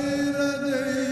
خير دين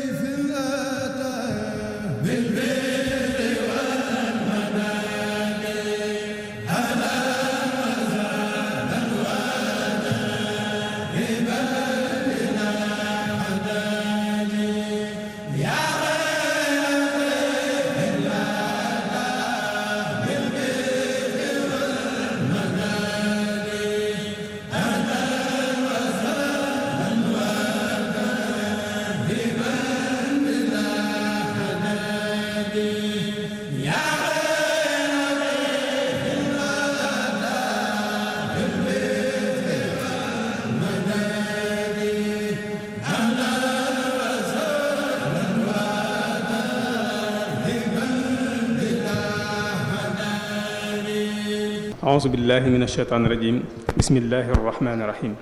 أعوذ بالله من الشيطان الرجيم بسم الله الرحمن الرحيم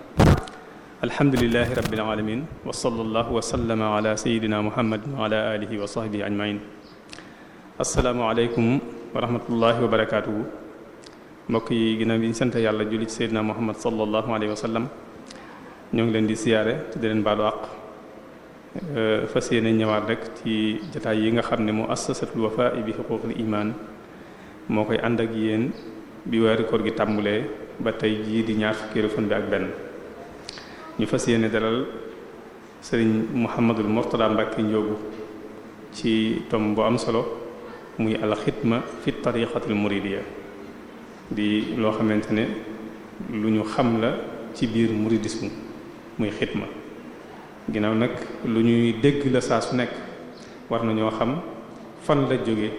الحمد لله رب العالمين وصلى الله وسلم على سيدنا محمد وعلى آله وصحبه أجمعين السلام عليكم ورحمة الله وبركاته mbokk yi ginnaaw bi ñu sant yàlla julli ci Seydina Muhammad sallallahu alayhi wa sallam ñoo ngi leen di siyaare te di leen baalu àq fas yéene ñëwaat rek ci jataay yi nga xam ne mu assasatul Wafa bi xuquuqil iman moo koy ànd ak yéen bi weeru koor gi tàmbulee ba tey jii di ñaar fukkeelu fan bi ak benn ñu fas yéene dalal sëriñ Mouhamadul Mourtada Mbacke Ndiogou ci tom bu am solo muy alxitma fi tariqatil muridiya di loo xamante ne lu ñu xam la ci biir muridisme muy xit ma ginnaaw nag lu ñuy dégg la saa su nekk war nañoo xam fan la jóge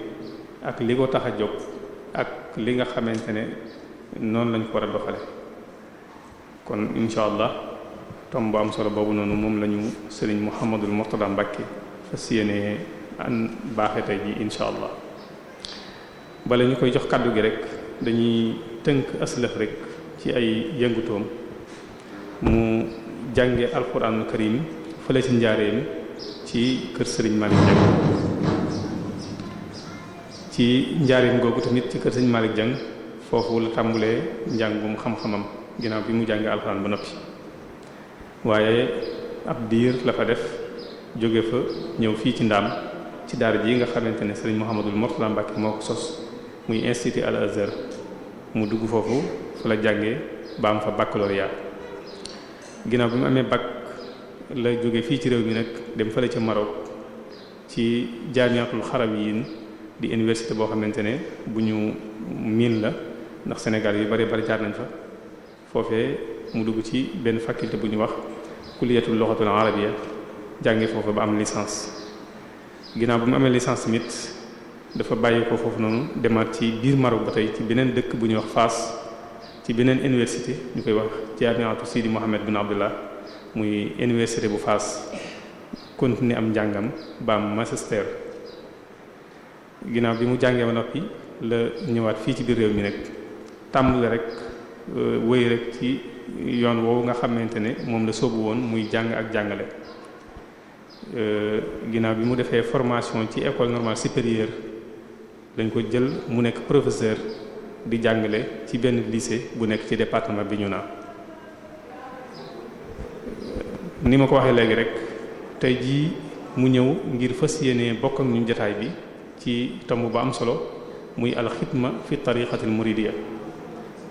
ak li ko tax a jóg ak li nga xamante ne noonu lañ ko war a doxale kon incha allah tom bu am solo boobu noonu moom la ñu sëriñ Mouhamadul Mourtada Mbacke fas yéene an baaxe tey ji incha allah bala ñu koy jox kàddu gi rek dañuy tënk aslëf rek ci ay yëngutoom mu jànge alquranul karim fale ci njaareem ci kër sëriñ Malick Diagne ci njaareem googu tamit ci kër sëñ Malick Dieng foofu la tàmbulee mu xam-xamam ginnaaw bi mu jàngee alxuraan ba noppi waaye ab diir la fa def jóge fa ñëw fii ci ndaam ci daara ji nga xamante ne sëriñ Mouhamadul Mourtala Mbacke moo ko sos muy institut Al Azhar mu dugg foofu fa la jàngee ba am fa baccalauréat ginnaaw bi mu amee bac la jóge fii ci réew mi nag dem fële ci Maroc ci jaamiatul xarab yiin di université boo xamante ne bu ñu miin la ndax Sénégal yi bari bari jaar nañ fa foofee mu dugg ci benn faculté bu ñu wax kulliyatul lughatul arabiyya jànge foofu ba am licence ginnaaw ba mu amee licence tamit dafa bàyyi ko foofu noonu demaat ci biir Maroc ba tey ci beneen dëkk bu ñuy wax Fass ci beneen université ñu koy wax ci jaamiatu Sidi Mohammed bin Abdullah muy université bu Fass continuer am njàngam ba am magistère ginnaaw bi mu jàngee ba noppi la ñëwaat fii ci biir réew mi rek tàmbali rek euh, wéy rek ci yoon woowu nga xamante ne moom la soobu woon muy jàng ak jàngale. Euh, ginnaaw bi mu defee formation ci école normale supérieure dañ ko jël mu nekk professeur di jàngale ci benn lycée bu nekk ci département bi ñu naa euh, ni ma ko waxee léegi rek tey jii mu ñëw ngir fas yéenee bokk ak ñun jotaay bi. ci tomb ba am solo muy alxitma fi tariqatil muridiya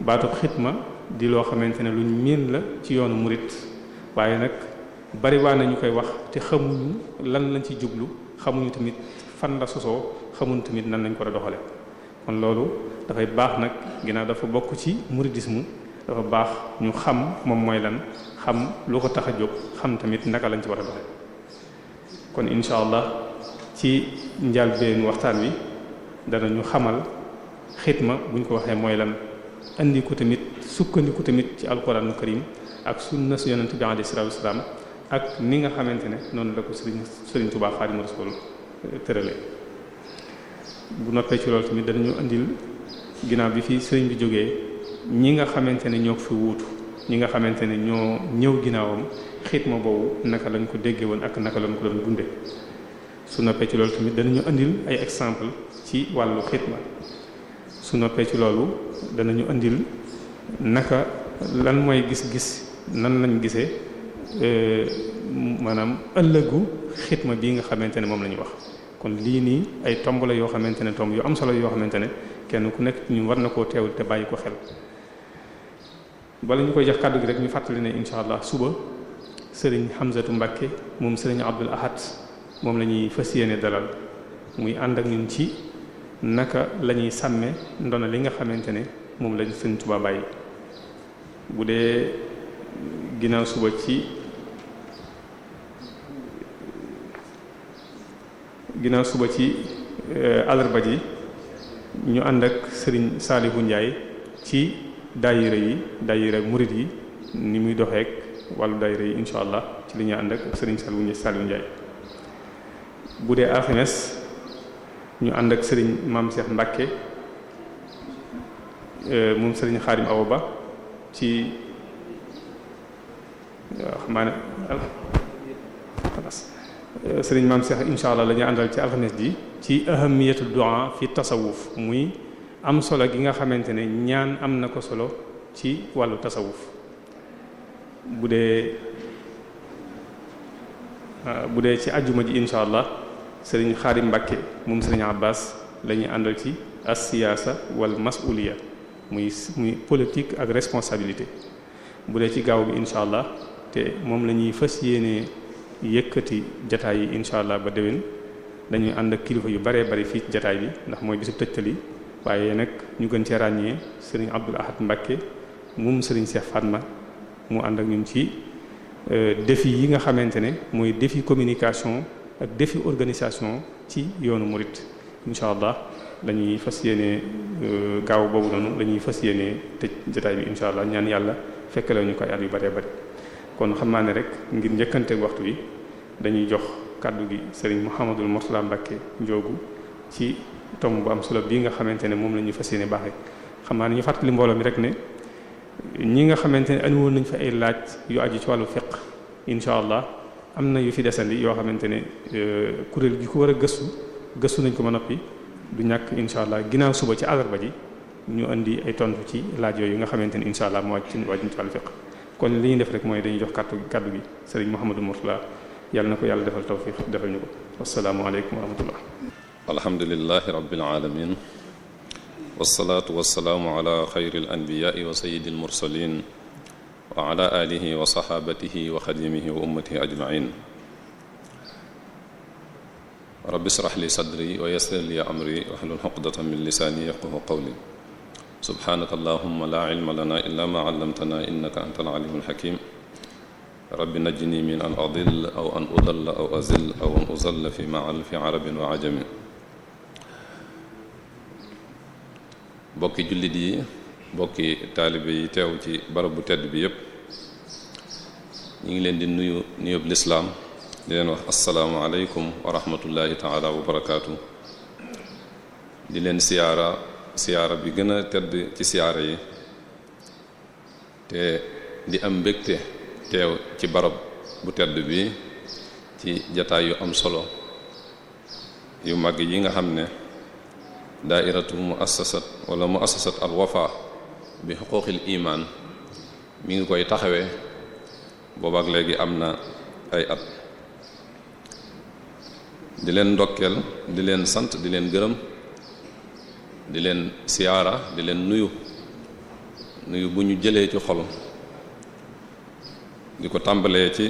baatu xitma di loo xamante ne lu ñu miin la ci yoonu murid waaye nag bari waa na ñu koy wax te xamuñu lan lañ ci jublu xamuñu tamit fan la sosoo xamuñu tamit nan lañ ko doxale kon loolu dafay baax nag ginnaaw dafa bokk ci muridisme dafa baax ñu xam moom mooy lan xam lu ko tax a jóg xam tamit naka lañ ci war a ci njàlbéenu waxtaan wi ñu xamal xitma buñ ko waxee mooy lan andi ko tamit sukkandiku tamit ci alquranu karim ak sunna su yonent bi alayhi salaatu wasalaam ak ni nga xamante ne noonu la ko sëriñ sëriñ Tuubaa Xaadimu Rasuul tërale bu noppee ci loolu tamit danañu andil ginnaaw bi fii sëriñ bi jógee ñi nga xamante ne ñoo ko fi wuutu ñi nga xamante ne ñoo ñëw ginnaawam xitma boobu naka lañ ko déggee woon ak naka lañ ko doon dunde su noppee ci loolu tamit danañu indil ay exemple ci wàllu xidma su noppee ci loolu danañu indil naka lan mooy gis-gis nan lañ gisee euh, maanaam ëllëgu xidma bii nga xamante ne moom la ñu wax kon lii nii ay tomb la yoo xamante ne tomb yu am solo yoo xamante ne kenn ku nekk ñu war na koo teewul te bàyyi ko xel bala ñu koy jox kàddu gi rek ñu fàttali ne incha allah suba sëriñ Hamzatu Mbàkke moom sëriñ Abdul Ahad moom la ñuy fas yéene dalal muy ànd ak ñun ci naka lañuy ñuy sàmme ndono li nga xamante ne moom lañ Sëriñ Tuubaa bàyyi bu dee ginnaaw suba ci ginnaaw suba ci alarba euh, ji ñu ànd ak Sëriñ Saalihu Njaay ci daayira yi daayira murit yi ni muy doxeek wàllu daayira yi incha allah ci li ñu ànd ak Sëriñ Saalihu Njaay bu dee alxames ñu ànd ak sëriñ maam Cheikh Mbacke euh, moom sëriñ Xaadim Awa Ba ci waaw xam ne euh, sëriñ maam Cheikh incha allah la àndal ci alxames ji ci ahamiyatu du'a fi tasawuf muy am solo gi nga xamante ne ñaan am na ko solo ci wàllu tasawuf bu dee euh, bu dee ci ajjuma ji incha allah. sëriñ Xaadim Mbàkke moom sëriñ Abbas la ñuy àndal ci as-siyaasa wal mas'uliya muy muy politique ak responsabilité bu dee ci gaaw bi incha allah te moom la ñuy fas yéenee yëkkati jataay yi incha allah ba déwén dañuy ànd ak kilifa yu baree bari fii ci jataay bi ndax mooy bisu tëjtali waaye nag ñu gën cee ràññee sëriñ Abdul Ahad Mbàkke moom sëriñ Cheikh Fatma mu ànd ak ñun ci euh, defi yi nga xamante ne mooy defi communication. ak défi organisation ci yoonu murit incha allah lañuy fas yéene euh, gaaw boobu noonu lañuy fas yéene tëj jotaay bi incha allah ñaan yàlla fekk la ñu koy at yu bare bare kon xam naa ne rek ngir njëkkante waxtu bi dañuy jox kàddu gi sëriñ Mouhamadul Mourtala Mbacke njoogu ci tomb bu am solo bii nga xamante ne moom la ñu fas yéene baaxee xam naa ne ñu fàttali mbooloo mi rek ne ñi nga xamante ne andi woon nañ fa ay laaj yu aju ci wàllu fiqh incha allah. am na yu fi desandi yoo xamante ne euh, kuréel gi ko war a gëstu gëstu nañ ko ma noppi du ñàkk incha allah ginnaaw suba ci àllarba ji ñu indi ay tontu ci laajo yi nga xamante ne incha allah moo ci wàjjum ci li ñuy def rek mooy dañuy jox kàddu kàddu gi sëriñ Mouhamadou Mourtala yàlla na ko yàlla defal tawfiq defal ñu ko wasalaamualeykum wa rahmatullah alhamdulilahi rabbil alamin wasalaatu wasalaamu ala xayril anbiyaai wa sayyidil mursalin wa ala alihi wa saxaabatihi wa xadimihi wa ummatihi ajmain rabbi israx li sadri wa yassir li amri wahlul uqdatan min lisaani yafqahu qawli subhaanaka allahumma laa ilma lanaa illaa maa allamtanaa innaka antal aliimul hakiim rabbi najjini min an adill aw an udalla aw azill aw an uzalla fi maal fi arabin wa ajamin bokki jullit yi bokki taalibe yi teew ci barab bu tedd bi yépp ñu ngi leen di nuyu nuyub lislaam di leen wax asalaamualeykum wa rahmatullahi taala wa di leen siyaara siyaara bi gën a tedd ci siyaara yi te di am mbégte teew ci barab bu tedd bi ci jataay yu am solo yu mag yi nga xam ne daairatu muassasat wala mu al wafa bi xuquuqil imaan mi ngi koy taxawee boobaak léegi am na ay at di leen ndokkeel di leen sant di leen gërëm di leen siyaara di leen nuyu nuyu bu ñu jëlee ci xol di ko tàmbalee ci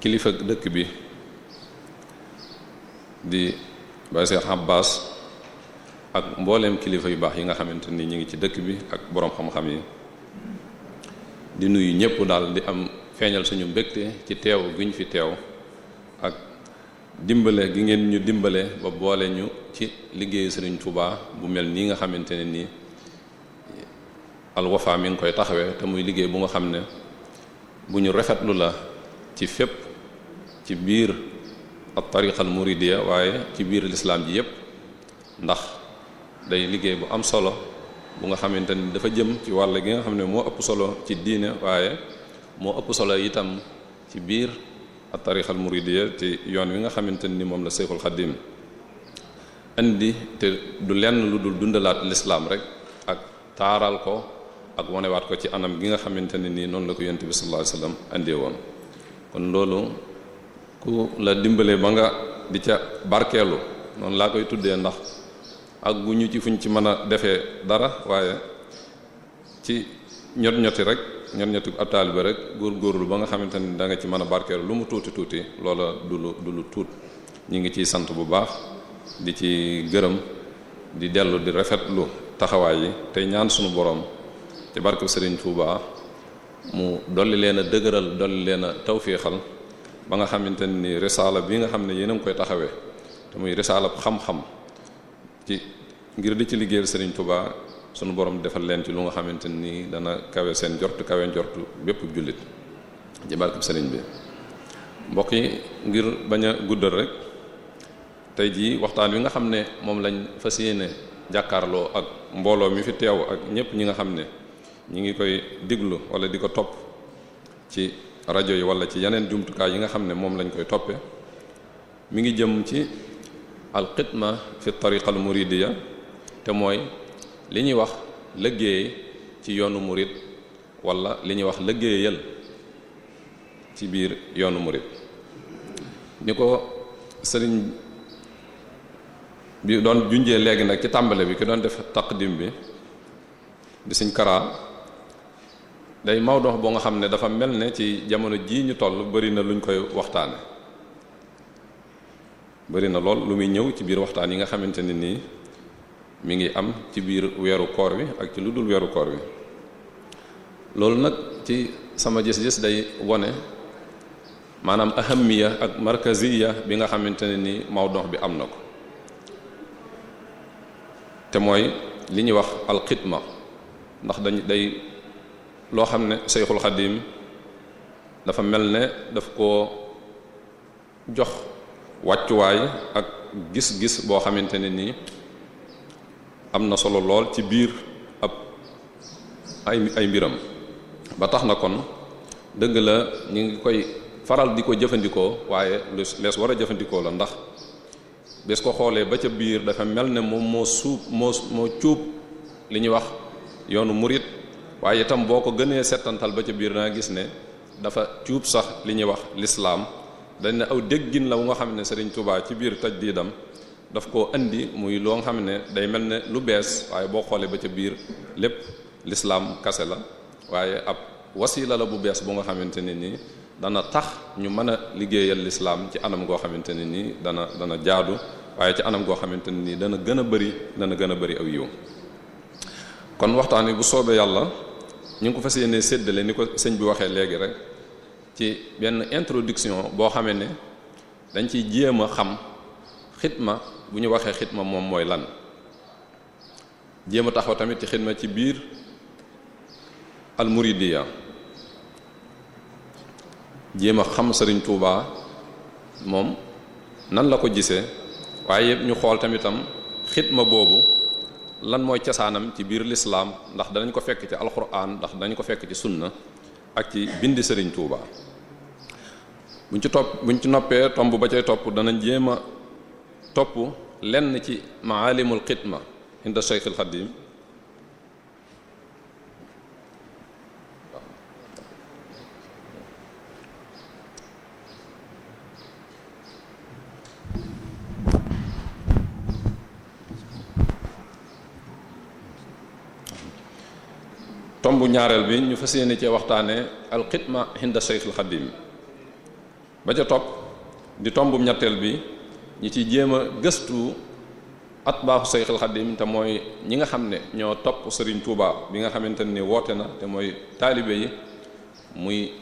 kilifa dëkk bi di Baye Cheikh Abbas ak mbooleem kilifa yu baax yi nga xamante ni ñu ngi ci dëkk bi ak boroom xam-xam yi di nuyu ñëpp daal di am feeñal suñu mbégte ci teew gi ñu fi teew ak dimbale gi ngeen ñu dimbale ba boole ñu ci liggéeyu Sëriñ Tuubaa bu mel nii nga xamante ne nii Al Wafa ngi koy taxawee te muy liggéey bu nga xam ne bu ñu rafetlu la ci fépp ci biir at tariqal muridiya waaye ci biir lislaam ji yépp ndax day liggéey bu am solo bu nga xamante ni dafa jëm ci wàll gi nga xam ne moo ëpp solo ci diine waaye moo ëpp solo itam ci biir at tarixal muridiyya yoon wi nga xamante ni moom la Seexul Xadiim indi te du lenn lu dul dundalaat lislaam rek ak taaral ko ak wanewaat ko ci anam gi nga xamante ne nii noonu la ko yonent bi sallallahu alayhi indee woon kon loolu ku la dimbalee ba nga di ca barkeelu noonu laa koy tuddee ndax ak gu ñu ci fuñ ci mën a defee dara waaye ci ñot ñoti rek ñot ñoti ab taalibe rek góorgóorlu ba nga xamante ni da nga ci mën a barkeelu lu mu tuuti tuuti loola du lu du lu tuut ñu ngi ciy sant bu baax di ci gërëm di dellu di rafetlu taxawaay yi tey ñaan suñu borom ci barkeb sëriñ Touba mu dolli leen a dëgëral dolli leen a tawféexal ba nga xamante ni risaala bi nga xam ne yéen a koy taxawee te muy risaalab xam-xam. ci ngir di ci liggéeyal Serigne Touba sunu borom defal leen ci lu nga xamante ni dana kawe seen jort kawe jort bépp jullit ci barkeb Serigne bi mbokk yi ngir bañ a guddal rek tey jii waxtaan wi nga xam ne moom lañ fas yéene jàkkaarloo ak mbooloo mi fi teew ak ñépp ñi nga xam ne ñi ngi koy diglu wala di ko topp ci rajo yi wala ci yeneen jumtukaay yi nga xam ne moom lañ koy toppe mi ngi jëm ci alxidma fi tariqa al muridiya te mooy li ñuy wax liggéey ci yoonu murid wala li ñuy wax liggéeyal ci biir yoonu murid ni ko sëriñ bi doon junjee léegi nag ci tàmbale bi ki doon def taqdim bi di suñ karaa day mawdoox boo nga xam ne dafa mel ne ci jamono jii ñu toll bari na luñ koy waxtaane bëri na lool lu muy ñëw ci biir waxtaan yi nga xamante ne nii mi ngi am ci biir weeru koor wi ak ci lu dul weeru koor wi loolu nag ci sama gis-gis day wone maanaam ahamiya ak markaziya bi nga xamante ne nii mawdoox bi am na ko te mooy li ñuy wax alxidma ndax dañ day loo xam ne Seyxul Xadim dafa mel ne daf ko jox wàccuwaay ak gis-gis boo xamante ne nii am na solo lool ci biir ab ay ay mbiram ba tax na kon dëgg la ñu ngi koy faral di ko jëfandikoo waaye lees war a jëfandikoo la ndax bés ko xoolee ba ca biir dafa mel ne moom moo suub moo moo cuub li ñuy wax yoonu murit waaye itam boo ko gënee setantal ba ca biir danga gis ne dafa cuub sax li ñuy wax lislaam dañ ne aw déggin la wu nga xam ne Serigne Touba ci biir tajdiidam daf koo indi muy loo xam ne day mel ne lu bees waaye boo xoolee ba ca biir lépp lislaam kase la waaye ab wasiila la bu bees bu nga xamante ne nii dana tax ñu mën a liggéeyal lislaam ci anam goo xamante ne nii dana dana jaadu waaye ci anam goo xamante ne nii dana gën a bari dana gën a bari aw yiw kon waxtaan wi bu soobee yàlla ñu ngi ko fas yéenee séddale ni ko sëñ bi waxee léegi rek ci benn introduction boo xamee ne dañ ciy jéem a xam xitma bu ñu waxee xitma moom mooy lan jéem a taxaw tamit ci xitma ci biir almuridiya jéem a xam sëriñ Tuubaa moom nan la ko gisee waaye yëpp ñu xool tamitam xitma boobu lan mooy cosaanam ci biir lislaam ndax danañ ko fekk ci alxuraan ndax danañ ko fekk ci sunna ak ci bindi sëriñ Tuubaa buñ ci topp buñ ci noppee tomb ba cay topp dana jéem topp lenn ci maalimul xitma inda Cheikh al tomb ñaareel bi ñu fas yéene cee waxtaanee al xitma inda Cheikh ba ca topp di tomb ñetteel bi ñu ci jéem a gëstu at baaxu Seyxul Xadim te mooy ñi nga xam ne ñoo topp sëriñ Touba bi nga xamante ni woote na te mooy taalibe yi muy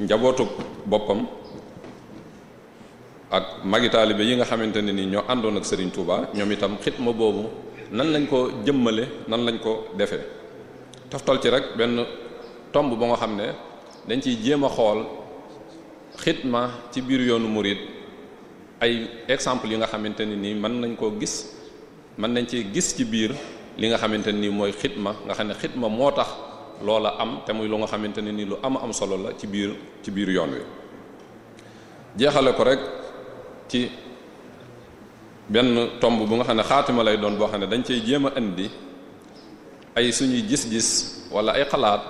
njabootu boppam ak magi taalibe yi nga xamante ne ni ñoo àndoon ak sëriñ Touba ñoom itam xitma boobu nan lañ ko jëmmale nan lañ ko defee toftal ci rek benn tomb ba nga xam ne dañ ciy jéem a xool xitma ci biir yoonu murid ay exemple yi nga xamante ne nii mën nañ koo gis mën nañ ci gis ci biir li nga xamante ne nii mooy ma nga xam ne xitma moo tax loola am te muy lu nga xamante ne nii lu am am solo la ci biir ci biir yoon wi jeexale ko rek ci benn tomb bu nga xam ne xaatima lay doon boo xam ne dañ cey jéem a indi ay suñuy gis-gis walla ay xalaat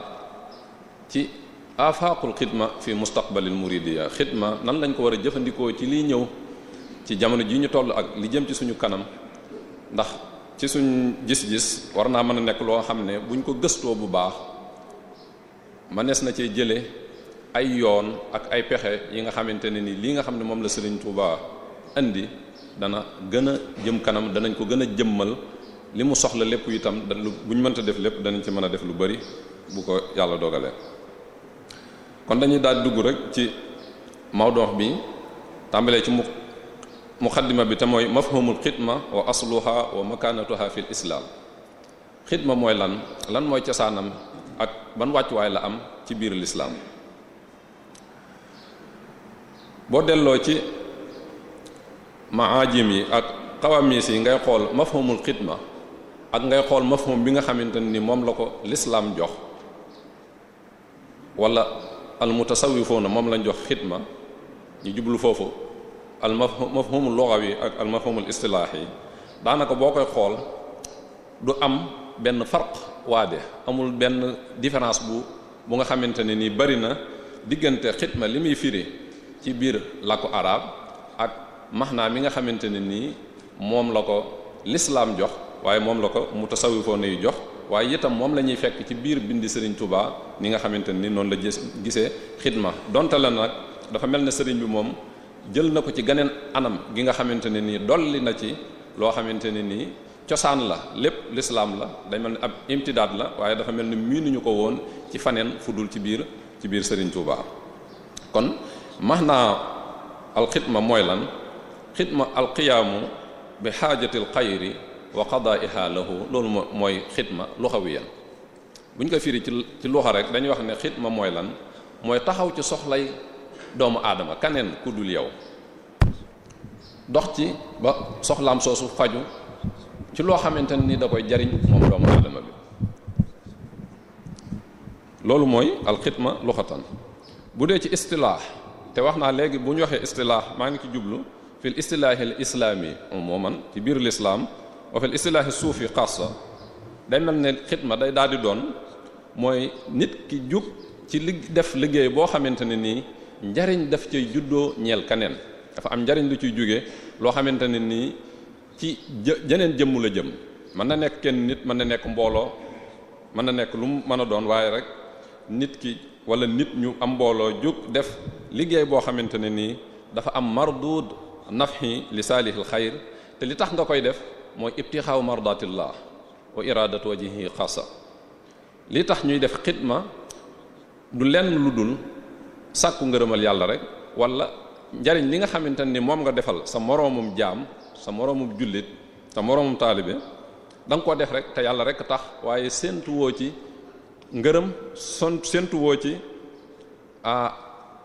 ci afaaqul xidma fi mustaqbalil muridiya xidma nan lañ ko war a jëfandikoo ci liy ñëw ci jamono ji ñu toll ak li jëm ci suñu kanam ndax ci suñ gis-gis war naa mën a nekk loo xam ne buñ ko gëstoo bu baax mënees na cee jële ay yoon ak ay pexe yi nga xamante ne ni lii nga xam ne moom la Sëriñ Tuubaa indi dana gën a jëm kanam danañ ko gën a jëmmal li mu soxla lépp itam da lu mënta def lépp danañ ci mën a def lu bari bu ko yàlla dogalee kon dañuy daal dugg rek ci mawdoox bi tàmbalee ci mu muqaddima bi te mooy mafhumul xidma wa asluha wa makaanatuha fil islaam xidma mooy lan lan mooy cosaanam ak ban wàccuwaay la am ci biir lislaam boo delloo ci maajim yi ak xawamis yi ngay xool mafhumul xidma ak ngay xool mafhum bi nga xamante ni moom la ko lislaam jox wala almutasawifoona moom lañ jox xidma ñu jublu foofu al mafhumul lughawi ak al mafhumul istilaahi yi daanaka boo koy xool du am benn farq waade amul benn différence bu bu nga xamante ne nii bari na diggante xidma li muy firi ci biir làkku arab ak maxnaa mi nga xamante ne nii moom la ko lislaam jox waaye moom la ko mutasawifoona yi jox waaye itam moom la ñuy fekk ci biir bindi sëriñ Touba ni nga xamante ni noonu la gisee xidma donte la nag dafa mel ne sëriñ bi moom jël na ko ci ganeen anam gi nga xamante ne nii dolli na ci loo xamante ne nii cosaan la lépp lislaam la day mel ne ab imtidaad la waaye dafa mel ni miinuñu ko woon ci faneen fu dul ci biir ci biir sëriñ Touba kon max maanaa alxidma mooy lan xidma alqiyaamu bi xaajatil xayri wa qadaa'iha lahu loolu mooy xidma luxawiyan bu ñu ko firi ci ci luxa rek dañuy wax ne xidma mooy lan mooy taxaw ci soxlay doomu aadama kaneen ku dul yow dox ci ba soxlaam soosu faju ci loo xamante ni da koy jariñ moom doomu aadama bi loolu mooy alxidma luxatan bu dee ci istilaax te wax naa léegi bu ñu waxee istilaax maa ngi ci jublu fil istilaaxil islaami man ci biir lislaam wa fil istilaahi suufi xaasa day mel ne ma day daal di doon mooy nit ki jug ci li def liggéey boo xamante ne nii njariñ def cay juddoo ñeel kaneen dafa am njariñ lu ciy jóge loo xamante ne nii ci jeneen jëmmu la jëm mën na nekk kenn nit mën na nekk mbooloo mën na nekk lu mën a doon waaye rek nit ki wala nit ñu am mbooloo jug def liggéey boo xamante ne nii dafa am mardud nafhi li saalihil xayr te li tax nga koy def mooy ibtixaaw mardatillah wa iraadatu ji xasa li tax ñuy def xidma du lenn lu dul sàkku ngërëmal yàlla rek walla njariñ li nga xamante ni moom nga defal sa moroomum jaam sa moroomum jullit sa moroomum taalibe da nga ko def rek te yàlla rek tax waaye séentuwoo ci ngërëm son séentuwoo ci ah,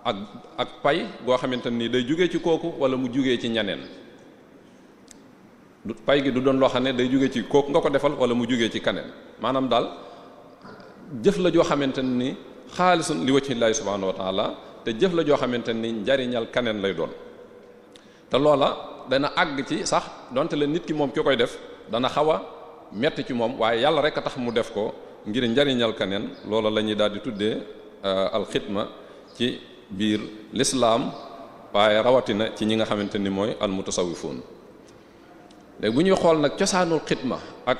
ak ak pay goo xamante ni day jóge ci kooku wala mu jóge ci ñeneen du pay gi du doon loo xam ne day jóge ci kooku nga ko defal wala mu jógee ci kaneen maanaam daal jëf la joo xamante ni xaalisun li wajhi llahi subhanahu wa ta'ala te jëf la joo xamante ni njariñal kaneen lay doon te loola dana àgg ci sax donte la nit ki moom ki koy def dana xaw a metti ci moom waaye yàlla rek a tax mu def ko ngir njariñal kaneen loola la ñuy daal di tuddee euh, alxidma ci biir lislaam waaye rawatina ci ñi nga xamante ni mooy almutasawwifuun léegi bu ñuy xool nag cosaanul xitma ak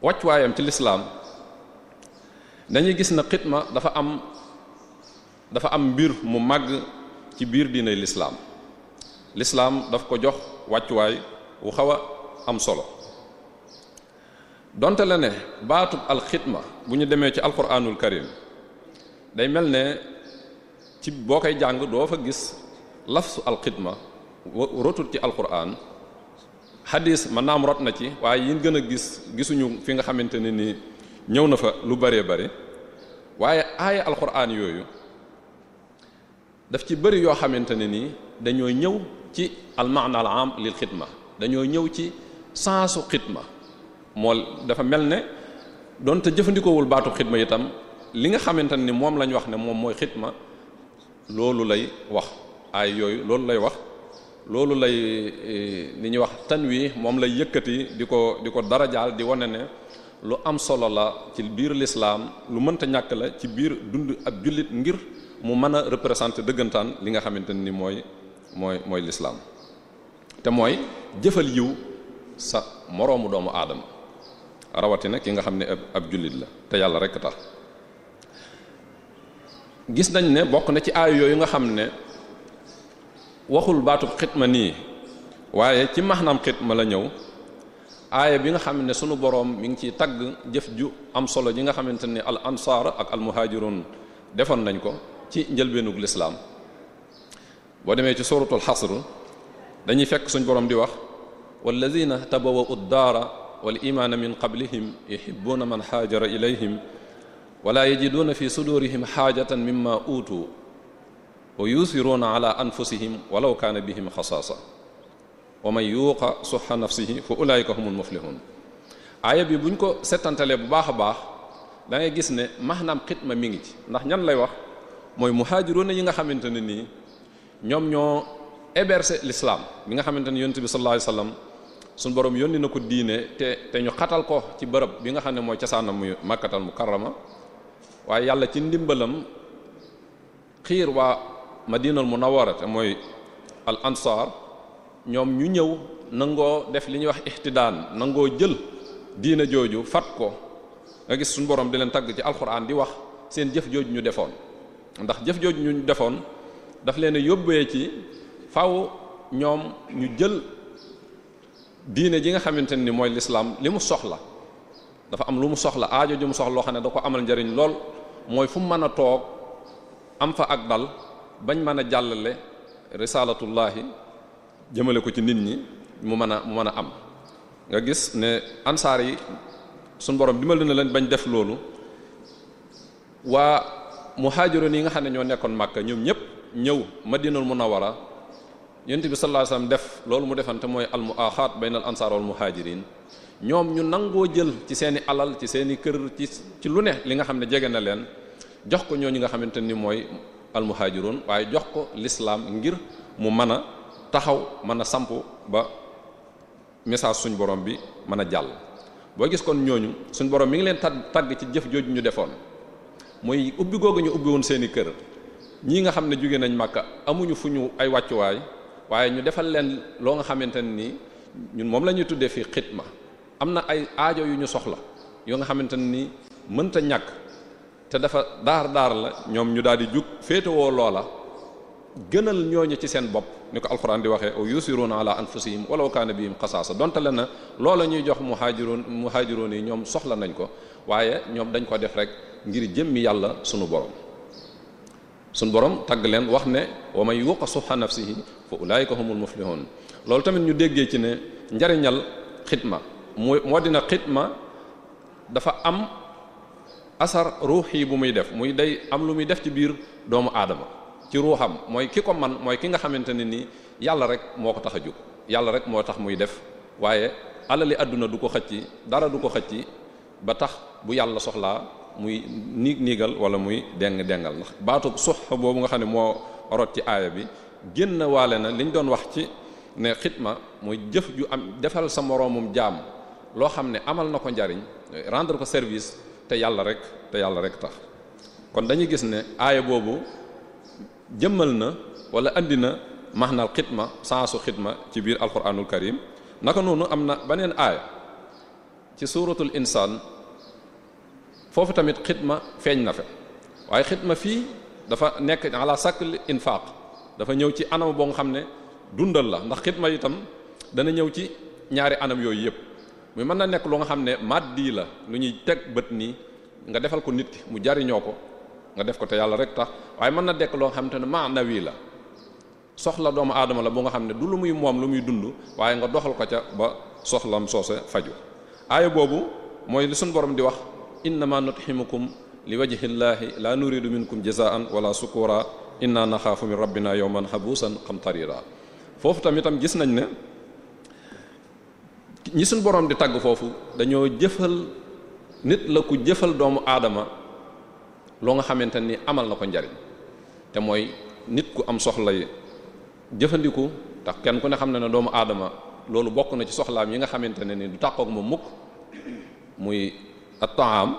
wàccuwaayam ci lislaam dañuy gis na xitma dafa am dafa am mbir mu màgg ci biir diinay lislaam lislaam daf ko jox wàccuwaay wu xaw a am solo donte la ne baatub alxitma bu ñu demee ci alquranul karim day mel ne ci boo koy jàng doo fa gis lafsu alxitma rotul ci alquran xadis man naam rot na ci waaye yin gën a gis gisuñu fi nga xamante ne ni ñëw na fa lu bëree bëri waaye aaya alxuraan yooyu daf ci bëri yoo xamante ne nii dañoo ñëw ci almaana al am lil xidma dañoo ñëw ci sensu xidma moo dafa mel ne doonte jëfandikoowul baatu xidma itam li nga xamante ni moom lañ wax ne moom mooy xidma loolu lay wax aay yooyu loolu lay wax loolu lay li eh, ñuy wax tanwi moom lay yëkkati di ko di ko darajaal di wane ne lu am solo la ci biir lislaam lu mënta ñàkk la ci biir dund ab jullit ngir mu mën a représenter dëggantaan li nga xamante ni mooy mooy mooy lislaam te mooy jëfal yiw sa moroomu doomu aadama rawatina ki nga xam ne ab jullit la te yàlla rek tax gis nañ ne bokk na ci aay yooyu nga xam ne waxul baatub xitma nii waaye ci maxnaam xitma la ñëw aaya bi nga xam ne sunu boroom mi ngi ciy tagg jëf ju am solo ji nga xamante ne al ansaar ak al muhaajiroon defoon nañ ko ci njëlbeenug lislaam boo demee ci suratul xasr dañuy fekk suñu boroom di wax walladina tabawa'u ddaara wal imaana min qablihim yuhibbuuna man haajara ilayhim wala yajiduuna fi sudurihim mi ma uutu wa yusiruuna a anfusihim walaw kaana bihim xasaasa wa man yuuqa suxa nafsihi fa ulaayika humul muflihun aaya bi bu buñ ko setantalee bu baax a baax dangay gis ne maxnaam maanaam ma mi ngi ci ndax ñan lay wax mooy mu muhaajiruuna yi nga xamante ne nii ñoom ñoo héberger lislaam bi nga xamante ne yonent bi sallallahu alayhi wasallam suñu borom yónni na ko diine te te ñu xatal ko ci bërëb bi nga xam ne mooy cosaanam muy makkatal mukarrama waaye yàlla ci ndimbalam xiir waa madinal munawwara te mooy al ansar ñoom ñu ñëw nangoo def li ñuy wax ixtidaan nangoo jël diina jooju fat ko nga gis suñu borom di leen tagg ci alxuraan di wax seen jëf jooju ñu defoon ndax jëf jooju ñu defoon daf leen a yóbbee ci faw ñoom ñu jël diine ji nga xamante ni mooy lislaam li mu soxla dafa am lu mu soxla aajo ju mu soxla loo xam ne da ko amal njariñ lool mooy fu mu mën a toog am fa ak dal bañ mën a jàllale risalatullahi jëmale ko ci nit ñi mu mën a mu mën a am nga gis ne ansaar yi suñ borom dimbali na leen bañ def loolu waa muhaajiroon yi nga xam ne ñoo nekkoon Makka ñoom ñëpp ñëw Madinatul Munawwara yonent bi sallallahu alayhi wasallam def loolu mu defante mooy al muaxaat baynal ansaar wal muhaajiriin ñoom ñu nangoo jël ci seeni alal ci seeni kër ci ci lu ne li nga xam ne jege na leen jox ko ñooñu nga xamante ni mooy almuhaajiroon waaye jox ko lislaam ngir mu mën a taxaw mën a samp ba message suñ borom bi mën a jàll boo gis kon ñooñu suñ borom mi ngi leen tag tagg ci jëf jooju ñu defoon mooy ubbi googu ñu ubbi woon seeni kër ñii nga xam ne jóge nañ Makka amuñu fu ñu ay wàccuwaay waaye ñu defal leen loo nga xamante ne nii ñun moom lañuy ñuy tuddee fii ma am na ay aajo yu ñu soxla yoo nga xamante ne nii mënta ñàkk te dafa daar daar la ñoom ñu daal di jug féetewoo loola gënal ñooñu ci seen bopp ni ko alxuraan di waxe aw yusiruna ala anfusihim walaw bii bihim xasaasa donte le na loola ñuy jox muhaajiroon muhaajiroon yi ñoom soxla nañ ko waaye ñoom dañ ko def rek ngir jëmmi yàlla sunu borom sunu borom tagg leen wax ne wa man yuqa suha nafsihi fa ulaayika humul muflihun loolu tamit ñu déggee ci ne njariñal xitma moo dina xitma dafa am asar ruux yi bu muy def muy day am lu muy def ci biir doomu aadama ci ruuxam mooy ki ko man mooy ki nga xamante ne nii yàlla rek moo ko tax a jóg yàlla rek moo tax muy def waaye alali àdduna du ko xëcci dara du ko xëcc ba tax bu yàlla soxlaa muy niig niigal wala muy deng dengal ndax baatu suux boobu nga xam ne moo rot ci aaya bi génn waale li liñ doon wax ci ne ma muy jëf ju am defal sa moroomum jaam loo xam ne amal na ko njariñ rendre ko service te yàlla rek te yàlla rek tax kon dañuy gis ne aaya boobu jëmmal na wala andi na maxnaal xitma sansu xitma ci biir alquranul karim naka noonu am na beneen aaya ci suuratul insaan foofu tamit xitma feeñ na fa waaye xitma fii dafa nekk ala sakl infaq dafa ñëw ci anam boo xam ne dundal la ndax xitma itam dana ñëw ci ñaari anam yooyu yëpp muy mën na nekk lu nga xam ne maddi la lu ñuy teg bët nii nga defal ko nit ki mu jariñoo ko nga def ko te yàlla rek tax waaye mën na dekk loo xam te ne wii la soxla doomu aadama la bu nga xam ne du lu muy moom lu muy dund waaye nga doxal ko ca ba soxlam soose faju aaya boobu mooy li suñ borom di wax ma nuthimukum li wajhillahi la nuridu minkum jazaan wala sukura inna naxaafu min rabbina yawman habusan qamtarira foofu tam itam gis nañ ne ñi suñ borom di tagg foofu dañoo jëfal nit la ku jëfal doomu aadama loo nga xamante ni amal na ko njariñ te mooy nit ku am soxla yi jëfandiku tax kenn ku ne xam ne ne doomu aadama loolu bokk na ci soxlaam yi nga xamante ne ni du tàqoog moom mukk muy at-ta'am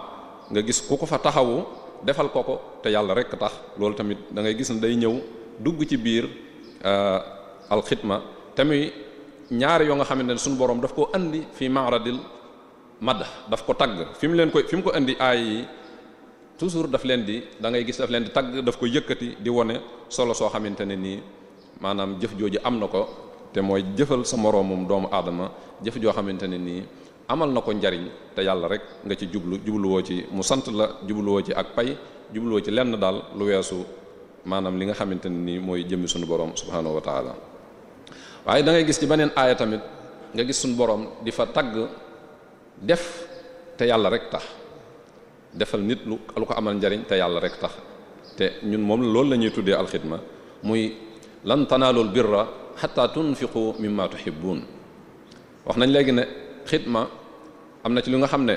nga gis ku ko fa taxawu defal ko ko te yàlla rek tax loolu tamit da ngay gis ne day ñëw dugg ci biir euh, alxitma te muy ñaari yoo nga xamante ne suñu borom daf ko andi fi maaradil madda daf ko tagg fi mu leen koy fi mu ko andi aay yi toujours daf leen di da ngay gis daf leen di tagg daf ko yëkkati di wone solo soo xamante ne nii maanaam jëf jooju am na ko te mooy jëfal sa moroomum doomu aadama jëf joo xamante ne nii amal na ko njariñ te yàlla rek nga ci jublu jublu woo ci mu sant la jubluwoo ci ak pay jubluwoo ci lenn daal lu weesu maanaam li nga xamante ne nii mooy jëmmi sunu borom subhaanahu waaye dangay gis ci beneen aaya tamit nga gis suñu boroom di fa tagg def te yàlla rek tax defal nit lu lu ko amal njariñ te yàlla rek tax te ñun moom loolu la ñuy tuddee alxidma muy lan tanaalul birra hatta tunfiqu mimma tuhibbun wax nañ léegi ne xidma am na ci li nga xam ne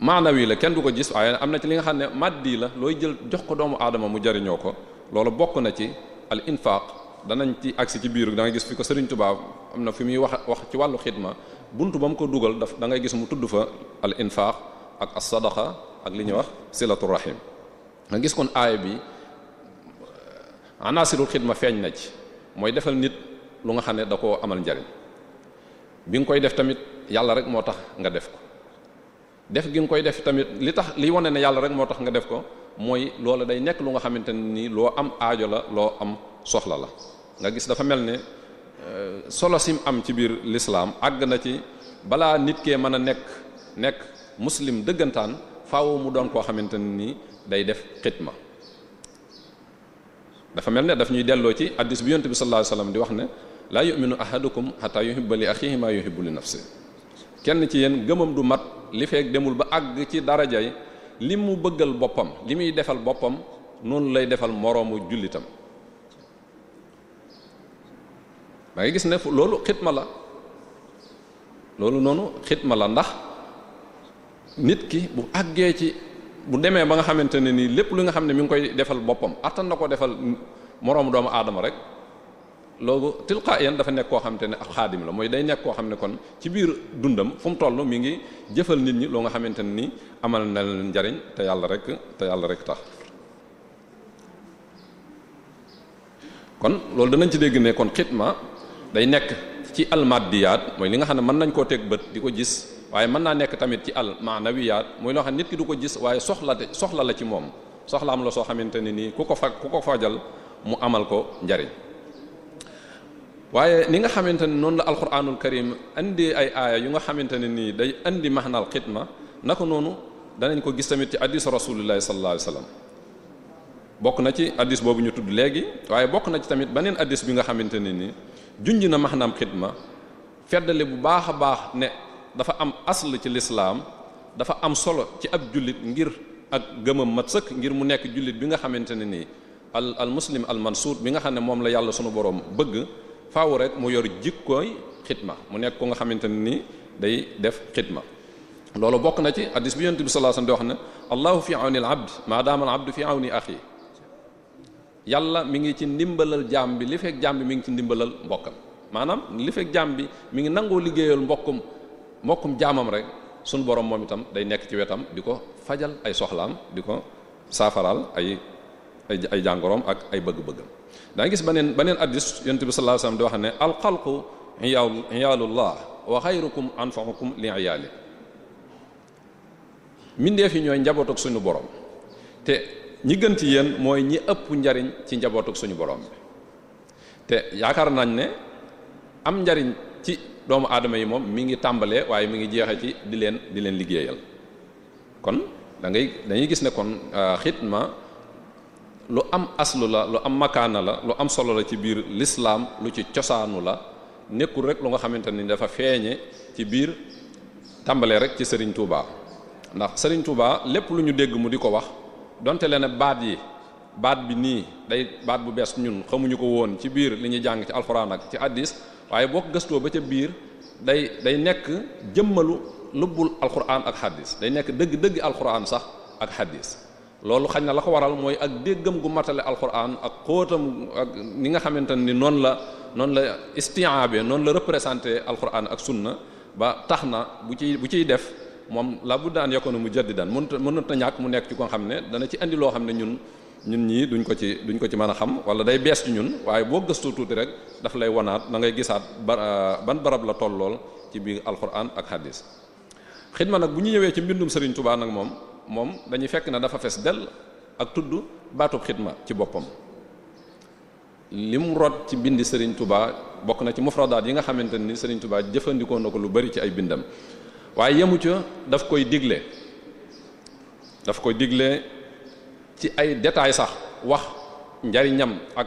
maanawi la kenn du ko gis waaye am na ci li nga xam ne maddi la looy jël jox ko doomu aadama mu jariñoo ko loolu bokk na ci al infaq danañ ci agsi ci biir da ngay gis fi ko Serigne tubaab am na fi muy wax wax ci wàllu xidma buntu ba mu ko dugal daf da ngay gis mu tudd fa al infaq ak as ak li ñuy wax silatu rahim gis kon aaya bi euh, anasirul xidma feeñ na ci mooy defal nit lu nga xam ne da koo amal njariñ bi nga koy def tamit yàlla rek moo tax nga def def gi nga koy def tamit li tax li wane ne yàlla rek moo tax nga def ko mooy loola day nekk lu nga xamante ni loo am aajo la loo am soxla la nga gis dafa mel ne euh, solo sim am ci biir lislaam àgg na ci balaa nit kee mën a nekk nekk muslim dëggantaan faw mu doon koo xamante ni nii day def ma dafa mel ni daf ñuy delloo ci addis bi yonent bi sallallahu alayhi wasallam di wax ne laa yu'minu ahadukum hatta yuhibba li akhihi ma yuhibbu li nafsi kenn ci yenn gëmam du mat li feek demul ba àgg ci darajay li mu bëggal boppam li muy defal boppam noonu lay defal moroomu jullitam da ngay gis ne loolu xitma la loolu noonu xitma la ndax nit ki bu àggee ci bu demee ba nga xamante ne nii lépp lu nga xam ne mu ngi koy defal boppam attan na ko defal moroomu doomu aadama rek loolu tilqa yan dafa nekk koo xamante ne ab xaadim la mooy day nekk koo xam ne kon ci biir dundam fu mu toll mi ngi jëfal nit ñi loo nga xamante ne nii amal na njariñ te yàlla rek te yàlla rek tax kon loolu danañ ci dégg ne kon xitma day nekk ci al maddiyaat mooy li nga xam ne mën nañ koo teg bët di ko gis waaye mën naa nekk tamit ci al maanawiyaat mooy loo xam ne nit du ko gis waaye soxla soxla la ci moom soxla am la soo xamante ne nii ku ko fa ku ko fajal mu amal ko njariñ waaye ni nga xamante ne noonu la alquranul karim indi ay aaya yu nga xamante ne nii day indi maxnaal na naka noonu danañ ko gis tamit ci hadiis rasuulullaahi sallallaahu alayhi wa sallam bokk na ci addis boobu ñu tudd léegi waaye bokk na ci tamit beneen addis bi nga xamante ne nii junj na maxnaam xidma feddale bu baax a baax ne dafa am asl ci lislaam dafa am solo ci ab jullit ngir ak gëmam mat sëkk ngir mu nekk jullit bi nga xamante ne nii al al muslim al mansuur bi nga xam ne moom la yàlla sunu borom bëgg faaw rek mu yor jikkooy xidma mu nekk ko nga xamante ni nii day def xidma loolu bokk na ci addis bi yonent bi sallallahu alayhi wasallam di wax ne al ma daama al abd fi awni axi yàlla mi ngi ci ndimbalal jaam bi li fekk jaam bi mi ngi ci ndimbalal mbokkam maanaam li fekk jaam bi mi ngi nangoo liggéeyal mbokkum mbokkum jaamam rek suñu boroom moom itam day nekk ci wetam di ko fajal ay soxlaam di ko saafaraal ay ay jàngoroom ak ay bëgg-bëggam danga gis beneen beneen addis yonent bi sallallahu di wax ne alxalqu iyaalullah wa xayrukum anfa'ukum li iyaali mindeef yi ñooy njaboot suñu borom te ñi gën ci mooy ñi ëpp njariñ ci njabootuk suñu borom bi te yaakaar nañ ne am njariñ ci doomu aadama yi moom mi ngi tàmbalee waaye mi ngi jeexee ci di leen di leen liggéeyal kon da ngay dañuy gis ne kon euh, xitma lu am aslu la lu am makaana la lu am solo la ci biir lislaam lu ci cosaanu la nekkul rek lu nga xamante ni dafa feeñe ci biir tàmbalee rek ci sëriñ Touba ndax sëriñ Touba lépp lu ñu dégg mu di ko wax donte leen baat yi baat bi nii day baat bu bees ñun xamuñu ko woon ci biir li ñuy jàng ci alxuraan ak ci addis waaye boo ko gëstoo ba ca biir day day nekk jëmmalu lubbul alxuraan ak xaddis day nekk dëgg-dëgg alxuraan sax ak xaddis loolu xañ na la ko waral mooy ak déggam gu matale alxuraan ak xóotam ak ni nga xamante ni noonu la noonu la istiaabe noonu la représenté alxuraan ak sunna ba tax na bu ciy bu ciy def moom la bu daan yokkoon mu jaddidan mënut mënut a ñàkk mu nekk ci ko xam ne dana ci indi loo xam ne ñun ñun ñii duñ ko ci duñ ko ci mën a xam wala day bees ci ñun waaye boo gëstu tuuti rek dafa lay wanaat da ngay gisaat euh, ban barab la tollool ci biir alquran ak hadis. xidma nag bu ñu ñëwee ci mbindum sëriñ tubaa nag moom moom dañuy fekk ne dafa fes dell ak tudd baatub xidma ci boppam. li mu rot ci bindi sëriñ Touba bokk na ci mufradaat yi nga xamante ni Serigne Touba jëfandikoo na ko lu bari ci ay bindam waaye yemu ca daf koy digle daf koy digle ci ay détails sax wax njariñam ak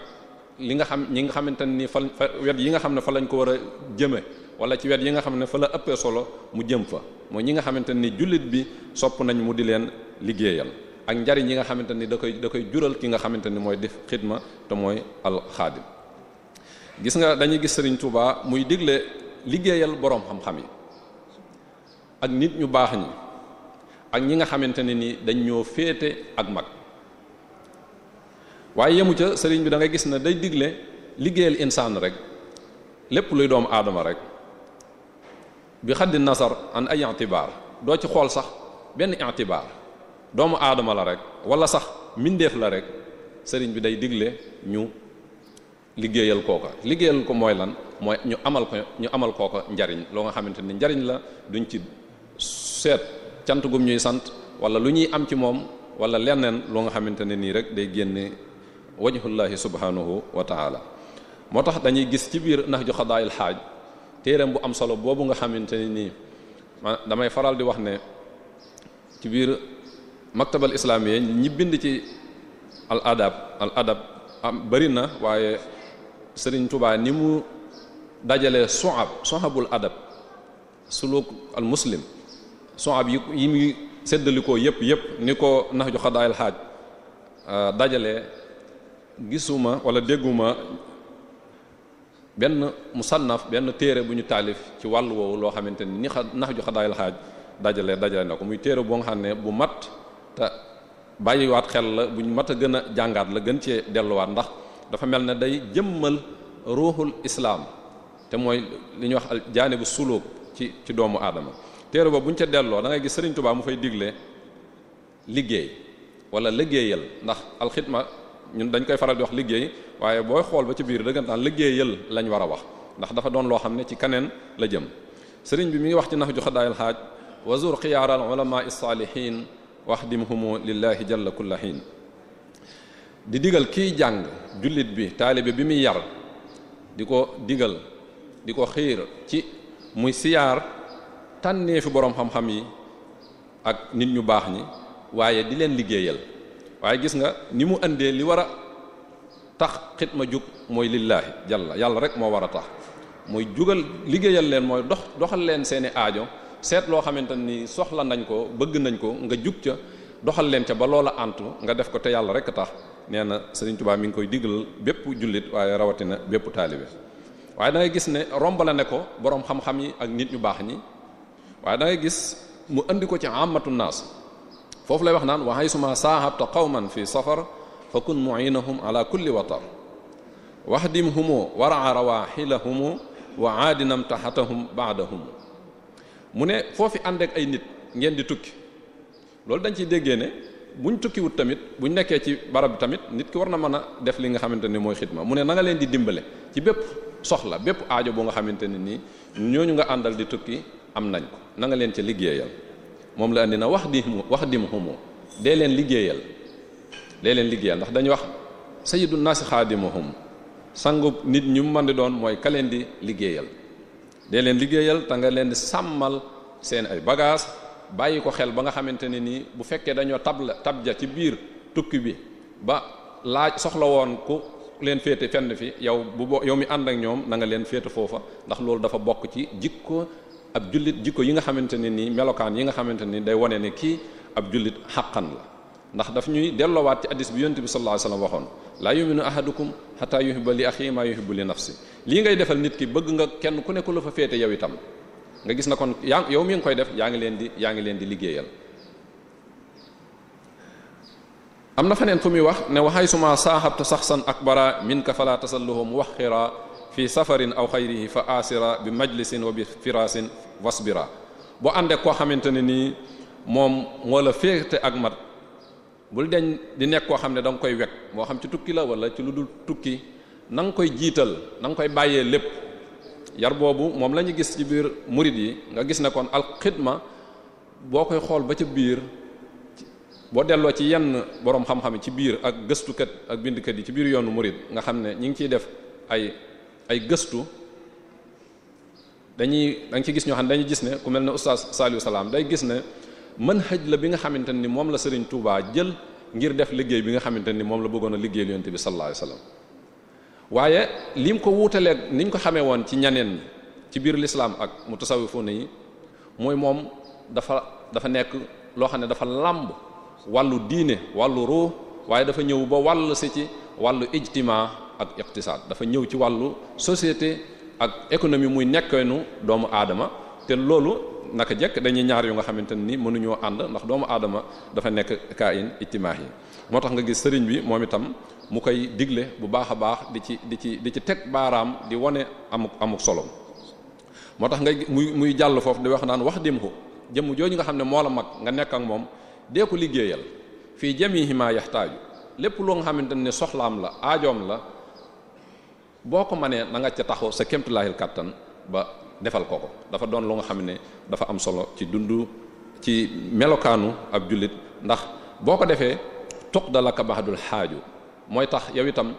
li nga xam ñi nga xamante ni fa wet yi nga xam ne fa lañ ko war a jëme wala ci wet yi nga xam ne fa la ëppee solo mu jëm fa mooy ñi nga xamante ni jullit bi sopp nañ mu di leen liggéeyal ak njariñ yi nga xamante ni da koy da koy jural ki nga xamante ni mooy def xidma te mooy alxaadim gis nga dañuy gis Serigne Touba muy digle liggéeyal boroom xam-xam yi ak nit ñu baax ñi ak ñi nga xamante ne ni dañ ñoo féete ak mag waaye yemu ca sëriñ bi dangay ngay gis ne day digle liggéeyal insaan rek lépp luy doomu aadama rek bi xaddi nasar an ay intibaar doo ci xool sax benn intibaar doomu aadama la rek wala sax mbindeef la rek sëriñ bi day digle ñu liggéeyal kooka liggéeyal ko mooy lan mooy ñu amal ko ñu amal kooka njariñ loo nga xamante ni njariñ la duñ ci seet cant gum ñuy sant wala lu ñuy am ci moom wala leneen loo nga xamante ne nii rek day génne wajhullahi subhanahu wa moo tax dañuy gis ci biir nax ju xaaj téereem bu am solo boobu nga xamante ne nii ma damay faral di wax ne ci biir maktabal islamiya ñi bind ci al adab al adab am bëri na waaye sëriñ Touba ni mu dajale su'ab su'abul adab suluk al muslim soxab yi yi muy séddalikoo yëpp yëpp ni ko nax ju xadaayal xaaj euh, dajale gisuma wala dégguma benn musannaf benn téere bu ñu taalif ci wàll woowu loo xamante ni ni nax ju xadaayal xaaj dajale dajale na ko muy téere boo nga xam ne bu mat te bàyyiwaat xel la bu ñu mat a gën a jàngaat la gën cee delluwaat ndax dafa mel ne day jëmmal ruuxul islaam te mooy li ñuy wax al jaanibu suluk ci ci doomu aadama téere boobu bu ñu ca delloo da ngay gis Sëriñ Tuubaa mu fay digle liggéey wala liggéeyal ndax alxidma ñun dañ koy faral di wax liggéey waaye booy xool ba ci biir dëggantaan liggéeyal lañ war a wax ndax dafa doon loo xam ne ci kaneen la jëm sëriñ bi mi ngi wax ci nax ju xadaayal xaaj wazur xiyaaral wax saalihin waxdimhumu lillahi jalla kulla hin di digal kiy jàng jullit bi taalibe bi muy yar di ko digal di ko xiir ci muy siyaar tànneefi boroom xam-xam yi ak nit ñu baax ñi waaye di leen liggéeyal waaye gis nga ni mu indee li war a tax xit ma jug mooy lillaahi la yàlla rek moo war a tax mooy jugal liggéeyal leen mooy dox doxal leen seeni aajo seet loo xamante ni soxla nañ ko bëgg nañ ko nga jug ca doxal leen ca ba loola antu nga def ko te yàlla rek a tax nee na Serigne Touba mi ngi koy digal bépp jullit waaye rawatina bépp taalibe waaye da ngay gis ne romb la ne ko boroom xam yi ak nit ñu baax ñi waaye dangay gis mu indi ko ci amatu naas foofu lay wax naan wa haysuma saahabta qawman fi safar fa kun mu'inahum ala kulli watar wahdimhumu wara'a rawahilahumu wa aadinam taxatahum ba'dahum mu ne foofi ànd ay nit ngeen di tukki loolu dañ ciy déggee ne buñ tukkiwut tamit buñ nekkee ci barab tamit nit ki war na mën a def li nga xamante ni mooy xidma mu ne nanga leen di dimbale ci bépp soxla bépp aajo boo nga xamante ne nii ñooñu nga àndal di tukki am nañ ko na nga leen ca liggéeyal moom la andi na wax di wax di mu xumoo dee leen liggéeyal dee leen liggéeyal ndax dañuy wax sayyidu naasi xaadimuhum sangu nit ñu mën di doon mooy kaleen di liggéeyal dee leen liggéeyal te nga leen di sàmmal seen ay bagage bàyyi ko xel ba nga xamante ne nii bu fekkee dañoo tabla tabja ci biir tukki bi ba laaj soxla woon ku leen féete fenn fi yow bu bo yow mi ànd ak ñoom na nga leen féete foofa ndax loolu dafa bokk ci jikko ab jullit jikko yi nga xamante ne nii melokaan yi nga xamante ni day wane ne kii ab jullit xaqan la ndax daf ñuy dellowaat ci addis bi yonent bi sallallahu alayhi wasallam waxoon laa yuminu ahadukum hatta yuhibba li akhihi ma yuhibbu li nafsi ngay defal nit ki bëgg nga kenn ku nekk la fa féete yow itam nga gis na kon yaa yow mi ngi koy def yaa ngi leen di yaa leen di liggéeyal am na feneen fu muy wax ne waxay suma saaxabta saxsan akbara minka fala tasalluhum waxira fi safarin aw xayrihi fa asira bi majlisin wa bi firasin wasbira boo àndee koo xamante ne nii moom moo la féete ak mat bul deñ di nekk koo xam ne danga koy wekk moo xam ci tukki la wala ci lu dul tukki na nga koy jiital nanga koy bàyyee lépp yar boobu moom lañu gis ci biir murid yi nga gis ne kon al boo koy xool ba ca biir boo delloo ci yenn boroom xam-xam ci biir ak gëstukat ak bindkat yi ci biir yoonu murid nga xam ne ñi ngi ciy def ay ay gëstu dañuy da ci gis ñoo xam ne dañuy gis ne ku mel ne oustaz Saliou Salam day gis ne mën xëj la bi nga xamante ni moom la Serigne Touba jël ngir def liggéey bi nga xamante ni moom la bëggoon a liggéeyal yonent bi sallallahu alayhi waaye li mu ko wuutaleeg ni ñu ko xamee woon ci ñaneen ñi ci biir lislaam ak mutasawwifuuna yi mooy moom dafa dafa nekk loo xam ne dafa làmb wàllu diine wàllu ruux waaye dafa ñëw ba wàll si ci wàllu ijtimaa ak iqtisaad dafa ñëw ci wàllu société ak économie muy nekkeenu doomu aadama te loolu naka jekk dañuy ñaar yu nga xamante ni mënuñoo ànd ndax doomu aadama dafa nekk kaayin yi moo tax nga gis sëriñ bi moom itam mu koy digle bu baax a baax di ci di ci di ci teg baaraam di wane amuk amuk solo moo tax nga muy muy jàll foofu di wax naan wax dim ko jëmm jooju nga xam ne moo la mag nga nekk ak moom dee ko liggéeyal fii jëm jamihi ma yaxtaaju lépp loo nga xamante ne soxlaam la aajoom la boo ko mënee na nga ca taxaw sa kéemtulaahil kàttan ba defal ko ko dafa doon lu nga xam ne dafa am solo ci dundu ci melokaanu ab jullit ndax boo ko defee tuqdalaka bahadul xaaju mooy tax yow itam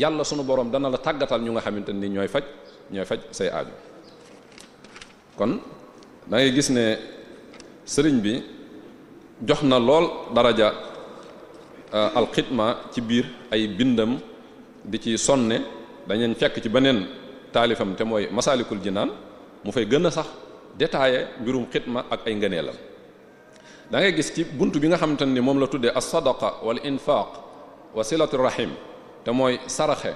yàlla sunu borom dana la tàggatal ñu nga xamante ni ñooy faj ñooy faj say aaju kon da ngay gis ne sëriñ bi jox na lool daraja euh, alxidma ci biir ay bindam di ci sonne dañu fekk ci beneen taalifam te mooy masaalikul jinaan mu fay gën a sax détaillé mbirum ma ak ay ngëneelam da ngay gis ci bunt bi nga xamante ni moom la tuddee as-sadaqa wal infaq wa silatu rahim te mooy saraxe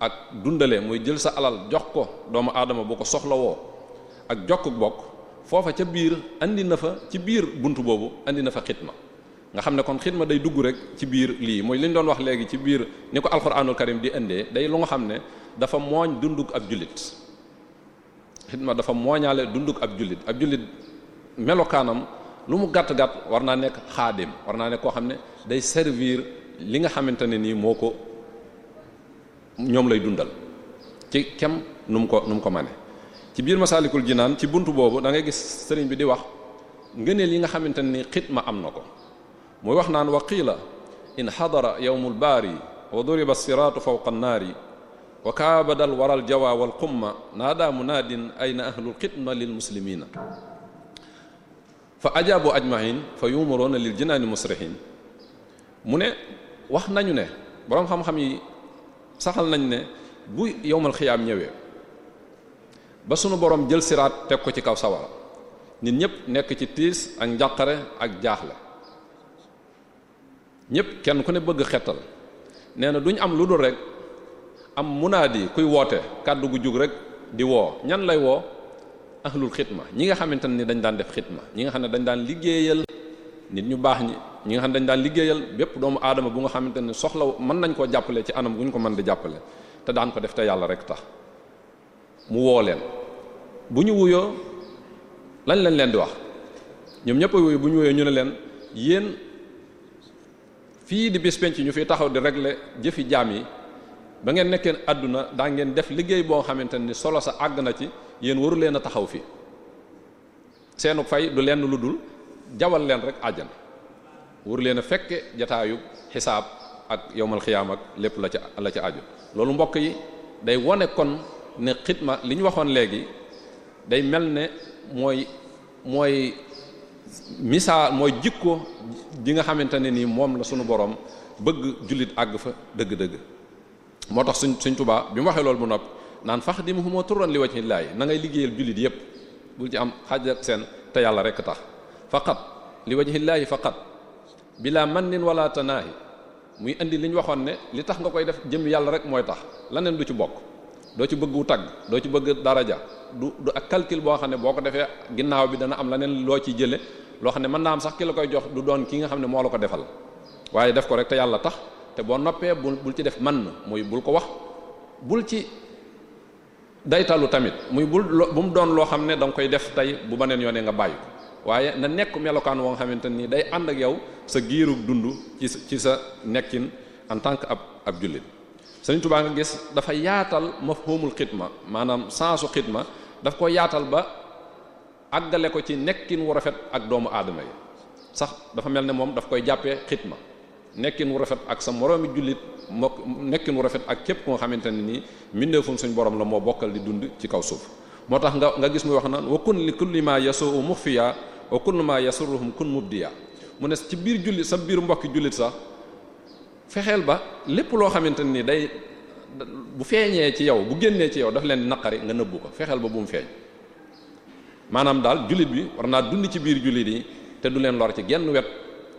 ak dundale mooy jël sa alal jox ko doomu aadama bu ko soxlawoo ak jokk bokk foofa ca biir indi na fa ci biir bunt boobu indi na fa ma nga xam ne kon xidma day dugg rek ci biir lii mooy li doon wax léegi ci biir ni ko alxuraanul karim di indee day lu nga xam ne dafa mooñ dunduk ab jullit xidma dafa mooñaale dunduk ab jullit ab jullit melokaanam lu mu gàtt gàtt war naa nekk xaadim war naa nekk koo xam ne day servir li nga xamante ne nii moo ko ñoom lay dundal ci kem nu mu ko nu mu ko mane ci biir Masaalikul Jinaan ci bunt boobu dangay gis sëriñ bi di wax ngëneel yi nga xamante ne nii xidma am na ko muy wax naan wa qiila in xadara yowmu lbaari wa duriba siraatu fawqa annaari wa kaabada alwara aljawa walqumma naadaa munaadin ayna ahlulxidma lilmuslimina fa ajaabu ajmahin fa yuumuroona lil jinaani musrihin mu ne wax nañu ne boroom xam-xam yi saxal nañ ne bu yowmal xiyaam ñëwee ba sunu borom jël siraat teg ko ci kaw sawara nit ñëpp nekk ci tiis ak njàqare ak jaaxle ñëpp kenn ku ne bëgg xettal nee na duñ am lu dul rek am munaadi kuy woote kàddu gu jug rek di woo ñan lay woo ahlul xidma ñi nga xamante ni dañ daan def xidma ñi nga xam ne dañ daan liggéeyal nit ñu baax ñi ñi nga xam ne dañ daan liggéeyal bépp doomu aadama bu nga xamante ne soxla mën nañ koo jàppale ci anam gu ñu ko mën di jàppale te daan ko def te yàlla rek tax mu woo leen bu ñu wuyoo lañ lañ leen di wax ñoom ñëpp wuyu bu ñu wuyoo ñu ne leen yéen fii di bis ñu fi taxaw di régler jëfi jaam yi ba ngeen nekkee àdduna daa ngeen def liggéey boo xamante ni solo sa àgg na ci yéen waru leen taxaw fi seenu fay du lenn lu dul jawal leen rek àjjana waru leen a fekke jataayu xisaab ak yowmal xiyaam ak lépp la ca la ca loolu mbokk yi day wone kon ne xidma li waxoon léegi day mel ne mooy mooy misaal mooy jikko ji nga xamante ne nii moom la sunu borom bëgg jullit àgg fa dëgg-dëgg moo tax suñ suñ tubaa bi mu waxee loolu bu nopp naan fax di mu xumoo turan li wajhi llaahi na ngay liggéeyal jullit yépp bul ci am xaaj seen te yàlla rekk tax faqat li wajhi llaahi faqat bila mannin wala tanaahi muy indi li waxoon ne li tax nga koy def jëm yàlla rek mooy tax laneen du ci bokk doo ci bëgg wu tagg doo ci bëgg daraja du du ak calcul boo xam ne boo ko defee ginnaaw bi dana am leneen loo ciy jële loo xam ne mën naa am sax ki la koy jox du doon ki nga xam ne moo la ko defal waaye def ko rek te yàlla tax te boo noppee bul bul ci def man muy bul ko wax bul ci daytalu tamit muy bul bu mu doon loo xam ne da nga koy def tey bu beneen yoonee nga bàyyi ko waaye na nekk melokaan woo nga xamante nii day ànd ak yow sa giirug dund ci sa ci sa nekkin en tant que ab ab jullit sëriñ Tuubaa nga gis dafa yaatal xiit ma maanaam sensu ma daf ko yaatal ba àggale ko ci nekkiin wu rafet ak doomu aadama yi sax dafa mel ne moom daf koy jàppee xidma nekkin wu rafet ak sa moroomi jullit moo nekkin wu rafet ak képp ko nga xamante ne nii mbindeefum suñ borom la moo bokkal di dund ci kaw suuf moo tax nga nga gis muy wax naan wa kun li kulli ma yasuu mukhfiya wa kun ma yasuruhum kun mubdiya mu ne ci biir jullit sa biir mbokki jullit sax fexeel ba lépp loo xamante ni day bu feeñee ci yow bu génnee ci yow daf leen naqari nga nëbbu ko fexeel ba bu mu feeñ maanaam daal jullit bi war naa dund ci biir jullit yi te du leen lor ci genn wet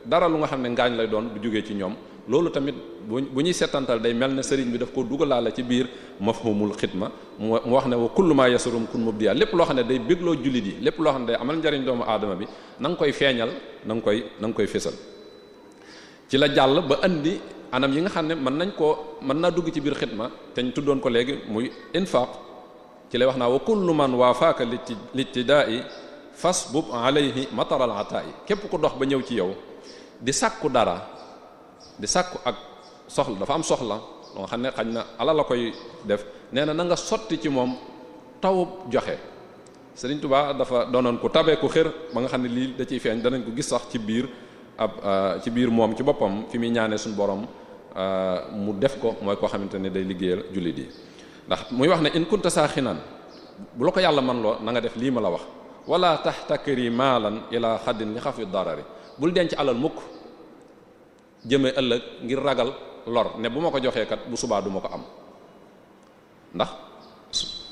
dara lu nga xam ne ngaañ lay doon du jógee ci ñoom loolu tamit bu ñuy setantal day mel ne sëriñ bi daf ko dugalaale ci biir mafhumul xidma mu wax ne wa kullu ma yasurum kun mubdiya lépp loo xam ne day bégloo jullit yi lépp loo xam ne day amal njariñ doomu aadama bi na koy feeñal na koy na koy fésal anam yi nga xam ne mën nañ koo mën naa dugg ci biir xidma te ñu tuddoon ko léegi muy infaq ci lay wax naa wa kullu man waafaaka littidaai fasbub alayhi matar al ataai képp ku dox ba ñëw ci yow di sàkku dara di sàkku ak soxla dafa am soxla loo xam ne xañ na ala la koy def nee na na nga sotti ci moom tawu joxe Sëriñ Tuubaa dafa doonoon ku tabe ku xër ba nga xam ne lii da ciy feeñ danañ ko gis sax ci biir ab euh, ci biir moom ci boppam fi muy ñaanee suñu borom euh, mu def ko mooy koo xamante ne day liggéeyal jullit yi ndax muy wax ne in kunta saaxinan bu la ko yàlla man loo na nga def lii ma la wax wala tahtakiri maalan ila xaddin li xafi darari bul denc alal mukk jëme ëllëg ngir ragal lor ne bu ma ko joxee kat bu subaa du ko am ndax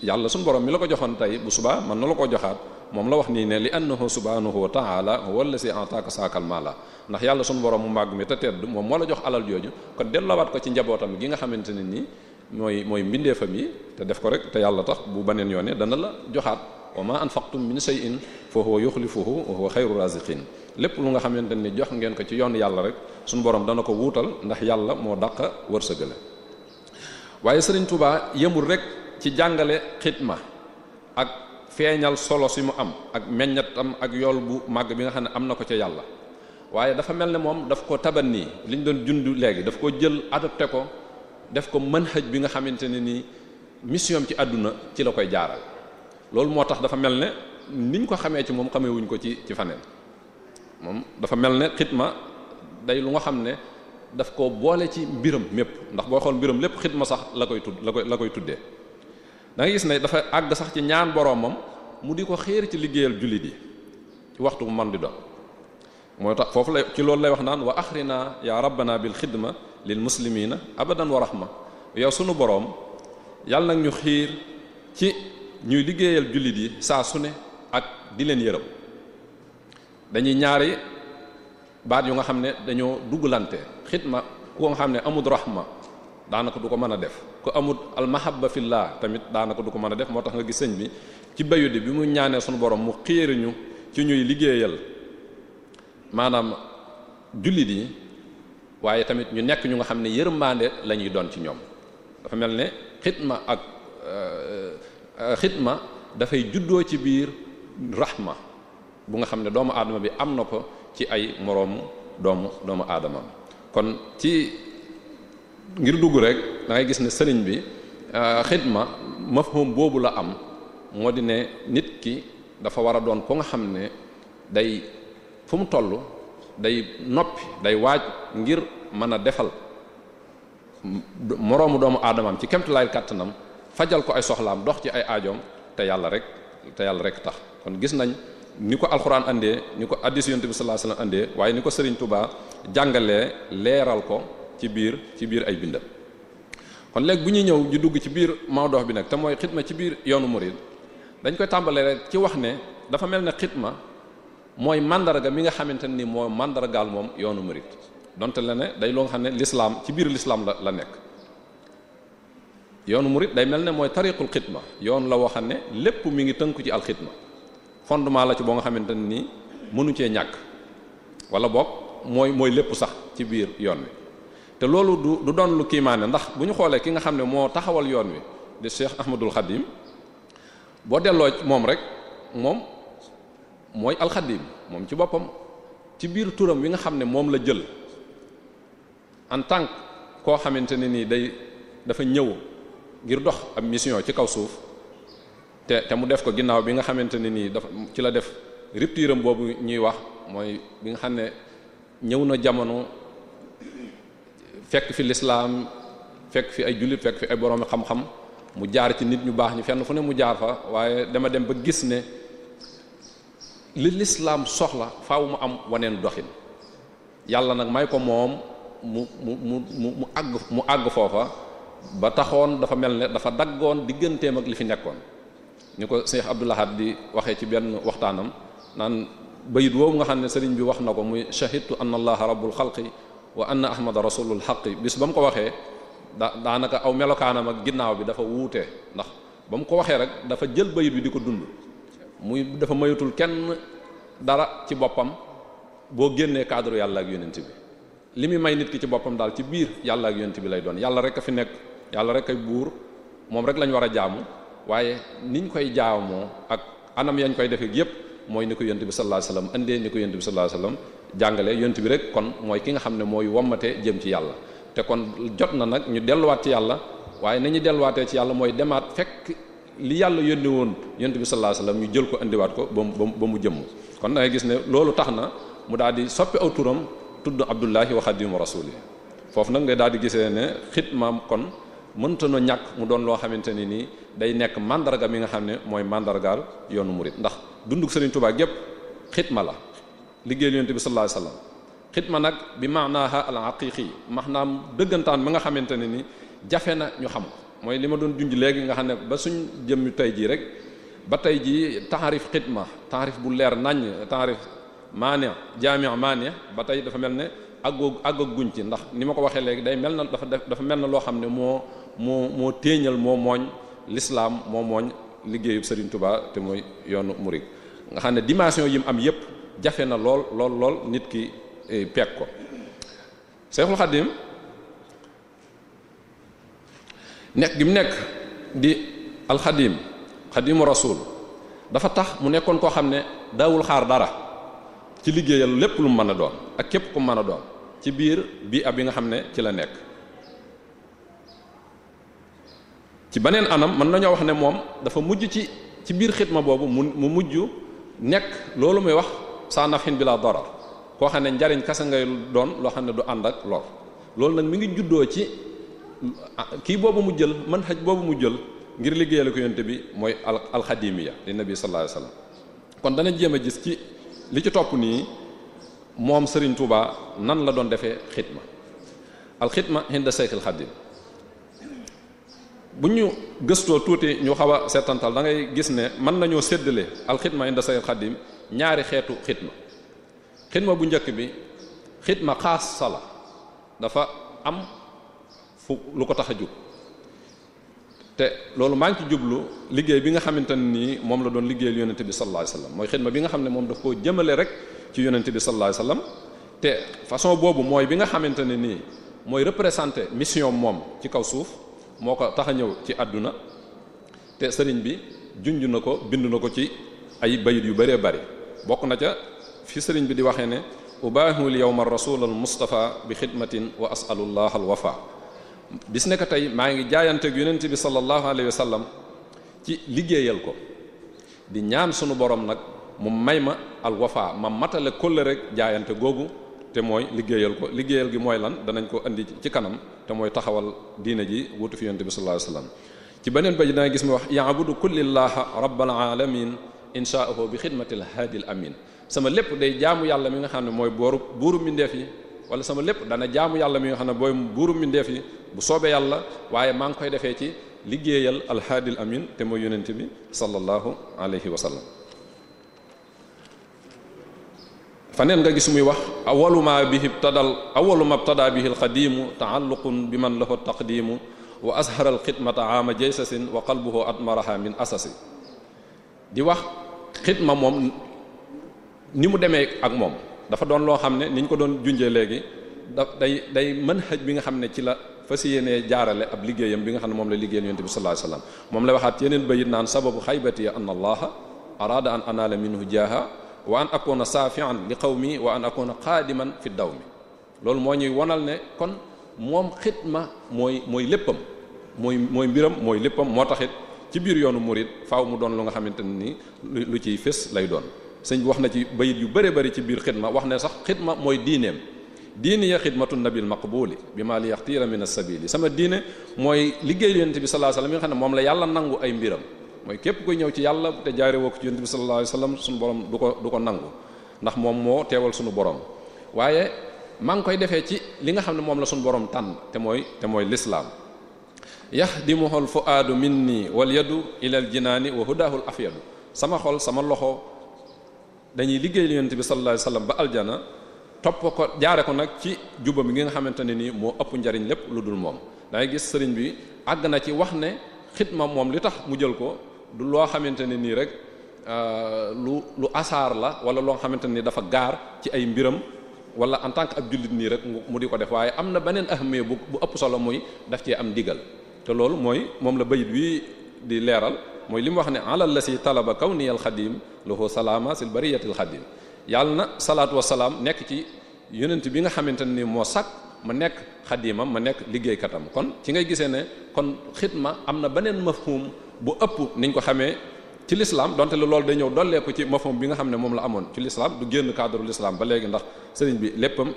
yàlla suñu borom mi la ko joxoon tey bu subaa mën na la koo joxaat moom la wax nii ne li annahu subhanahu wa ta'ala huwa allazi ataka saakal mala ndax yàlla suñu borom mu màgg mi te tedd moom moo la jox alal jooju kon delloowaat ko ci njabootam gi nga xamante ne nii mooy mooy mbindeefam yi te def ko rek te yàlla tax bu baneen yoone dana la joxaat wa ma say min shay'in fa huwa yukhlifuhu wa huwa khayru raziqin lépp lu nga xamante ni jox ngeen ko ci yoon yàlla rek suñu borom dana ko wuutal ndax yàlla moo dàq wërsëgale waaye Serigne ci jàngale xitma ak feeñal solo si mu am ak meññatam ak yool bu màgg bi nga xam ne am na ko ca yàlla waaye dafa mel ne moom daf ko taban nii liñ doon jund léegi daf ko jël adopté ko def ko mën manhaj bi nga xamante ne nii mission ci àdduna ci la koy jaaral loolu moo tax dafa mel ne niñ ko xamee ci moom xamee ko ci ci faneen moom dafa mel ne xitma day lu nga xam ne daf ko boole ci mbiram mépp ndax boo xool mbiram lépp xitma sax la koy tudd la koy la koy tuddee da gis ne dafa àgg sax ci ñaan boroomam mu di ko xéer ci liggéeyal jullit yi ci waxtu mu man di doon mooy tax foofu lay ci loolu lay wax naan wa axrina ya rabbana bil xidma lil muslimina abadan wa rahma yow sunu boroom yàlla nag ñu xiir ci ñuy liggéeyal jullit yi saa su ne ak di leen yërëm dañuy ñaari baat yu nga xam ne dañoo dugglante xidma ku nga xam ne amul rahma daanaka du ko mën a def ku amul almahabba fillah tamit daanaka du ko mën a def moo tax nga gis sëñ bi ci bayudi bi mu ñaanee suñu borom mu ñu ci ñuy liggéeyal maanaam jullit yi waaye tamit ñu nekk ñu nga xam ne yërmande la ñuy doon ci ñoom dafa mel ne xitma ak euh, euh, xitma dafay juddoo ci biir raxma bu nga xam ne doomu aadama bi am na ko ci ay moroomu doomu doomu aadamam kon ci ngir dugg rek da ngay gis ne sëriñ bi euh, xidma mafhum boobu la am moo di ne nit ki dafa war a doon ko nga xam ne day fu mu toll day noppi day waaj ngir mën a defal moroomu doomu aadamaam ci kemtulaay kàttanam fajal ko ay soxlaam dox ci ay aajoom te yàlla rek te yàlla rek tax kon gis nañ ni ko alxuraan indee ni ko addis yonent bi sallallahu alayhi wasallam andee waaye ni ko sëriñ Touba jàngalee leeral ko ci biir ci biir ay bindam kon léegi bu ñuy ñëw ñu dugg ci biir mawdoox bi nag te mooy xitma ci biir yoonu murid dañ koy tàmbalee rek ci wax ne dafa mel ne xitma mooy mandarga mi nga xamante ni moo mandargaal moom yoonu murid donte la day loo ne lislaam ci biir lislaam la la nekk yoonu murid day mel ne mooy tariqul xitma yoon la woo xam ne lépp mu ngi tënku ci alxitma fondement la ci boo nga xamante ni mënu cee ñàkk wala boog mooy mooy lépp sax ci biir yoon bi te loolu du du doon lu kiimaane ndax bu ñu xoolee ki nga xam ne moo taxawal yoon wi di Cheikh Ahmadul Xadim boo delloo moom rek moom mooy alxadim moom ci boppam ci biir turam wi nga xam ne moom la jël en tant koo xamante ne nii day dafa ñëw ngir dox ak mission ci kaw suuf te te mu def ko ginnaaw bi nga xamante ne nii dafa ci la def rupture am boobu ñuy wax mooy bi nga xam ne ñëw na jamono. fekk fi lislaam fekk fi ay jullit fekk fi ay boroomi xam-xam mu jaar ci nit ñu baax ñu fenn fu ne mu jaar fa waaye dama dem ba gis ne li lislaam soxla faaw mu am waneen doxin yàlla nag may ko moom mu mu mu mu àgg mu àgg foofa ba taxoon dafa mel ne dafa daggoon digganteem ak li fi nekkoon ni ko Seex Abdul Ahad di waxee ci benn waxtaanam naan bayit woowu nga xam ne sëriñ bi wax na ko muy shahidtu anna allaha rabbul xalqi wa anna ahmada rasulul xaqi bis ba mu ko waxee da daanaka aw melokaanam ak ginnaaw bi dafa wuute ndax ba mu ko waxee rek dafa jël bayit bi di ko dund muy dafa mayatul kenn dara ci boppam boo génnee cadre yàlla ak yonent bi li muy may nit ki ci boppam daal ci biir yàlla ak yonent bi lay doon yàlla rek a fi nekk yàlla rek ay buur moom rek lañ war a jaamu waaye ni ñu koy jaamoo ak anam yañ koy defee yépp mooy ni ko yonent bi sallallahu alayhi wasallam andee ni ko yonent bi sallallahu alayhi jàngale yonent bi rek kon mooy ki nga xam ne mooy wommate jëm ci yàlla te kon jot na nag ñu delluwaat ci yàlla waaye nañu delluwaatee ci yàlla mooy demaat fekk li yàlla yónni woon yonent bi sallallahu la wasallam ñu jël ko indiwaat ko ba mu ba mu jëmm kon da gis ne loolu tax na mu daal di soppi aw turam tudd Abdullahi wa xadimu rasuli foofu nag nga daal di gisee ne xidmaam kon mënta na ñàkk mu doon loo xamante ne nii day nekk mandarga mi nga xam ne mooy mandargaal yoonu murit ndax dunduk Serigne Touba gépp xidma la. liggéeyal yonent bi sallallahu alayhi xidma nag bi maanaaha al max maanaam dëggantaan ba nga xamante ne ni jafe na ñu xam mooy li ma doon junj léegi nga xam ne ba suñ jëm tey jii rek ba tey jii taarif xidma taarif bu leer naññ taarif maane jaami maane ba tey dafa mel ne àggoo àggag guñ ci ndax ni ma ko waxee léegi day mel na dafa def dafa mel na loo xam ne moo moo moo téeñal moo mooñ lislaam moo mooñ liggéeyub Serigne Touba te mooy yoonu murid nga xam ne dimension yi mu am yépp jafe na lool lool lool nit ki eh, peeg ko Seexul Xadiim nekk gi mu nekk di alxadim xadimu rasul dafa tax mu nekkoon koo xam ne daawul xaar dara ci liggéeyal lépp lu mu mën a doon ak képp ku mën a doon ci biir bii ab yi nga xam ne ci la nekk ci beneen anam mën nañoo wax ne moom dafa mujj ci ci biir xitma boobu mu mu mujj nekk loolu muy wax saa nafin bi laa darar koo xam ne njariñ kasa ngay doon loo xam ne du ànd ak lor loolu nag mi ngi juddoo ci ah, kii boobu mu jël man xaj boobu mu jël ngir liggéeyal ko yonte bi mooy al alxadimiya li nabi sallallahu alayhi kon dana jéem a gis ci li ci topp nii moom Serigne Touba nan la doon defee xitma alxitma hinda Seyxul Xadim bu ñu gëstoo tuuti ñu xaw a seetantal da ngay gis ne mën nañoo séddale alxitma hinda Seyxul Xadim ñaari xeetu xitma xitma bu njëkk bi xitma xaasa la dafa am fu lu ko tax a jub te loolu maa ngi ci jublu liggéey bi nga xamante ne nii moom la doon liggéeyal yonente bi sallallahu alayhi mooy xidma bi nga xam ne moom daf koo rek ci yonente bi sallallahu alayhi wasallam te façon boobu mooy bi nga xamante ne nii mooy représenter mission moom ci kaw suuf moo ko tax a ñëw ci àdduna te sëriñ bi junj na ko bind na ko ci ay bayit yu bëree bëri bokk na ca fi sëriñ bi di waxee ne ubaahul yawma rasul al mustafa bi xidmatin wa asalullah al wafa bis ne ko tey maa ngi jaayanteeg yonent bi sallallahu alayhi wa sallam ci liggéeyal ko di ñaan sunu borom nag mu may ma al wafa ma matale kóllë rek jaayante googu te mooy liggéeyal ko liggéeyal gi mooy lan danañ ko indi ci kanam te mooy taxawal diine ji wutu fi yonent bi sallallahu alayhi ci beneen ba ji danga gis mu wax ya'budu kullillaha rabbil alamin inshaahu bi xidmatil haadil amin sama lépp day jaamu yàlla mi nga xam ne mooy booru buuru mbindeef yi wala sama lépp dana jaamu yàlla mi nga xam ne booy buuru mbindeef yi bu soobee yàlla waaye maa ngi koy defee ci liggéeyal alhaadil amin te mooy yonent bi sallallahu alayhi wa sallam faneen nga gis muy wax awaluma bihi ibtadal awaluma ibtada bihi alqadimu taalluqun bi man lahu taqdimu wa azhara alxidmata aama jaysasin wa qalbuhu atmaraha min asasi di wax xidma moom ni mu demee ak moom dafa doon loo xam ne ni ñu ko doon junjee léegi da day day man xëj bi nga xam ne ci la fas yéenee jaarale ab liggéeyam bi nga xam ne moom la liggéeyal yonent bi sallallahu alayhi moom la waxaat yeneen bayit naan sababu xaybati an allaha araada an anaala minhu jaaha wa an akuna saafian li qawmi wa an akuna qaadiman fi daw mi loolu moo ñuy wonal ne kon moom xidma mooy mooy léppam mooy mooy mbiram mooy léppam moo taxit ci biir yoonu murid faaw mu doon lu nga xamante ni lu ciy fés lay doon sëñ bi wax na ci bayit yu bëree bëri ci biir xidma wax ne sax xidma mooy diineem diini ya xidmatu nabil maqbuli bi maa li yaxtiira min as-sabili sama diine mooy liggéey yonent bi sallallahu alayhi wasallam yi nga xam ne moom la yàlla nangu ay mbiram mooy képp kuy ñëw ci yàlla te jaare woo ko ci yonent bi sallallahu alayhi wasallam suñu borom du ko du ko nangu ndax moom moo teewal suñu borom waaye maa ngi koy defee ci li nga xam ne moom la suñu borom tànn te mooy te mooy lislaam yahdimuhu al fuaadu minni wal yadu ila al jinaani wa hudaahul afyadu sama xol sama loxo dañuy liggéey yonent bi sallallahu alayhi wasallam ba aljana topp ko jaare ko nag ci juba bi nga xamante ne nii moo ëpp njariñ lépp lu dul moom da gis sëriñ bi àgg na ci wax ne xitma moom li tax mu jël ko du loo xamante ne nii rek euh, lu lu asaar la wala loo xamante ni dafa gaar ci ay mbiram wala en tant que ab jullit nii rek mu di ko def waaye am na beneen ahmee bu bu ëpp solo muy daf cee am digal te loolu mooy moom la bayit wi di leeral mooy li mu wax ne alal la si talaba kaw niyal xadim lahu salaama sil bariyatil xadim yàlla na salaatu salaam nekk ci yonent bi nga xamante ne ni moo sàkk ma nekk xadimam ma nekk liggéeykatam kon ci ngay gisee ne kon xidma am na beneen mafhum bu ëpp ni ñu ko xamee ci l'islam donte la loolu day ñëw dolleeku ci mafhum bi nga xam ne moom la amoon ci l'islam du génn cadre l'islam ba léegi ndax sëriñ bi léppam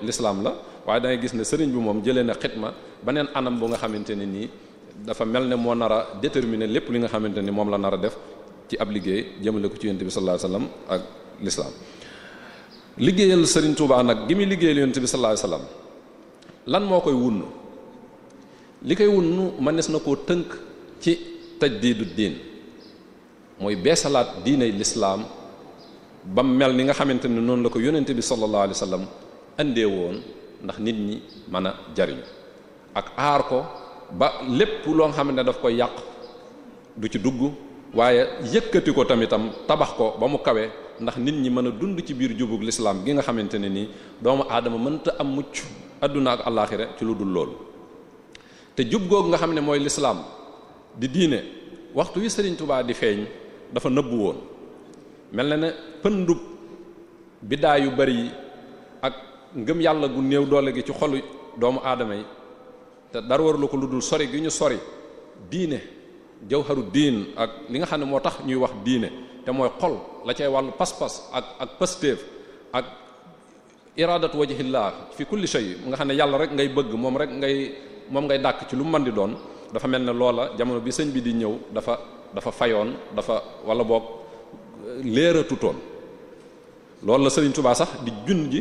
la waaye da gis ne sëriñ bi moom jëlee na xidma beneen anam bu nga xamante ne nii dafa mel ne moo nar a déterminer lépp li nga xamante ni moom la nar a def ci ab liggéey jëmale ko ci yonent bi sallallahu alayhi wasallam ak l'islam liggéeyal Serigne Touba nag gi muy liggéeyal yonent bi sallallahu alayhi wasallam lan moo koy wunn li koy wunn mënees na koo tënk ci taj tajdiidu diin mooy beesalaat diinay lislaam ba mu mel ni nga xamante ni noonu la ko yonent bi sallallahu alayhi wasallam indee woon ndax nit ñi mën a jariñu ak aar ko ba lépp loo xam ne daf ko yàq du ci dugg waaye yëkkati ko tamitam tabax ko ba mu kawee ndax nit ñi mën a dund ci biir jubug lislaam gi nga xamante ne nii doomu aadama mënta am mucc adduna ak àllaaxira ci lu dul loolu te jub googu nga xam ne mooy lislaam di diine waxtu wi Sëriñ tubaab di feeñ dafa nëbbu woon mel na ne pëndub biddaa yu bari yi ak ngëm yàlla gu néew doole gi ci xolu doomu aadama yi te dara warlu ko lu dul sori gi ñu sori diine xaru diin ak li nga xam ne moo tax ñuy wax diine te mooy xol la cay wàllu pas-pas ak ak pastéef ak iraadatu laa fi kulli shay nga xam ne yàlla rek ngay bëgg moom rek ngay moom ngay dàkk ci lu man di doon dafa mel ne loola jamono bi sëñ bi di ñëw dafa dafa fayoon dafa wala boog léeratutoon loolu la Sëriñ Tuubaa sax di jun ji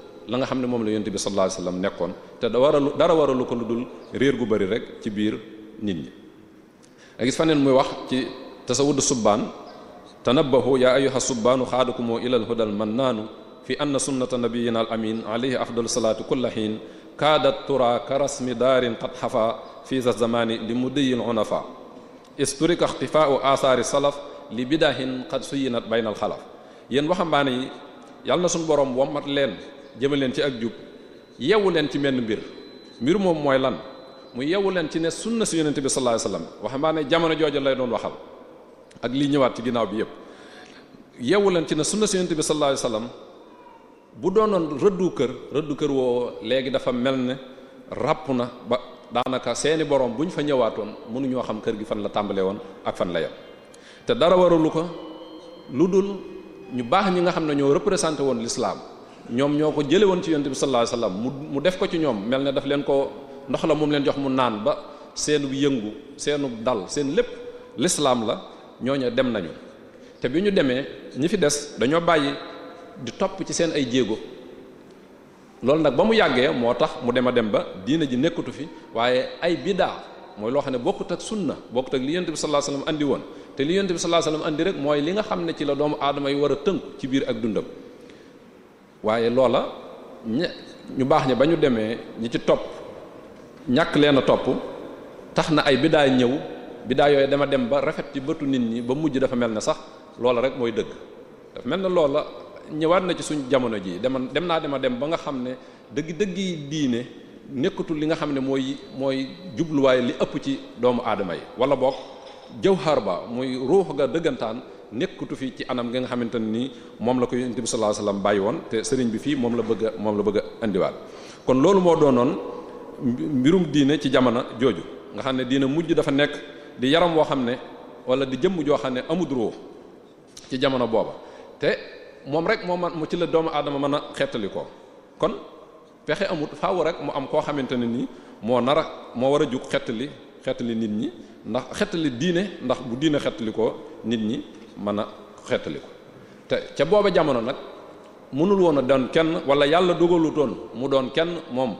la nga xam ne moom la yonent bi la alayhi wasallam nekkoon te da dara waralu ko lu dul réer gu bari rek ci biir nit ñi a gis faneen muy wax ci tasawud subbaan tanabbahu yaa ayyuha subbaanu xaadukumoo ilal hudal mannaanu fi anna sunnata nabiyina al amin alayhi afdalu salaatu kulla hiin kaadat tura karasmi daarin qad xafa fi sa zamani li mudiyil unafa isturika ixtifaau asaari salaf li bidahin qad suyinat bayna al xalaf waxambaane yi yàlla na suñu boroom wommat leen jëmal leen ci ak jub yewu leen ci menn mbir mbir moom mooy lan mu yewu leen ci ne sunna si yonente bi sallallahu alayhi wasallam waxambaane jamono jooju lay doon waxal ak lii ñëwaat ci ginnaaw bi yëpp yewu leen ci ne sunna si yonente bi sallallahu alayhi bu doonoon rëddu kër rëddu kër woo léegi dafa mel ne ràpp na ba daanaka seeni borom bu ñu fa ñëwaatoon mënuñoo xam kër gi fan la tàmbalee woon ak fan la yem te dara waralu ko lu dul ñu baax ñi nga xam ne ñoo représenté woon l'islam ñoom ñoo ko jële woon ci yonent bi sallallahu alayhi mu mu def ko ci ñoom mel ne daf leen ko ndox la moom leen jox mu naan ba seenu yëngu seenu dal seen lépp l'islam la ñooñu dem nañu te bi ñu demee ñi fi des dañoo bàyyi di topp ci seen ay jéego loolu nag ba mu yàggee moo tax mu dem a dem ba diina ji nekkatu fi waaye ay bidaa mooy loo xam ne bokkut ak sunna bokkut ak li yonent bi sallallahu alayhi wasallam andi woon te li yonent bi sallallahu alayhi wasallam rek mooy li nga xam ne ci doomu aadama yi war a tënk ci biir ak dundam waaye loola ña ñu baax ña ba ñu demee ñi ci topp ñàkk leena topp tax na ay bidaa ñëw bidaa yooyu dama dem ba rafet ci bëtu nit ñi ba mujj dafa mel ne sax loola rek mooy dëgg dafa mel ne loola ñëwaat na ci suñu jamono ji dama dem naa dema dem ba nga xam ne dëgg-dëggi diine nekkatul li nga xam ne mooy mooy jubluwaay li ëpp ci doomu aadama yi wala jëw xar ba muy ruux ga dëggantaan nekkutu fi ci anam nga nga xamante ne nii moom la ko yonent bi sallallahu alayhi wasallam bàyyi woon te sëriñ bi fii moom la bëgg moom la bëgg a indiwaat kon loolu moo doonoon mbirum diine ci jamono jooju nga xam ne diine mujj dafa nekk di yaram woo xam ne wala di jëmm joo xam ne amut ruux ci jamono booba te moom rek moo man mu ci la doomu aadama mën a xettali ko kon pexe amut faaw rek mu am koo xamante ne nii moo nar a moo war a jug xettali xettali nit ñi ndax xettali diine ndax bu diine xettali ko nit ñi mën a xettali ko te ca booba jamono nag mënul woon a doon kenn wala yàlla dogalutoon mu doon kenn moom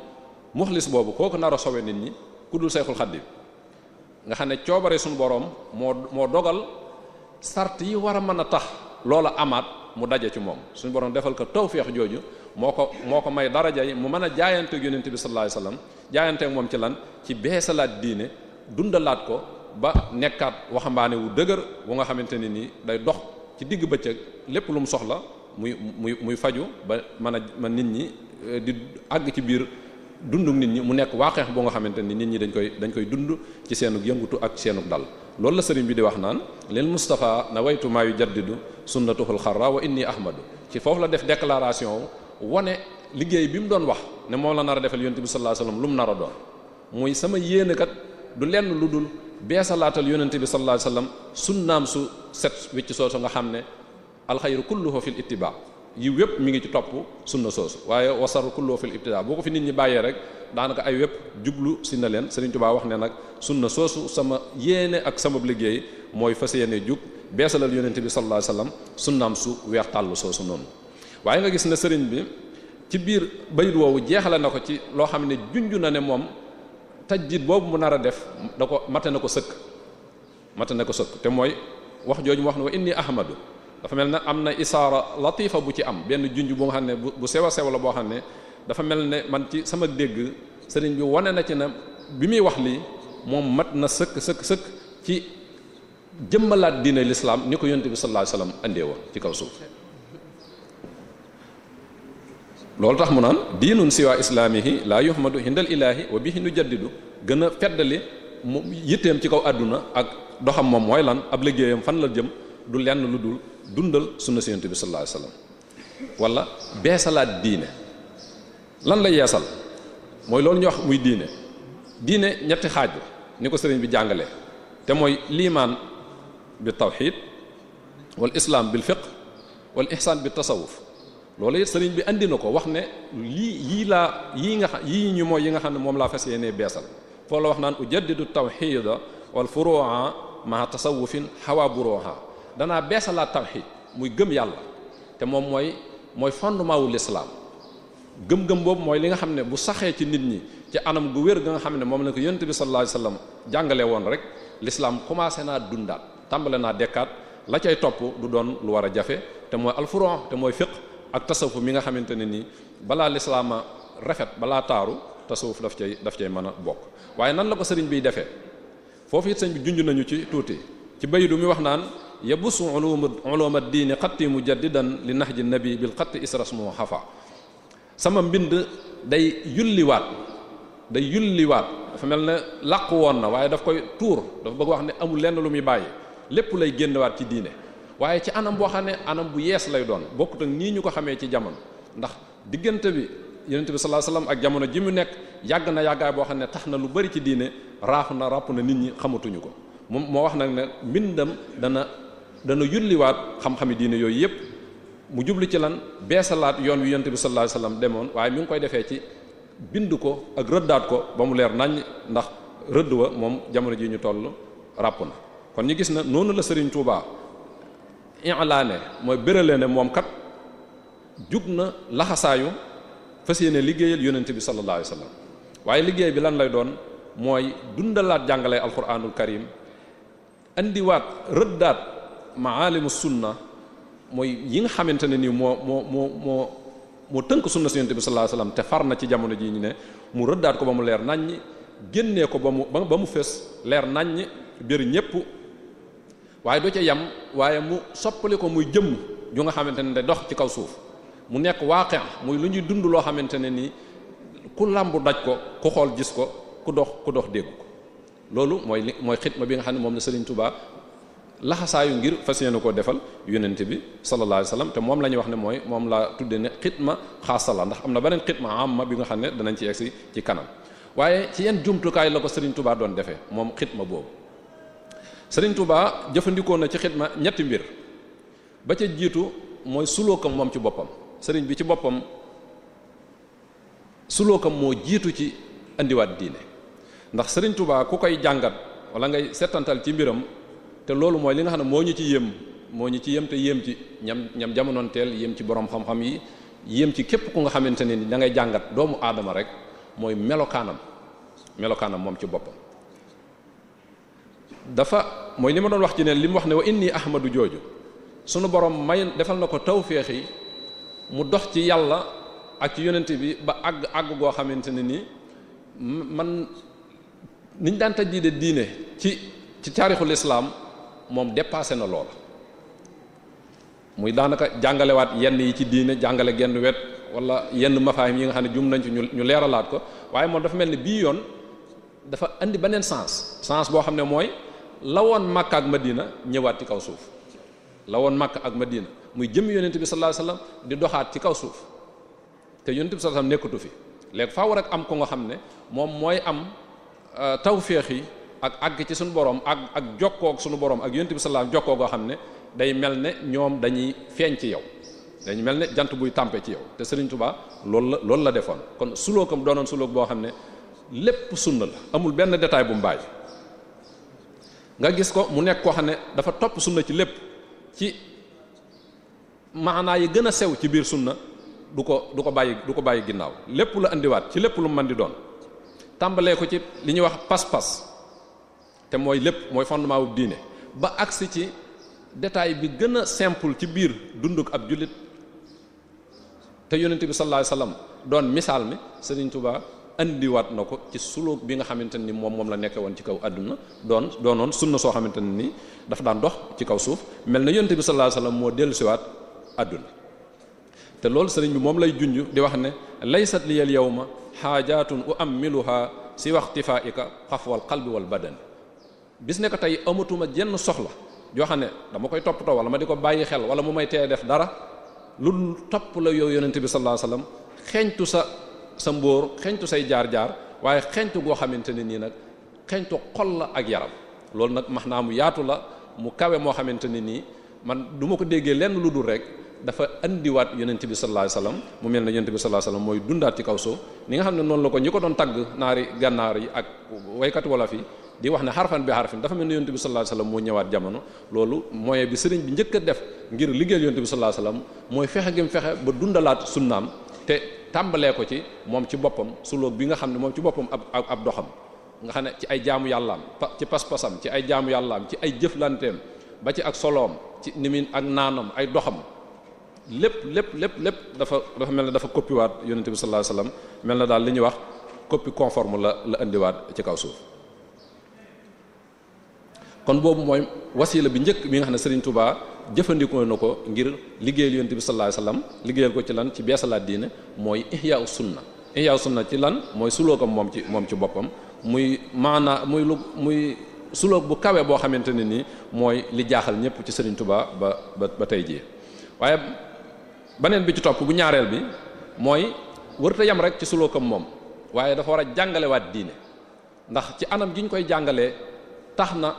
muxlis boobu kooku nar a sowe nit ñi ku dul Seexul bi nga xam ne coobare suñu boroom moo moo dogal sart yi war a mën a tax loola amaat mu daje ci moom suñu boroom defal ko tawféex jooju moo ko moo ko may daraja yi mu mën a jaayante ak yonent bi sallallahu alayhi wasallam jaayante ak moom ci lan ci beesalaat diine dundalaat ko ba nekkaat waxambaane wu dëgër wu nga xamante ne nii day dox ci digg bëccëg lépp lu mu soxla muy muy muy faju ba mën a man nit ñi euh, di àgg ci biir dundu nit ñi mu nekk waaxeex boo nga xamante ni nit ñi dañ koy dañ koy dund ci seenu yëngutu ak seenu dal loolu la sëriñ bi di wax naan lil Mustafa nawaytu maa yu jaddidu sunnatuhul xarra wa inni ahmadu ci foofu la def déclaration wane liggéey bi mu doon wax ne moom la nar a defal yonent bi sallallahu alayhi lu mu nar a doon beesalaatal yonente bi sallallahu alayhi wasallam sunnaam su set wicc soosu nga xam ne alxayru kulluhu fil ittiba yi yépp mu ngi ci topp sunna soosu waaye wasar kulluhu fil ibtida boo ko fi nit ñi bàyyee rek daanaka ay wépp jublu si na leen Serigne Touba wax ne nag sunna soosu sama yéene ak sama liggéey mooy fas yéene jug beesalal yonente bi sallallahu alayhi wasallam sunnaam su weex tàll soosu noonu waaye nga gis ne Serigne bi ci biir bayit woowu jeexale na ko ci loo xam ne junj na ne moom tajdiid boobu mu nar a def da ko mate na ko sëkk mate na ko sëkk te mooy wax jooju mu wax na wa indi ahmadu dafa mel ne am na isaara latifa bu ci am benn junj bu nga xam ne bu sew a sew la boo xam ne dafa mel ne man ci sama dégg sëriñ bi wane na ci na bi muy wax lii moom mat na sëkk sëkk sëkk ci jëmmalaat diine l'islam ni ko yonte bi sallallahu alayhi wasallam andee woon ci kaw suuf loolu tax mu naan diinun siwaa islaamihi laa yuhmadu hindal ilaahi wa bihi nujaddidu gën a feddali mu yitteem ci kaw àdduna ak doxam moom mooy lan ab liggéeyam fan la jëm du lenn lu dul dundal sunna Yonent bi sallallahu alayhi wasallam wala beesalaat diine lan la yeesal mooy loolu ñu wax muy diine diine ñetti xaaj la ni ko sëriñ bi jàngale te mooy liimaan bi tawxiid wal islaam bi fiqh wal ihsaan bi tasawuf loolee sëriñ bi andi na ko wax ne lii yii laa yii nga xam yii ñu mooy yi nga xam ne moom laa fas yéenee beesal foo la wax naan ujaddidu tawxida wal furu'a ma fin xawaa buruha danaa beesalaat tawxid muy gëm yàlla te moom mooy mooy fondement wu l'islam gëm-gëm boobu mooy li nga xam ne bu saxee ci nit ñi ci anam gu wér ga nga xam ne moom la ko yonent bi sallallahu alayhi wasallam jàngale woon rek lislaam commencé naa dundaat tàmbale naa dekkaat la cay topp du doon lu war a jafe te mooy alfuron te mooy fiqh ak tasawuf mi nga xamante ne nii balaa lislaama rafet balaa taaru tasawuf daf cay daf cay mën bokk waaye nan la ko sëriñ biy defee foofu it sëñ bi junj nañu ci tuuti ci baydu mi wax naan yabusu ulum ulum ad mu xatti mujaddidan li nahji nabi bil xatti israsmo xafa sama mbind day yulliwaat day yulliwaat dafa mel ne làqu woon na waaye daf koy tuur dafa bëgg wax ne amul lenn lu muy bàyyi lépp lay génnewaat ci diine waaye ci anam boo xam ne anam bu yees lay doon bokkut ak nii ñu ko xamee ci jamono ndax diggante bi yonent bi sallallahu alayhi wasallam ak jamono ji mu nekk yàgg na yàggaay boo xam ne tax na lu bari ci diine raaf na ràpp na nit ñi xamatuñu ko moom moo wax nag ne mbindam dana dana yulliwaat xam-xami diine yooyu yépp mu jublu ci lan beesalaat yoon wi yonent bi sallallahu alayhi demoon waaye mi ngi koy defee ci bind ko ak rëddaat ko ba mu leer nañ ndax rëdd wa moom jamono ji ñu toll ràpp na kon ñu gis na noonu la sëriñ tuubaa ilaane mooy bérale ne moom kat jug na laxasaayu fas yéene liggéeyal yonent bi sallallahu alayhi wasallam waaye liggéey bi lan lay doon mooy dundalaat jàngale alquranul karim indiwaat rëddaat maalimu sunna mooy yi nga xamante ne nii moo moo moo moo moo tënk sunna si yonent bi sallallahu alayhi wasallam te far na ci jamono jii ñu ne mu rëddaat ko ba mu leer naññ génnee ko ba mu ba mu fees leer naññ biir ñépp waaye du ca yem waaye mu soppali ko muy jëm ju nga xamante ni day dox ci kaw suuf mu nekk waaqi muy lu ñuy dund loo xamante ne nii ku làmbu daj ko ku xool gis ko ku dox ku dox dégg ko loolu mooy li mooy xitma bi nga xam ne moom la Serigne Touba laxasaayu ngir fas yéene koo defal yonent bi sallallahu alayhi wasallam moom la ñuy wax ne mooy moom laa tudde ne xitma xaasala ndax am na beneen am ma bi nga xam ne danañ ci egsi ci kanam waaye ci yenn jumtukaay la ko Serigne tubaa doon defee moom xitma boobu. sëriñ Touba jëfandikoo na ci xidma ñetti mbir ba ca jiitu mooy sulookam moom ci boppam sëriñ bi ci boppam suloo sulookam moo jiitu ci indiwaat diine ndax sëriñ Touba ku koy jàngat wala ngay setantal ci mbiram te loolu mooy li nga xam ne moo ñu ci yéem moo ñu ci yëm te yëm ci ñam ñam jamonoonteel yëm ci boroom xam-xam yi yëm ci képp ku nga xamante ne ni dangay jàngat doomu aadama rek mooy melokaanam melokaanam moom ci boppam. dafa mooy li ma doon wax ci ne li mu wax ne wa inni ahmadu jooju sunu borom may defal na ko tawféex yi mu dox ci yàlla ak ci yonent bi ba àgg àgg goo xamante ne nii man niñ daan tajdiide diine ci ci taarixul islaam moom dépassé na loola muy daanaka jàngalewaat yenn yi ci diine jàngale genn wet wala yenn mafaahim yi nga xam ne jum nañ ci ñu leeralaat ko waaye moom dafa mel ni bii yoon dafa indi beneen sens sens boo xam ne mooy la woon Makka ak Madina ñëwaat ci kaw suuf lawoon woon ak Madina muy jëm yonent bi sallallahu alayhi wasallam di doxaat ci kaw suuf te yonent bi sallallahu alayhi nekkatu fi léegi faaw rek am ko nga xam ne moom mooy am euh, tawféex yi ak àgg ci suñu borom ak ak jokkoog suñu borom ak yonent bi sallallahu alayhi wasallam jokkoo goo xam ne day mel ne ñoom dañuy feeñ ci yow dañu mel ne jant buy tàmpe ci yow te Serigne Touba loolu la loolu la defoon kon sulookam doonoon sulook boo xam ne lépp sunna la amul benn détail bu mu bàyyi nga gis ko mu nekk koo xam ne dafa topp sunna ci lépp ci maanaa yi gën a sew ci biir sunna du ko du ko bàyyi du ko bàyyi ginnaaw lépp lu indiwaat ci lépp lu man di doon tàmbalee ko ci li ñuy wax pas-pas te mooy lépp mooy fondement wu diine ba agsi ci détail bi gën a simple ci biir dunduk ab jullit te yonent bi sallallahu alayhi wasallam doon misaal mi Serigne Touba andiwaat na ko ci suluk bi nga xamante ni moom moom la nekke woon ci kaw àdduna doon sun na soo xamante ne nii dafa daan dox ci kaw suuf mel na yonent bi sallallahu alayhi wasallam moo dellusiwaat àdduna te loolu sëriñ bi moom lay junj di wax ne laysat liyal yawma xaajaatun uammiluha si waxtifaika xafwal qalbi wal badan bis ne ko tey amatuma jenn soxla joo xam ne dama koy toppatoo wala ma di ko bàyyi xel wala mu may tee def dara lu topp la yow yonent bi sallallahu alayhi xeeñtu sa sa mbóor xeñtu say jaar-jaar waaye xeñtu goo xamante ne nii nag xeñtu xol la ak yaram loolu nag max naa mu yaatu la mu kawe moo xamante ne nii man du ma ko déggee lenn lu dul rek dafa andiwaat yonent bi sallallahu alayhi wasallam mu mel ne yonent bi sallallahu alayhi mooy dundaat kaw suuf ni nga xam ne noonu la ko ñi ko doon tagg naari gànnaar yi ak waykat wolof yi di wax ne xarfan bi xarfin dafa mel ne yonent bi sallallahu alayhi moo ñëwaat jamono loolu moyen bi sëriñ bi njëkk a def ngir liggéeyal yonent bi sallallahu alayhi wasallam mooy fexe gi mu fexe ba dundalaat sunnaam te tàmbalee ko ci moom ci boppam sulóog bi nga xam ne moom ci boppam ab ab doxam nga xam ne ci ay jaamu yàllaam ci pas-pasam ci ay jaamu yàllaam ci ay jëflanteem ba ci ak soloom ci ni ak naanam ay doxam lépp lépp lépp lépp dafa dafa mel ne dafa coppiwaat yonent bi sallallahu alayhi mel na daal li ñuy wax copie conforme la la indiwaat ci kaw suuf kon boobu mooy wasiila bi njëkk bi nga xam ne Serigne Touba jëfandikoo na ko ngir liggéeyal yonent bi sallallahu alayhi liggéeyal ko ci lan ci beesalaat diine mooy ihya sunna ihya sunna ci lan mooy sulookam moom ci moom ci boppam muy maanaa muy lu muy sulook bu kawe boo xamante ne nii mooy li jaaxal ñëpp ci Serigne Touba ba ba tey jii waaye beneen bi ci topp bu ñaareel bi mooy wërta yam rek ci sulookam moom waaye dafa war a jàngalewaat diine ndax ci anam gi ñu koy jàngalee tax na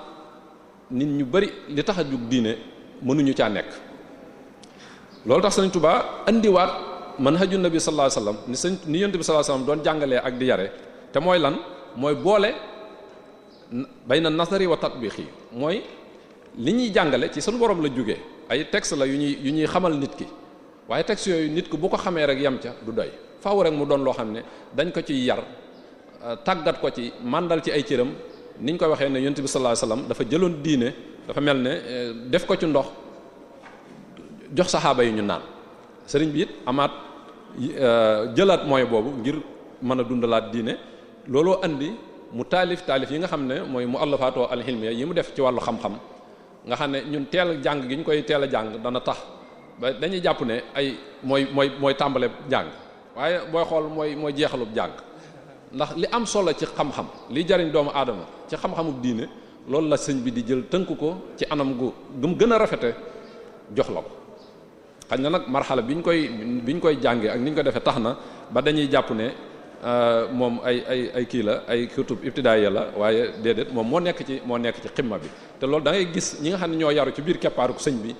nit ñu bari li tax a jug diine mënuñu caa nekk loolu tax sëñ Tuubaa indiwaat manhaju nabi sallallahu alayhi wasallam ni sëñ ni yonent bi sallallahu alayhi doon jàngalee ak di yare te mooy lan mooy boole bay na nasari wa tatbiqi mooy li ñuy jàngale ci sunu borom la jóge ay texte la yu ñuy yu ñuy xamal nit ki waaye texte yooyu nit ki bu ko xamee rek yam ca du doy faaw rek mu doon loo xam ne dañ ko ci yar tàggat ko ci màndal ci ay cëram niñ ko waxee ne yonent bi sallallahu alayhi wasallam dafa jëloon diine dafa mel ne eh, def ko ci ndox jox saxaaba yi ñu naan sëriñ bi it amaat eh, jëlaat mooy boobu ngir mën a dundalaat diine looloo indi mu taalif taalif yi nga xam ne mooy mu allafaatoo alxilmiya yi mu def ci wàllu xam-xam nga xam ne ñun teel jàng gi ñu koy teel a jàng dana tax ba dañuy jàpp ne ay mooy mooy mooy tàmbale jàng waaye booy xool mooy mooy jeexalub jàng ndax li am solo ci xam-xam li jariñ doomu aadama ci xam-xamub diine loolu la sëñ bi di jël tënk ko ci anam gu gum gën a rafete jox la ko xañ na nag marxala bi ñu koy bi ñu koy jàngee ak ni ñu ko defee tax na ba dañuy jàpp ne euh, moom ay ay ay kii la ay kutub ibtidaaya la waaye déedéet moom moo nekk ci moo nekk ci ximma bi te loolu da gis ñi nga xam ne ñoo yaru ci biir keppaaru sëñ bi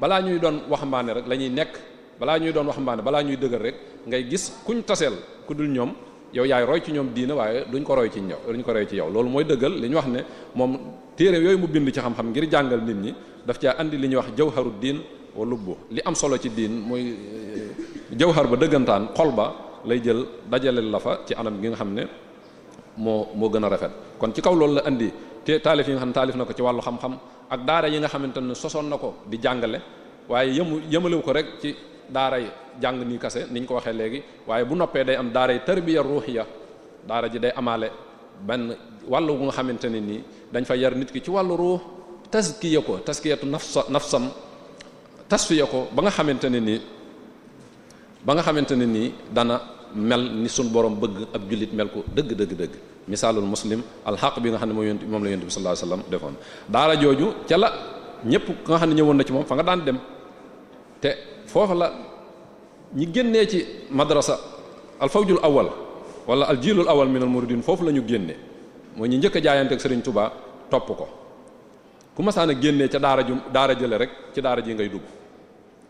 balaa ñuy doon waxambaane rek lañuy nekk balaa ñuy doon waxambaane balaa ñuy dëgër rek ngay gis kuñ taseel ku dul ñoom yow yaay roy ci ñoom diina waaye duñ ko roy ci ñow duñ ko roy ci yow loolu mooy dëggal li ñu wax ne moom téere yooyu mu bind ci xam-xam ngir jàngal nit ñi daf caa indi li ñuy wax jawharu diin wa lubbu li am solo ci diin mooy eh, jëw xar ba dëggantaan xol ba lay jël dajaleel la fa ci anam gi nga xam ne moo moo gën a rafet kon ci kaw loolu la indi te taalif yi nga xam ne taalif na ko ci wàllu xam-xam ak daara yi nga xamante ne sosoon na ko di jàngale waaye yëmu ko rek ci daaray jàng nii kase niñ ko waxee léegi waaye bu noppee day am daaray tarbiya ruuxiya daara ji day amaale benn wàllu bu nga xamante ne nii dañ fa yar nit ki ci wàllu ruux taskiya ko taskiyatu nafsa nafsam tasfiya ko ba nga xamante ne nii ba nga xamante ne nii dana mel ni suñ borom bëgg ab jullit mel ko dëgg dëgg dëgg misaalul muslim alxaq bi nga xam ne mooy moom la yonent bi sallallahu alayhi wasallam defoon daara jooju ca la ñëpp nga xam ne ñëwoon na ci moom fa nga daan dem te foofa la ñi génnee ci madrasa alfawjul awal wala aljilul awal min al muridin foofu la ñu génnee mooy ñi njëkk a jaayante ak Serigne Touba topp ko ku masaan a génnee ca daara ju daara jële rek ci daara ji ngay dugg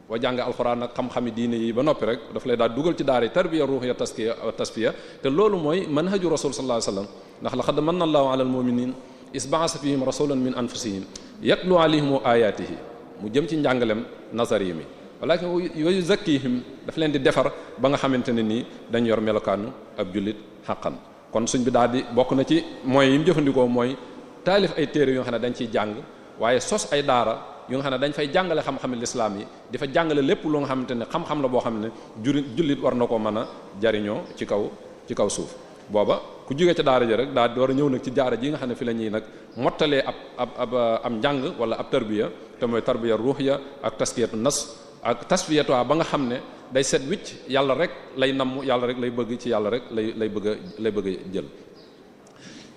wa jàng alxuraan nag xam-xami diine yi ba noppi rek daf lay daal dugal ci daara tarbiya ruhiya taskiya tasfiya te loolu mooy manhaju rasul sallallahu alayhi wasallam ndax laqad manna allahu ala al mu'minin isba'asa fihim rasulan min anfusihim yatlu alayhim ayaatihi mu jëm ci njàngalem nazari mi walakin wa yuzakkihim daf leen di defar ba nga xamante ne nii dañ yor melokaanu ab jullit xàqan kon suñ bi daal di bokk na ci mooy yi mu jëfandikoo mooy taalif ay téere yoo xam ne dañ ciy jàng waaye sos ay daara yu nga xam ne dañ fay jàngale xam-xam lislaam yi di fa jàngale lépp lu nga xamante ne xam-xam la boo xam ne juri jullit war na ko mën a jariñoo ci kaw ci kaw suuf booba ku jóge ca daara ji rek daa door a ñëw nag ci jaara ji nga xam ne fi la ñuy nag mottalee ab ab ab am njàng wala ab tarbiya te mooy tarbiya ruuxiya ak taskiyatu nas ak tasfiyatu ba nga xam ne day set wicc yàlla rek lay namm yàlla rek lay bëgg ci yàlla rek lay lay bëgg lay bëgg jël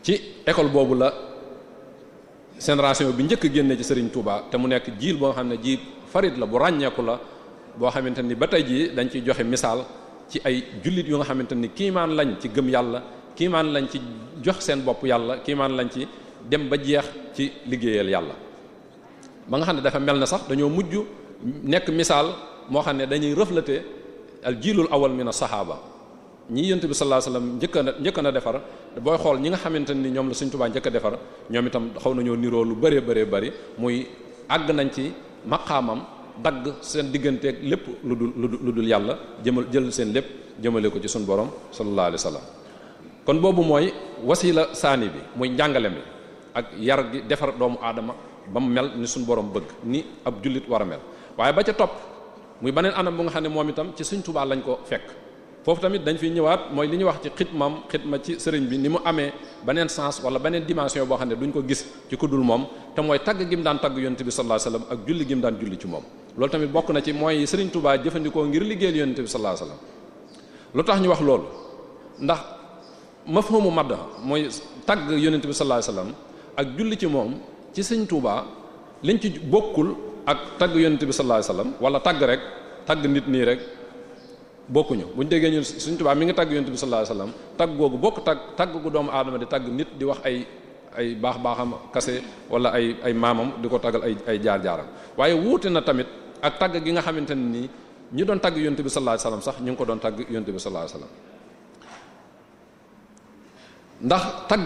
ci école boobu la génération bi njëkk génne ci Serigne Touba te mu nekk jiil boo xam ne jiit farid la bu ràññeeku la boo xamante ni ba tey jii dañ ciy joxe misaal ci ay jullit yu nga xamante ni kiimaan lañ ci gëm yàlla kiimaan lañ ci jox seen bopp yàlla kiimaan lañ ci dem ba jeex ci liggéeyal yàlla ba nga xam ne dafa mel ne sax dañoo mujj nekk misaal moo xam ne dañuy refléter al jiilul awal mi na saxaaba ñii yent bi sallallahu alayhi wasallam njëkk na njëkk na defar booy xool ñi nga xamante ni ñoom la Sëriñ Tuubaa njëkk defar ñoom itam xaw nañoo niroo lu bëree bëree bari muy àgg nañ ci maqaamam dagg seen digganteeg lépp lu dul lu dul yàlla jëmal jël seen lépp jëmale ko ci suñu borom sallallahu alayhi wasallam kon boobu mooy wasila saani bi muy njàngale mi ak yar gi defar doomu aadama ba mu mel ni suñu borom bëgg ni ab jullit war a mel waaye ba ca topp muy beneen anam bu nga xam ne moom itam ci Sëriñ Tuubaa lañ ko fekk foofu tamit dañ fiy ñëwaat mooy li ñuy wax ci xitmam xitma ci sëriñ bi ni mu amee beneen sens wala beneen dimension boo xam ne duñ ko gis ci ku dul moom te mooy tagg gim daan tagg yonent bi sallallahu alayhi ak julli gim daan ci moom loolu tamit bokk na ci mooy Sëriñ Tuubaa jëfandikoo ngir liggéeyal yonent tax ñu wax loolu ndax mafhumu madda mooy tagg yonent bi sallallahu alayhi wasallam ak julli ci moom ci Sëriñ Tuubaa liñ ci bokkul ak tagg yonent bi sallallahu alayhi wasallam wala tagg rek tagg nit nii rek bokkuñu buñ déggee ñun suñ tubaab mi ngi tagg yonent bi sallallahu alayhi wasallam tagg googu bokk tagg tagg gu doomu aadama di tagg nit di wax ay ay baax baaxam kase wala ay ay maamam di ko taggal ay ay jaar-jaaram waaye wuute na tamit ak tagg gi nga xamante ne nii ñi doon tagg yonent bi sallallahu alayhi wasallam sax ñu ngi ko doon tagg yonent bi sallallahu alayhi wasallam ndax tagg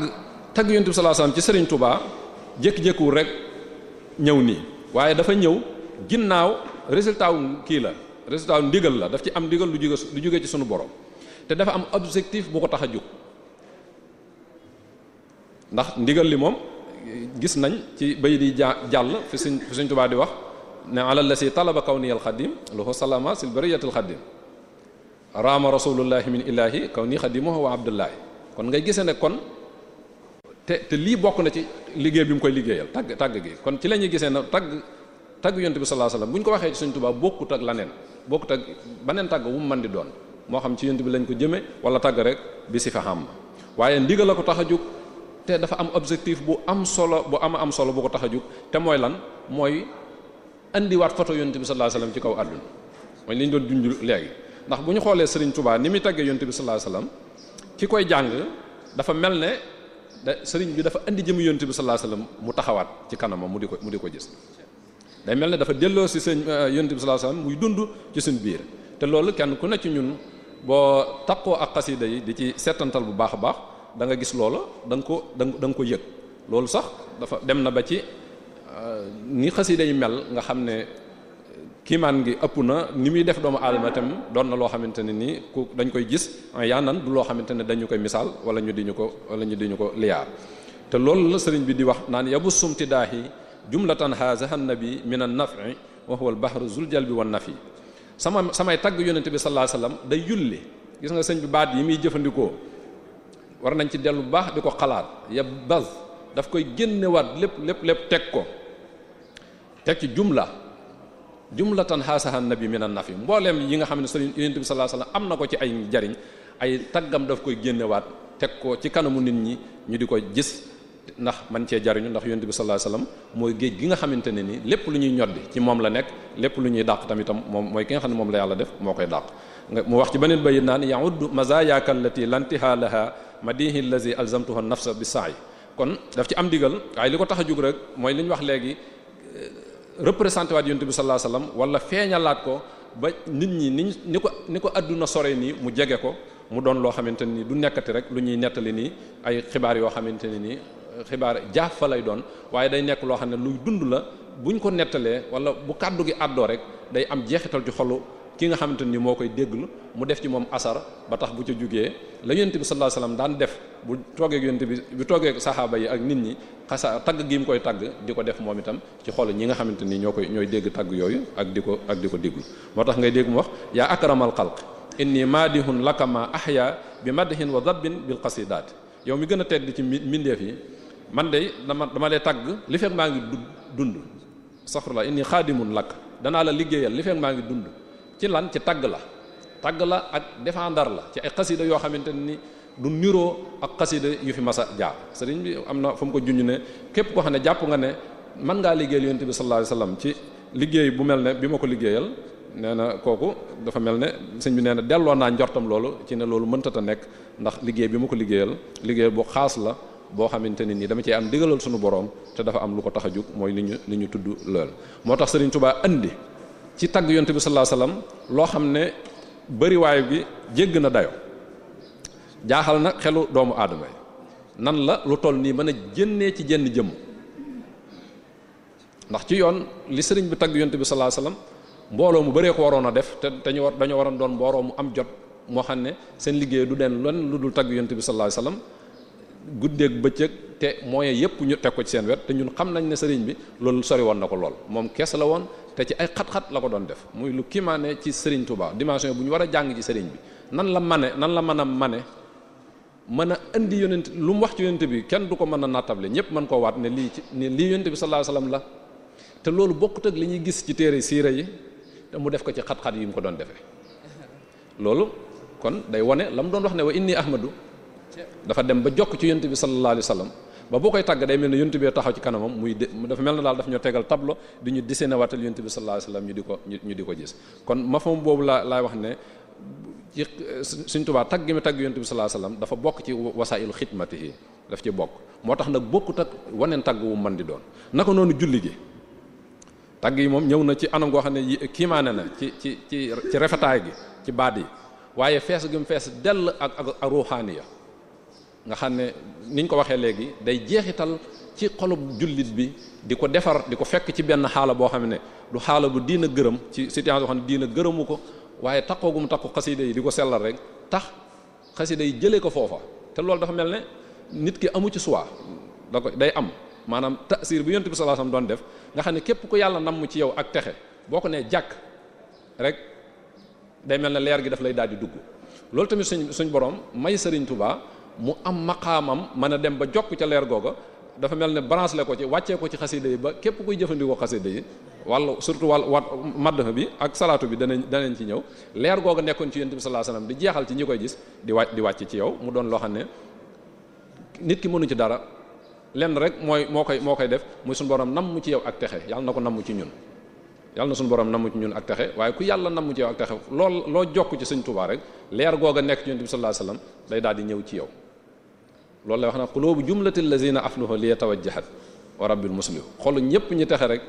tagg yonent bi sallallahu alayhi wasallam ci Serigne Touba jékki-jékkiwul rek ñëw nii waaye dafa ñëw ginnaaw résultat wu kii la résultat wu ndigal la daf ci am ndigal lu jóge lu jóge ci sunu borom te dafa am objectif boo ko tax a jóg ndax ndigal li moom gis nañ ci bay di ja jàll fi suñ fi suñ Tuubaa di wax ne alal la si talaba kawniyal xadim lahu salama sil bariyatil xadim raama rasulullahi min ilahi kawni xadimuhu wa abdullahi kon ngay gise ne kon te te lii bokk na ci liggéey bi mu koy liggéeyal tagg tagg gi kon ci la ñuy gisee na tagg tagg yonent bi sallallahu alayhi wasallam bu ñu ko waxee ci Sëriñ Tuubaa bokkut ak laneen bokkut ak baneen tagg wu mu mën doon moo xam ci yonent bi lañ ko jëmee wala tagg rek bi si fa xam waaye ndigal la ko tax a jóg te dafa am objectif bu am solo bu ama am solo bu ko tax a jóg te mooy lan mooy indiwaat photo yonent bi sallallahu alayhi wasallam ci kaw àdduna mooy li doon junj léegi ndax bu ñu xoolee Sëriñ Tuubaa ni muy taggee yonent bi sallallahu alayhi wasallam ki koy jàng dafa mel ne da sëriñ bi dafa indi jëm yonent bi sallallahu alayhi wasallam mu taxawaat ci kanamam mu di ko mu di ko gis day mel ne dafa delloo si sëñ euh, yonent bi sallallahu alayhi muy dund ci suñ biir te loolu kenn ku ne ci ñun boo takkoo ak xasida yi di ci seetantal bu baax a baax da nga gis loola da ko da nga ko yëg loolu sax dafa dem na ba ci euh, ni xasida yi mel nga xam ne kiimaan ngi ëpp na ni muy def doomu aadama itam doon na loo xamante ne nii ku dañ koy gis yaanan du loo xamante ne dañu koy misaal wala ñu di ñu ko wala ñu di ko liyaar te loolu la sëriñ bi di wax naan yabu sumtidaahi jumlatan hazaha nabi min an nafi wa huwa al bahru zul jalbi wan nafi sama samay tagg yonente bi sallallahu alayhi day yulli gis nga sëñ bi baat yi muy jëfandikoo war nañ ci dellu bu baax di ko xalaat ya baz daf koy génnewaat lépp lépp lépp teg ko teg ci jumla jumlatan xaasaha nabi min an nafi mbooleem yi nga xam ne sëriñ yonent bi sallallahu alayhi am na ko ci ay daf koy génnewaat teg ko ci kanamu nit ñi ñu di ko gis ndax man cee jariñu ndax yonent bi sallallahu alayhi wasallam mooy géej gi nga xamante ne nii lépp lu ñuy ñoddi ci moom la nekk lépp lu ñuy dàq tamitam moom mooy ki nga xam ne moom la yàlla def moo koy dàq mu wax ci beneen bayit naan ya'uddu mazayaka allati lantiha laha madihi allazi alzamtuha nafsa bi sa'i kon daf ci am digal waaye a jug rek mooy li ñu wax léegi représenté waat yonent bi sallallahu alayhi wasallam wala feeñalaat ko ba nit ñi ni ni ko ni ko adduna sore nii mu jege ko mu doon loo xamante nii du nekkati rek lu ñuy nettali nii ay xibaar yoo xamante ne nii xibaar jaaf fa lay doon waaye day nekk loo xam ne luy dund la bu buñ ko nettalee wala bu kàddu gi àddoo rek day am jeexital ci xolu ki nga xamante ni moo koy dégglu mu def ci moom asar ba tax bu ca jugee la yonent bi sallallahu alayhi wasallam daan def bu toogee yont bi bu toogee saxaaba yi ak nit ñi xasa tagg gi mu koy tagg di ko def moom itam ci xol ñi nga xamante ni ñoo koy ñooy dégg tagg yooyu ak di ko ak di ko moo tax ngay dégg mu wax yaa akramal xalq inni maadihun lakama ahya bi madhin wa dabbin bil qasidaat yow mi gën a tedd ci mbindeef yi man de dama dama lay tagg li fekk maa ngi dund saxrula inni xaadimun lakk danaa la liggéeyal li fekk maa ngi dund ci lan ci tagg la tagg la ak défendar la ci ay xasida yoo xamante du niroo ak xasida yu fi masa jaar sëriñ bi am na fu mu ko junj ne képp koo xam ne jàpp nga ne mën ngaa liggéeyal yonent bi sallallahu alayhi wasallam ci liggéey bu mel ne bi ma ko liggéeyal nee na kooku dafa mel ne sëñ bi nee na delloo naa njortam loolu ci ne loolu mëntat a nekk ndax liggéey bi ma ko liggéeyal liggéey bu xaas la boo xamante ne nii dama cee am digalal sunu borom te dafa am lu ko tax a jug mooy li ñu li ñu tudd lool. moo tax sëriñ tubaa indi ci tagg yonent bi sallallahu alayhi wasallam loo xam ne bariwaay bi jégg na dayo jaaxal na xelu doomu aadama yi nan la lu toll nii mën a génnee ci jenn jëmm ndax ci yoon li sëriñ bi tagg yonte bi sallallahu alayhi mbooloo mu baree ko waroon a def te dañu war dañu waroon doon mbooloo mu am jot moo xam ne seen liggéey du den lan lu dul tagg yonte bi sallallahu alayhi wasallam guddeeg bëccëg te moyens yëpp ñu teg ko ci seen wet te ñun xam nañ ne sëriñ bi loolu sori woon na ko lool moom kees la woon te ci ay xat-xat la ko doon def muy lu kiimaane ci sëriñ Touba dimension bu ñu war a jàng ci sëriñ bi nan la mane nan la mën a mane mën a indi yonent lu mu wax ci yonent bi kenn du ko mën a nattable ñëpp mën koo waat ne lii ci ne lii yonent bi sallallahu alayhi wasallam la te loolu bokk ak li ñuy gis ci téere siira yi te mu def ko ci xat-xat yi mu ko doon defee loolu kon day wone la mu doon wax ne wa inni ahmadu dafa dem ba jokk ci yonent bi sallallahu alayhi wasallam ba boo koy tàgg day mel ne yonent bi taxaw ci kanamam muy de dafa mel na daal daf ñoo tegal tableau di ñu dessiné waatal yonent bi sallallahu alayhi wasallam ñu di ko ñu di ko gis kon ci eh, suñ tubaa tagg mi tagg yonent bi sallallahu alayhi wasallam dafa bokk ci wasaa'ilu xidmatihi daf ci bokk moo tax nag bokkut ak waneen tagg wu man di doon naka noonu julli gi tagg yi moom ñëw na ci anam goo xam ne kiimaane na ci ci ci ci rafetaay gi ci baat yi waaye fees gi mu fees dell ak ak ruuxaaniya nga xam ne niñ ko waxee léegi day jeexital ci xolub jullit bi di ko defar di ko fekk ci benn xaala boo xam ne du xaala bu diina gërëm ci situation boo xam ne diina gërëmu ko waaye takkoo gu mu takku xasida yi di ko sellal rek tax xasida yi jëlee ko foofa te loolu dafa mel ne nit ki amu ci suwaa da ko day am maanaam tasir bi yonent bi sallallahu alayhi doon def nga xam ne képp ko yàlla namm ci yow ak texe boo ko nee jàkk rek day mel ne leer gi daf lay daal di dugg loolu tamit suñ suñ borom may sëriñ tubaa mu am maqaamam mën a dem ba jokk ca leer googa dafa mel ne branche la ko ci wàccee ko ci xasida yi ba képp kuy jëfandikoo xasida yi wàllu surtout wàll wa maddafa bi ak salaatu bi danañ danañ ci ñëw leer googa nekkoon ci yonent bi sallallahu alayhi di jeexal ci ñi koy gis di di wàcc ci yow mu doon loo ne nit ki mënu ci dara lenn rek mooy moo koy moo koy def muy suñu borom nam mu ci yow ak texe yàlla na ko nam mu ci ñun yàlla suñu borom namm ci ñun ak taxe waaye ku yàlla namm ci yow ak taxe lool loo jokk ci sëñ Tuubaa rek leer googa nekk ci yonent bi sallallahu alayhi day daal di ñëw ci yow loolu la wax na xuloobu jumlatil lazina aflahu li yatawajjahat wa rabbil muslim xolu ñëpp ñu texe rek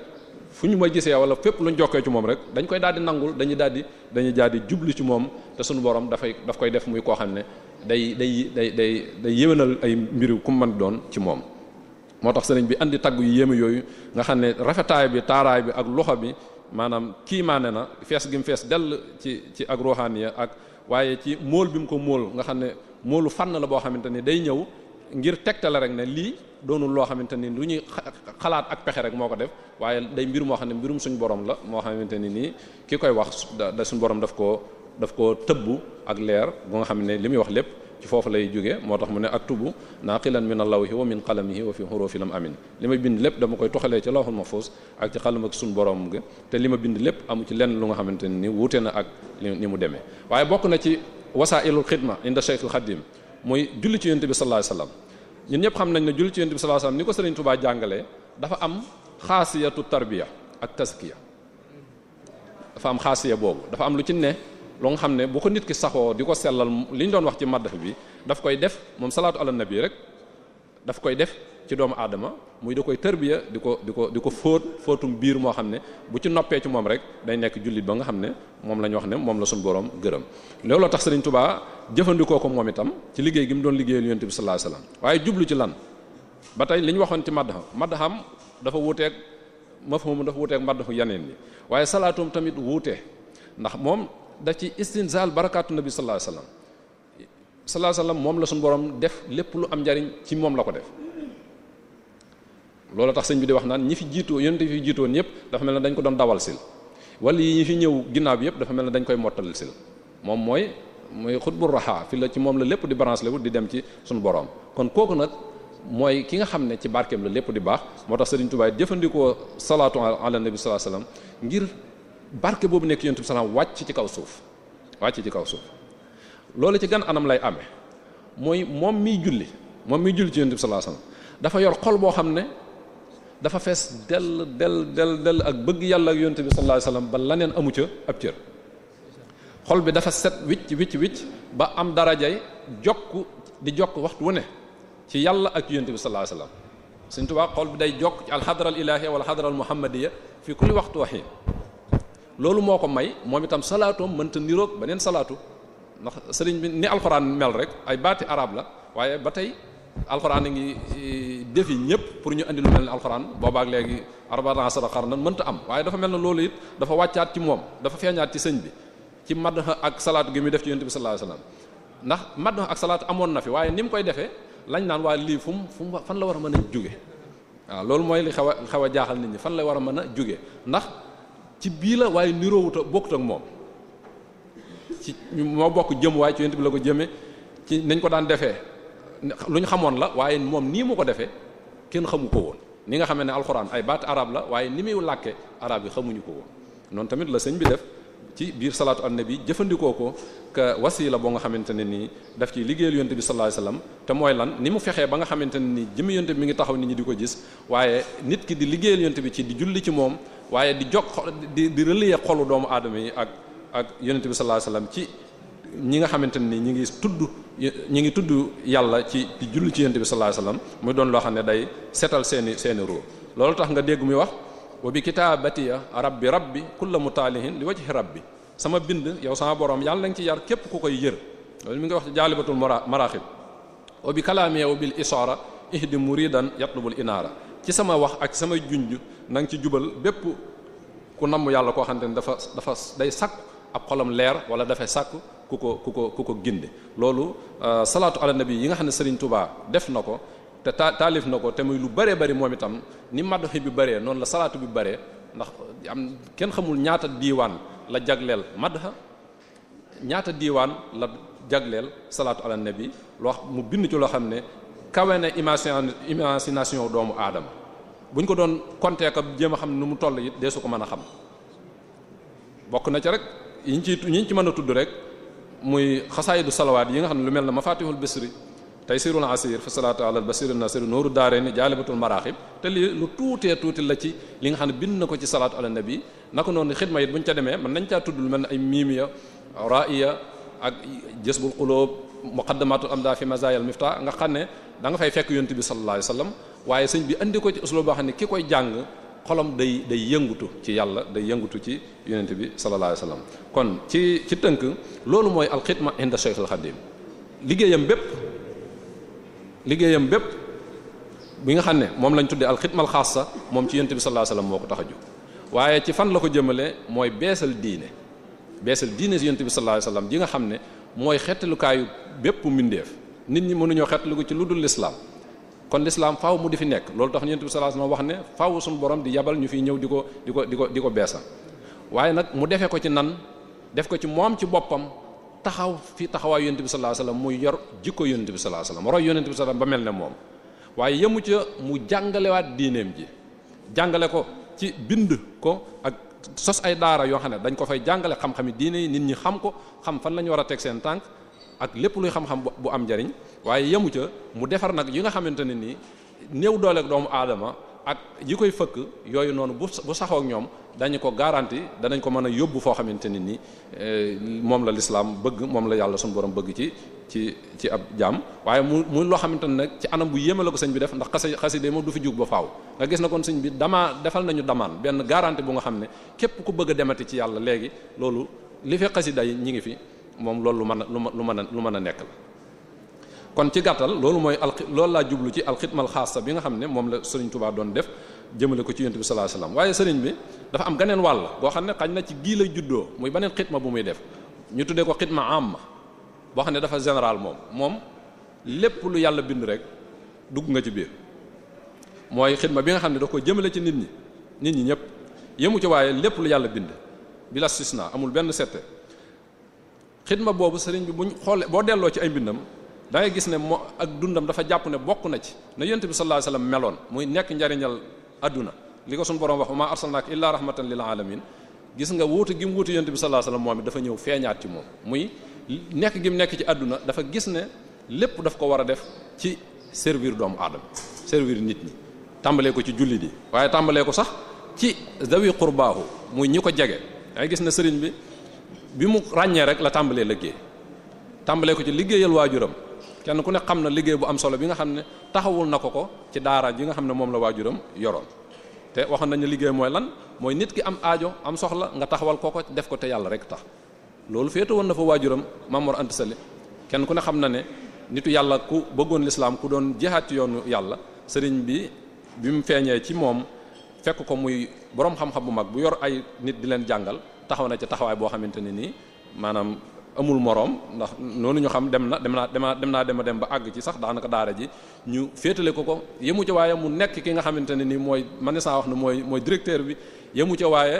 fu ñu ma gisee wala fépp luñ jokkee ci moom rek dañ koy daal di nangul dañuy daal dañu dañuy di jublu ci moom te suñu borom dafay daf koy def muy koo xam ne day day day day day yéwénal ay mbiru ku man doon ci moom moo tax sëriñ bi indi tagg yu yéeme yooyu nga xam ne rafetaay bi taaraay bi ak loxo bi maanaam kiimaane na fees gi mu fees dell ci ci ak ruuxaaniya ak waaye ci móol bi mu ko móol nga xam ne móolu fànn la boo xamante ni day ñëw ngir tegtale rek ne lii doonul loo xamante ni lu ñuy xalaat ak pexe rek moo ko def waaye day mbir moo xam ne mbirum suñ borom la moo xamante ni nii ki koy wax da suñ borom daf ko daf koo tëbbu ak leer bu nga xam ne li muy wax lépp ci foofu lay jógee moo tax mu ne ak aktubu naqilan min allawhi wa min qalamihi wa fi hurufi lam amin li ma bind lépp dama koy toxalee ci lawhul mahfuz ak ci xalam ak suñ borom ga te li ma bind lépp amu ci lenn lu nga xamante ni wuute na ak ni mu demee waaye bokk na ci wasailul xidma inda Shaykhul Khadim mooy julli ci yonent bi sallallahu alayhi ñun ñëpp xam nañ ne julli ci yonent bi sallallahu alayhi wasallam ni ko Serigne dafa am xaasiyatu tarbiya ak taskiya dafa am xaasiya boobu dafa am lu ci ne loo xam ne bu ko nit ki saxoo di ko sellal li doon wax ci maddax bi daf koy def moom salaatu ala nabi rek daf koy def ci doomu aadama muy da koy tërbiya di ko di ko di ko fóot fóotum biir moo xam ne bu ci noppee ci moom rek day nekk jullit ba nga xam ne moom la ñu wax ne moom la suñu borom gërëm looloo tax Serigne tubaa jëfandikoo ko moom itam ci liggéey gi mu doon liggéeyal yonent bi sallallahu alayhi wasallam waaye jublu ci lan ba tey li ñu waxoon ci madham xam dafa wuuteeg mafhum dafa wuuteeg madhu yeneen yi waaye salaatoom tamit wuute ndax moom da ci istinzaal barakaatu nabi sallallahu alayhi wasallam sallallahu alayhi wasallam moom la suñu borom def lépp lu am njariñ ci moom la ko def loolu tax sëñ bi di wax naan ñi fi jiitoo yonent fi jiitoon yëpp dafa ne dañ ko doon dawal sil wala yi ñi fi ñëw ginnaaw bi yëpp dafa mel ne dañ koy mottal sil moom mooy mooy xutbu raxa fi la ci moom la lépp di branche léwut di dem ci suñu borom kon kooku nag mooy ki nga xam ne ci barkeem la lépp di baax moo tax Sëriñ Tuubaa jëfandikoo salaatu ala nabi sallallahu alayhi wasallam ngir barke boobu nekk yonent bi salaam wàcc ci kaw suuf wàcc ci kaw suuf loolu ci gan anam lay amee mooy moom miy julli moom mi julli ci yonent bi sallallahu dafa yor xol boo xam ne dafa fees dell dell dell ak bëgg yàlla ak yonent bi sallallahu alayhi ba laneen amu ca ab cër bi dafa set wicc wicc wicc ba am darajay jokk di jokk waxtu wu ne ci yàlla ak yont bi sallallahu alayhi wasallam Sëriñ Tuubaa xol bi day jokk ci alxadra al ilahia wala xadra al muhammadiyya fi kulli waxtu waxin loolu moo ko may moom itam salaatoom mënta niroog beneen salaatu ndax sëriñ bi ni alxuraan mel rek ay baati arab la waaye ba tey alxuraan a ngi e, defi ñëpp pour ñu indi lu mel ne alxuraan boobaak léegi arba'a ashara qarnan mënta am waaye dafa mel ne loolu it dafa wàccaat ci moom dafa feeñaat ci sëñ bi ci madh ak salaat gi muy def ci yonent bi sallallahu alayhi wasallam ndax madh ak salaat amoon na fi waaye ni mu koy defee lañ naan waa lii fu mu fu fan la war a mën a jóge waaw loolu mooy li xaw a xaw a jaaxal nit ñi fan la war a mën a jóge ndax ci bii la waaye niroowuta bokkut ak moom ci moo bokk jëm waaye ci yonent bi la ko jëmee ci nañ ko daan defee lu ñu xamoon la waaye moom nii mu ko defee kenn xamu ko woon ni nga xamee ne alxuraan ay baat arab la waaye ni muy làkke arab yi xamuñu ko woon noonu tamit la sëñ bi def ci biir salaatu annabi jëfandikoo ko ka wasiila boo nga xamante ne nii def ci liggéeyal yonte bi sallallahu alayhi wasallam te mooy lan ni mu fexee ba nga xamante ne nii jëmi yonte bi mi ngi taxaw ni ñu di ko gis waaye nit ki di liggéeyal yonte bi ci di julli ci moom waaye di jog di di relier xolu doomu aadama yi ak ak yonent bi sallallahu alayhi wasallam ci ñi nga xamante ni ñi ngi tudd ñi ngi tudd yàlla ci di julli ci yonent bi sallallahu alayhi wasallam muy doon loo xam ne day setal seeni seeni ruu loolu tax nga dégg muy wax rab bi kitaabatiya rabbi rabbi mu mutaalihin li rab bi sama bind yow sama borom yàlla na ci yar képp ku koy yër loolu mi ngi wax ci jaalibatul maraaxib wa bi kalaami wa bil isaara ihdi muridan yatlubul inaara ci sama wax ak sama junj na ci jubal bépp ku yàlla koo xam ne dafa dafa ab xolam leer wala dafay sàkk ku ko ku ko ku ko ginde loolu euh, salaatu ala nabi yi nga xam ne Serigne Touba def na ko te ta taalif na ko te muy lu bëree bari moom itam ni maddoxi bi baree noonu la salaatu bi baree ndax am kenn xamul ñaata diiwaan la jagleel madha ñaata diiwaan la jagleel salaatu ala nabi loo mu bind ci loo xam ne kawe na imagination doomu aadama bu ñu ko doon compter ak jéem a xam ne nu mu toll it dee su ko mën a xam bokk na ci rek. yiñ ci ñi ci mën a tudd rek muy xasaayidu salawaat yi nga xam ne lu mel ne mafatihul bisri taysirul asir fi salatu ala basir nasir nooru daareeni jaalibatul maraaxib te lii lu tuutee tuuti la ci li nga xam ne bind na ko ci salaatu ala nabi naka noonu xidma it buñ ca demee mën nañ caa tudd lu mel ne ay miimiya raiya ak jësbul xulóob am daa fi mazayal mifta nga xam ne da nga fay fekk yonent bi sallallahu alayhi wasallam waaye sëñ bi andi ko ci usul boo xam ne ki koy jàng xolom day day yëngutu ci yàlla day yëngutu ci yonent bi sallallahu alayhi wasallam kon ci tënk loolu mooy alxidma inda Cheikh al Xadim liggéeyam bépp liggéeyam bépp bi nga xam ne moom lañ tuddee alxidmal xaasa moom ci yonent bi sallallahu alayhi wasallam moo ko tax a jóg waaye ci fan la ko jëmale mooy beesal diine beesal diine si yonent bi sallallahu alayhi wasallam ji nga xam ne mooy xettalukaayu bépp mbindeef nit ñi mënuñoo xettalu ko ci lu dul lislaam kon l'islam faw mu di fi nekk loolu tax yonent bi sallallahu alayhi wasallam wax ne faaw suñu borom di yabal ñu fiy ñëw di ko di ko di ko di ko beesa waaye nag mu defee ko ci nan def ko ci moom ci boppam taxaw fi taxawaayu yonent bi sallallahu alayhi wasallam mu yor jikko yonent bi sallallahu alayhi wasallam roy yonent bi sallallahu alayhi ba mel ne moom waaye yëmu ca mu jàngalewaat diineem ji jàngale ko ci bind ko ak sos ay daara yoo xam ne dañ ko fay jàngale xam-xami diine yi nit ñi xam ko xam fan la ñu war a teg seen tànk ak lépp luy xam-xam bu am njariñ waaye yemu ca mu defar nag yi nga xamante ne nii néew dooleek doomu aadama ak yi koy fëkk yooyu noonu bu bu saxoo ak ñoom dañu ko garanti danañ ko mën a yóbbu foo xamante ne nii eh, moom la lislaam bëgg moom la yàlla suñu borom bëgg ci ci ci ab jaam waaye mu mu loo xamante ne nag ci anam bu yéeme la ko sëñ bi def ndax xasi day moom du fi jug ba faaw nga gis na kon sëñ bi damaa defal nañu damaan benn garanti bu nga xam ne képp ku bëgg a demati ci yàlla léegi loolu li fi xasida day ñi ngi fi moom lool lu mën a lu mën a lu mën a nekk la kon ci gàttal loolu mooy alxi loolu laa jublu ci alxidmal xaasa bi nga xam ne moom la sëriñ Tuubaa doon def jëmale ko ci yonent bi sallallahu alayhi wasallam waaye sëriñ bi dafa am ganeen wàll boo xam ne xañ na ci gii lay juddoo muy beneen xidma bu muy def ñu tuddee ko xidma ma boo xam ne dafa général moom moom lépp lu yàlla bind rek dugg nga ci biir mooy xidma bi nga xam ne da ko jëmale ci nit ñi nit ñi ñëpp yëmu waaye lépp lu yàlla bind bila sisna amul benn sette xidma boobu sëriñ bi buñ xoolee boo delloo ci ay mbindam da gis ne moo ak dundam dafa jàpp ne bokk na ci na yent bi sallallahu alayhi wasallam meloon muy nekk njariñal adduna li ko suñu borom wax ma arsalnaaka illaa rahmatan lil alamin gis nga wuutu gi mu wuutu yent bi sallallahu alayhi wasallam moom it dafa ñëw feeñaat ci moom muy nekk gi mu nekk ci àdduna dafa gis ne lépp daf ko war a def ci servir doomu aadama servir nit ñi tàmbalee ko ci julli di waaye tàmbalee ko sax ci dawi qurbaahu muy ñi ko jege gis ne sëriñ bi bi mu ràññee rek la tàmbalee liggéey tàmbalee ko ci liggéeyal waajuram kenn ku ne xam na liggéey bu am solo bi nga xam ne taxawul na ko ko ci daara ji nga xam ne moom la waajuram yoroon te waxoon nañu liggéey mooy lan mooy nit ki am aajo am soxla nga taxawal ko ko def ko te yàlla rek tax loolu féete woon na fa waajuram Mamor Anta Sali kenn ku ne xam na ne nitu yàlla ku bëggoon lislaam ku doon jihaat yoonu yàlla sëriñ bi bi mu feeñee ci moom fekk ko muy boroom xam bu mag bu yor ay nit di leen jàngal taxaw na ca taxawaay boo xamante ne nii maanaam amul moroom ndax noonu ñu xam dem na dem naa demaa dem naa dem a dem ba àgg ci sax daanaka daara ji ñu féetale ko ko yemu ca waaye mu nekk ki nga xamante ne nii mooy man wax ne mooy mooy directeur bi yemu ca waaye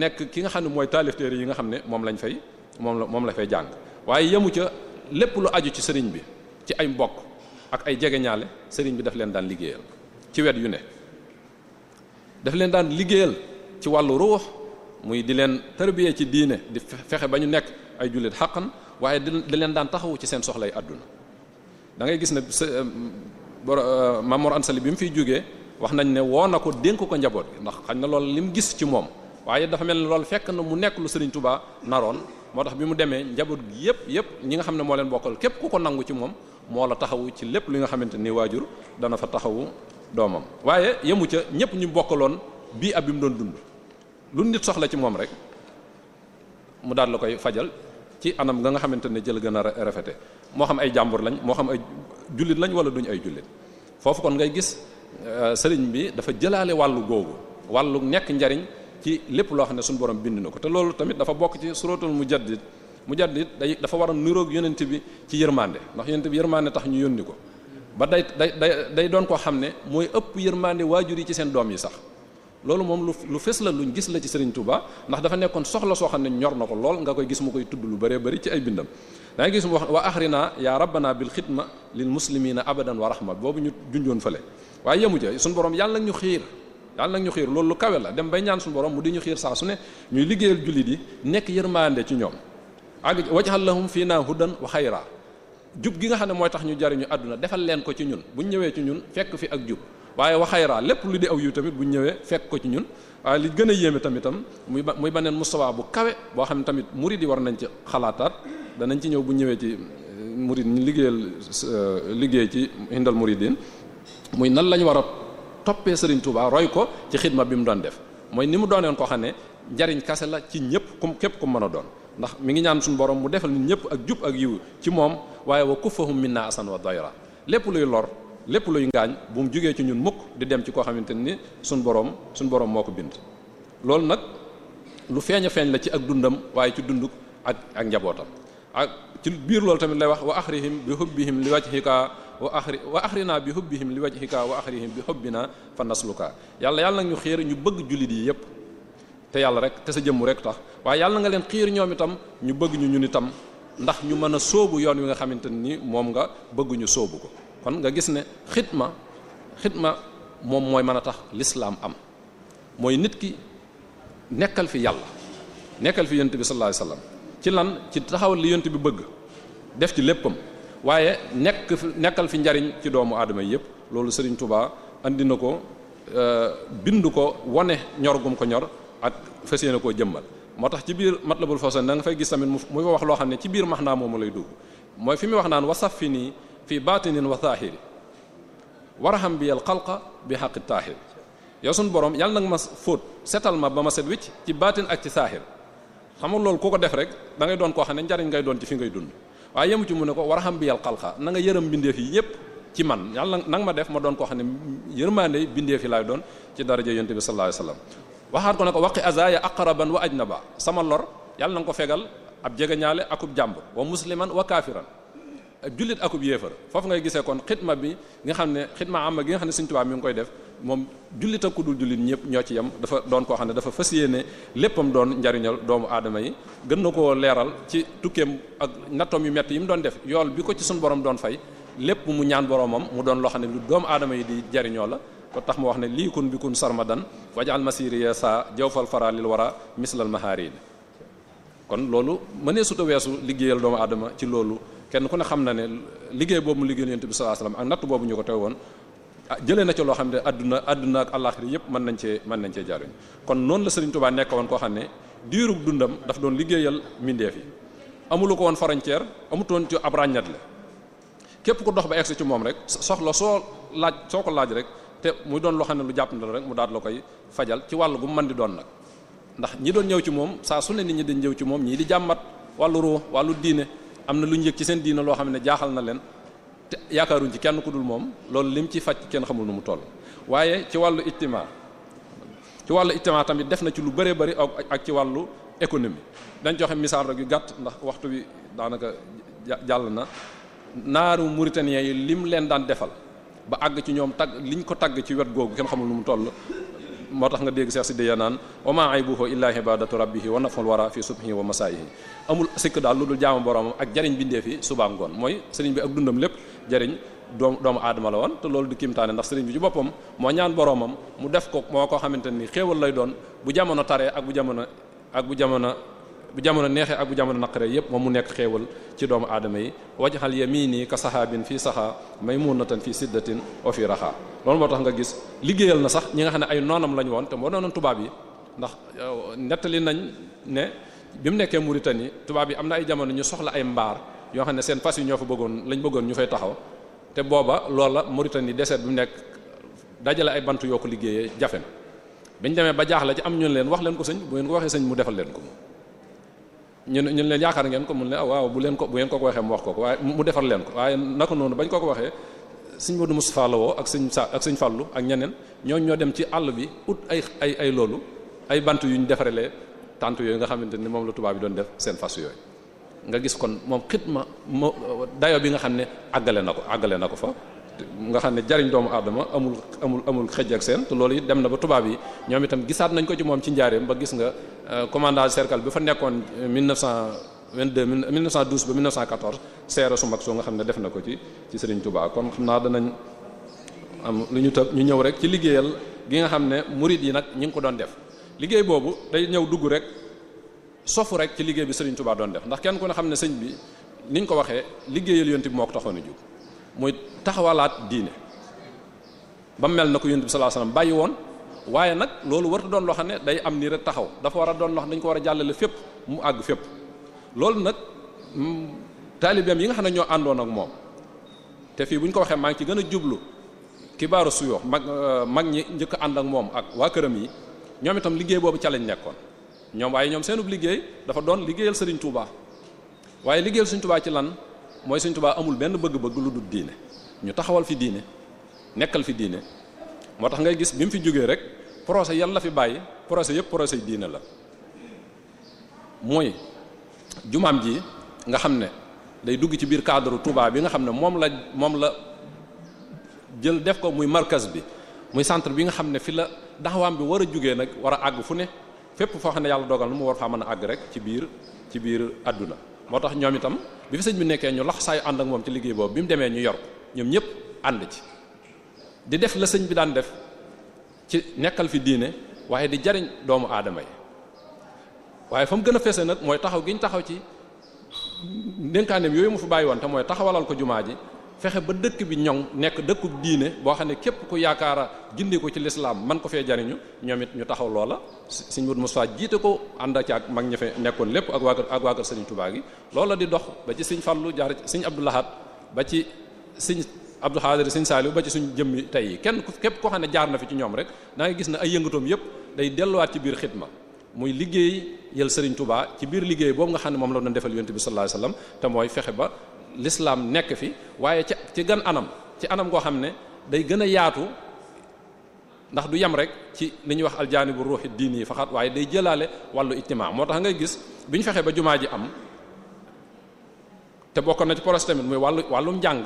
nekk ki nga xam ne mooy taalifteer yi nga xam ne moom lañ fay moom la moom la fay jàng waaye yemu ca lépp lu aju ci sëriñ bi ci ay mbokk ak ay jegeñaale sëriñ bi daf leen daan liggéeyal ci wet yu ne daf leen daan liggéeyal ci wàllu ruux muy di leen tarbiyee ci diine di fexe ba ñu nekk ay jullit xaqan waaye di leen daan taxawu ci seen soxlay àdduna da ngay gis ne euh, Mamor Ansali bi mu fiy jógee wax nañ ne woo na ko dénk ko njaboot gi ndax xam na loolu li mu gis ci moom waaye dafa mel ne loolu fekk na mu nekk lu Serigne tubaa naroon moo tax bi mu demee njaboot gi yëpp yëpp ñi nga xam ne moo leen bokkal képp ku ko nangu ci moom moo la taxawu ci lépp li nga xamante ni waajur dana fa taxawu doomam waaye yemu ca ñëpp ñu bokkaloon bii ab bi mu doon dund lu nit soxla ci moom rek mu daal la koy fajal ci anam nga nga xamante ne jël gën a rafete moo xam ay jàmbur lañ moo xam ay jullit lañ wala duñ ay jullit foofu kon ngay gis euh, sëriñ bi dafa jëlaale wàllu googu wàllu nekk njariñ ci lépp loo xam ne suñu borom bind na ko te loolu tamit dafa bokk ci suratul mujaddid mujaddid day dafa war a niroog yonent bi ci yërmande ndax yonent bi yërmande tax ñu yónni ko ba day day day doon koo xam ne mooy ëpp yërmande waajur yi ci seen doom yi sax loolu moom lu lu fës la luñ gis la ci Serigne Touba ndax dafa nekkoon soxla soo xam ne ñor na ko lool nga koy gis mu koy tudd lu bëree bëri ci ay bindam da ngay gis mu wax wa axrina ya rabbana bil xidma lil muslimina abadan wa rahma boobu ñu junjoon fële waaye yemu ja suñu borom yàlla ñu xiir yàlla ñu xiir loolu lu kawe la dem bay ñaan suñu borom mu di ñu xiir saa su ne ñuy liggéeyal jullit yi nekk yërmande ci ñoom ak wajhal lahum fii naa hudan wa xayra jub gi nga xam ne mooy tax ñu jariñu àdduna defal leen ko ci ñun buñ ñëwee ci ñun fekk fi ak jub waaye wa xayra lépp lu di aw yiw tamit bu ñëwee fekk ko ci ñun waaye li gën a yéeme tamitam muy ba muy beneen mustawa bu kawe boo xam ne tamit murid yi war nañ ci xalaataat danañ ci ñëw bu ñëwee ci euh, murid ñi liggéeyal euh, liggéey ci hindal muridin muy nan lañu war a toppee Serigne Touba roy ko ci xidma bi mu doon def mooy ni mu doon doonoon ko xam ne njariñ kase la ci ñëpp ku képp ku mën a doon ndax mi ngi ñaan suñu borom mu defal nit ñëpp ak jub ak yiw ci moom waaye wa kuffahum minna asan wa dayra lépp luy lor lépp luy ngaañ bu mu jógee ci ñun mukk di dem ci koo xamante ni suñ boroom suñ boroom moo ko bind loolu nag lu feeñ a feeñ la ci ak dundam waaye ci dunduk ak ak njabootam ak ci biir loolu tamit lay wax wa axrihim bi hubbihim li wajhika wa axri wa naa bi hubbihim li wajhika wa axrihim bi bi naa fa nasluka yàlla yàlla nag ñu xiir ñu bëgg jullit yi yépp te yàlla rek te sa jëmm rek tax waaye yàlla nga leen xiir ñoom itam ñu bëgg ñun itam ndax ñu mën a sóobu yoon wi nga xamante ni moom nga bëgguñu sóobu ko kon nga gis ne xitma xitma moom mooy mën a tax lislaam am mooy nit ki nekkal fi yàlla nekkal fi yonent bi sallallahu alayhi ci lan ci taxawal li bi bëgg def ci léppam waaye nekk nekkal fi njariñ ci doomu aadama yi yëpp loolu Serigne tubaa andi na ko euh, bind ko wane ñor gum ko ñor ak fas yéene koo jëmmal moo tax ci biir Matlabul Fawzayni da nga fay gis tamit mu fa wax loo xam ne ci biir max naa moomu lay dugg mooy fi muy wax naan wasaf fi nii fi baatinin wa zaahiri warham bi al xalqa bi xaqi taahir yow suñ borom yàlla nag ma fóot setal ma ba ma set wicc ci baatin ak ci saahir xam nga loolu ku ko def rek da ngay doon koo xam ne njariñ ngay doon ci fi ngay dund waaye yemu ci mu ne ko warham bi yal xalqa na nga yërëm mbindeef yi yépp ci man yàlla nag ma def ma doon koo xam ne yërmaande bindeef yi laay doon ci daraja yonte bi sallallahu alayhi wasallam waxaat ko ne ko waqi azaya aqraban wa ajnaba sama lor yàlla na nga ko fegal ab jegeñaale akub jàmbur wa musliman wa jullit akub yéefar foofu ngay gisee kon xitma bi nga xam ne xitma amma gi nga xam ne Sëriñ Tuubaa mi ngi koy def moom jullit ak ku dul jullit ñëpp ñoo ci yem dafa doon koo xam ne dafa fas yéene léppam doon njariñal doomu aadama yi gën na koo leeral ci tukkeem ak nattoom yu metti yi mu doon def yool bi ko ci suñu boroom doon fay lépp mu ñaan boromam mu doon loo xam ne lu doomu aadama yi di jariñoo la ko tax mu wax ne lii kun bi kun sarmadan wajal masiri ya sa jawfal fara lil wara mislal mahaari kon loolu mënee suta weesu liggéeyal doomu aadama ci loolu kenn ku ne xam na ne liggéey boobu mu liggéeyal yonent bi sallallahu alayhi wasallam ak natt boobu ñu ko tew woon ah, jële na ca loo xam ne àdduna adduna ak àllaaxira yëpp mën nañ cee mën nañ cee jariñ kon noonu la Serigne Touba nekk woon koo xam ne diirub dundam daf doon liggéeyal mbindeef yi amulu ko woon frontière amutoon ci ab ràññat la képp ku dox ba egsi ci moom rek soxla soo laaj soo ko laaj rek te muy doon loo xam ne lu jàpp na rek mu daal la koy fajal ci wàll gu mu di doon nag ndax ñi doon ñëw ci moom saa su ne nit ñi dañ ñëw ci moom ñii di jàmbat wàllu ruux wàllu diine am na lu ñu yëg ci seen diina loo xam ne jaaxal na leen te yaakaaruñ ci kenn ku dul moom loolu lim ci faj kenn xamul nu mu toll waaye ci wàllu ijtimaa ci wàllu ijtimaa tamit def na ci lu bëree bëri ak ci wàllu économie dañ joxe misaal rek yu gàtt ndax waxtu wi daanaka jàll na naaru mauritanien yi lim leen daan defal ba àgg ci ñoom tagg liñ ko tagg ci wet googu kenn xamul nu mu toll moo tax nga dégg Cheikh Sidiya naan wa ma aybuhu illa ibadatu rabbihi wa naful wara fi subhi wa masaayihi amul sikk daal lu dul jaamu boroomam ak jariñ bindee fi subaa ngoon mooy sëriñ bi ak dundam lépp jariñ doom doomu aadama la woon te loolu di kimtaane ndax sëriñ bi ci boppam moo ñaan boroomam mu def ko moo ko xamante ni xéewal lay doon bu jamono taree ak bu jamono ak bu jamono bu jamono neexee ak bu jamono naqaree yépp moom mu nekk xéewal ci doomu aadama yi wajxal yamini ka sahaabin fii saxaa maymunatan fii siddatin wa fii raxaa loolu moo tax nga gis liggéeyal na sax ñi nga xam ne ay noonam lañu woon te moo doonoon tubaab yi ndax euh, nettali nañ ne bi mu nekkee Mauritanie tubaab yi am na ay jamono ñu soxla ay mbaar yoo xam ne seen fas yi ñoo fa bëggoon lañ bëggoon ñu fay taxaw te booba loola Mauritanie désert bi mu nekk dajale ay bant yoo liggéeyee jafe na biñ demee ba jaaxle ci leen wax leen ko sëñ bu waxee sëñ mu defal leen ko ñu ne ñu leen yaakaar ngeen ko mun ne ah, waaw bu leen ko bu ngeen ko ko waxee mu wax ko ko waaye mu defar leen ko waaye naka noonu bañ ko ko waxee sëñ Modou Moustapha la woo ak sëñ sa ak sëñ ak ñeneen ñooñu ñoo dem ci àll bi ut ay ay ay loolu ay bant yu ñu defaree tant yooyu nga xamante ni moom la tubaab bi doon def seen fas yooyu nga gis kon moom xit ma mo dayo bi nga xam ne àggale na ko àggale na ko fa nga xam ne jariñ doomu aadama amul amul amul xëj ak seen te loolu it dem na ba tubaab yi ñoom itam gisaat nañ ko ci moom ci njaareem ba gis nga euh, commandage cercle bi fa nekkoon 1922 euh, 1912 ba 1914 seera su mag soo nga xam ne def na ko ci ci tubaa Touba kon xam naa danañ am lu ñu tëb ñu ñëw rek ci liggéeyal gi nga xam ne murit yi nag ñi ngi ko doon def liggéey boobu day ñëw dugg rek sofu rek ci liggéey bi Serigne tubaa doon def ndax kenn ko ne xam ne señ bi niñ ko waxee liggéeyal yonent bi moo ko taxoon muy taxawalaat diine ba mel na ko yonent bi sallallahu alayhi bàyyi woon waaye nag loolu warta doon loo xam ne day am nii rek taxaw dafa war a doon loo xam ne dañ ko war a jàllale fépp mu àgg fépp loolu nag mm, taalibeem yi nga xam ne ñoo àndoon ak moom te fii bu ñu ko waxee maa ngi ci gën a jublu kibaaru suyoo mag euh, mag ñi njëkk ànd ak moom ak waa këram yi ñoom itam liggéey boobu ca lañ nekkoon ñoom waaye ñoom seenub liggéey dafa doon liggéeyal Serigne Touba waaye liggéeyal mooy Sëriñ Tuubaa amul benn bëgg-bëgg lu dul diine ñu taxawal fi diine nekkal fi diine moo tax ngay gis bi mu fi jógee rek procès yàlla la fi bàyyi procès yëpp procès diine la mooy jumaam ji nga xam ne day dugg ci biir cadre Touba bi nga xam ne moom la moom la jël def ko muy markas bi muy centre bi nga xam ne fi la daxawaam bi war a jugee nag war a àgg fu ne fépp foo xam ne yàlla dogal na mu war faa mën a àgg rek ci biir ci biir àdduna moo tax ñoom itam bi fi sëñ bi nekkee ñu lax saayu ànd ak moom ci liggéey boobu bi mu demee ñu yor ñoom ñëpp ànd ci di def la sëñ bi daan def ci nekkal fi diine waaye di jariñ doomu aadama yi waaye fa mu gën a fese nag mooy taxaw gi ñu taxaw ci ndénkaaneem yooyu mu fi bàyyi woon te mooy taxawalal ko jumaa ji fexe ba dëkk bi ñoŋ nekk dëkkub diine boo xam ne képp ku yaakaara gindi ko ci lislaam man ko fee jariñu ñoom it ñu taxaw loola Sëriñ Modou Moustapha jiite ko ànd ci ak mag ña fe nekkoon lépp ak waa kër ak waa kër Sëriñ Tuubaa gi loola di dox ba ci Sëriñ Fallu jaar ci Sëriñ Abdou Lahad ba ci Sëriñ Abdou Khadir Sëriñ Saliou ba ci suñu jëmmi tey kenn képp koo xam ne jaar na fi ci ñoom rek da nga gis na ay yëngatoom yëpp day delluwaat ci biir xidma muy liggéey yël Sëriñ Tuubaa ci biir liggéey boobu nga xam ne moom la defal yonent bi sallallahu alayhi wasallam te mooy fexe ba lislaam nekk fi waaye ci ci gën anam ci anam goo xam ne day gën a yaatu ndax du yem rek ci li ñuy wax aljaanibu ruuxi diini yi faxat waaye day jëlaale wàllu ijtimaa moo tax ngay gis bi ñu fexee ba jumaa ji am te bokkoon na ci projet tamit muy wàllu wàllum njàng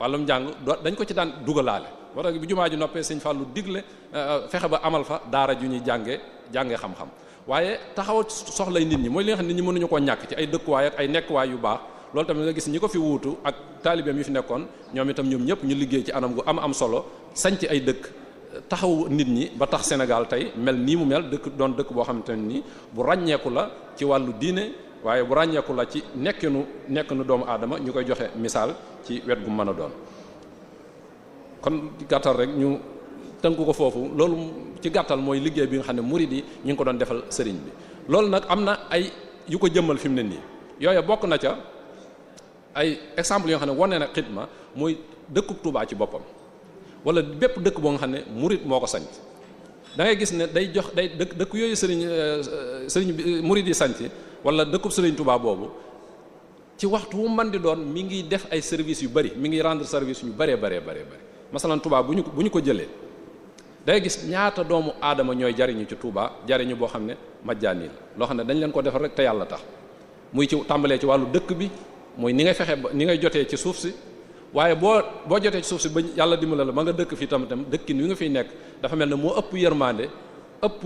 wàllum njàng dañ ko ci daan dugalaale moo tax bi jumaa ji noppee sëñ Fallu digle euh, euh, fexe ba amal fa daara ju ñuy jànge jànge xam-xam waaye taxaw soxlay nit ñi mooy li nga xam ne nit ñi mënuñu koo ñàkk ci ay dëkkuwaay ay nekkuwaay yu baax loolu tamit nga gis ñi ko fi wuutu ak taalibeem yu fi nekkoon ñoom itam ñoom ñëpp ñu liggéey ci anam gu am am solo sañc ay dëkk taxaw nit ñi ba tax Sénégal tey mel nii mu mel dëkk doon dëkk boo xamante ne nii bu ràññeeku la ci wàllu diine waaye bu ràññeeku la ci nekkinu nekkinu doomu aadama ñu koy joxe misaal ci wet gu mën a doon kon gàttal rek ñu tënk ko foofu loolu ci gàttal mooy liggéey bi nga xam ne murid yi ñu ngi ko doon defal sëriñ bi loolu nag am na ay yu ko jëmmal fi mu ne nii yooyu bokk na ca ay exemple yoo xam ne wane na ma mooy dëkkub Touba ci boppam wala bépp dëkk boo nga xam ne murit moo ko sanc da ngay gis ne day jox day dëkk dëkk yooyu sëriñ euh, sëriñ euh, murit yi sanc wala dëkkub sëriñ Touba boobu ci waxtu wu mën di doon mi ngi def ay services yu bari mi ngi rendre service ñu bëree bëree bëree bëri masalan Touba bu ñu bu ñu ko jëlee day gis ñaata doomu aadama ñooy jariñu ci Touba jariñu boo xam ne majjaani la loo xam ne dañu leen ko defar rek te yàlla tax dëkk bi mooy ni nga fexe ba ni ngay jotee ci suuf si waaye boo boo jotee ci suuf si ba yàlla dimbala la ba nga dëkk fii tam tam dëkkin wi nga fiy nekk dafa mel ne moo ëpp yërmande ëpp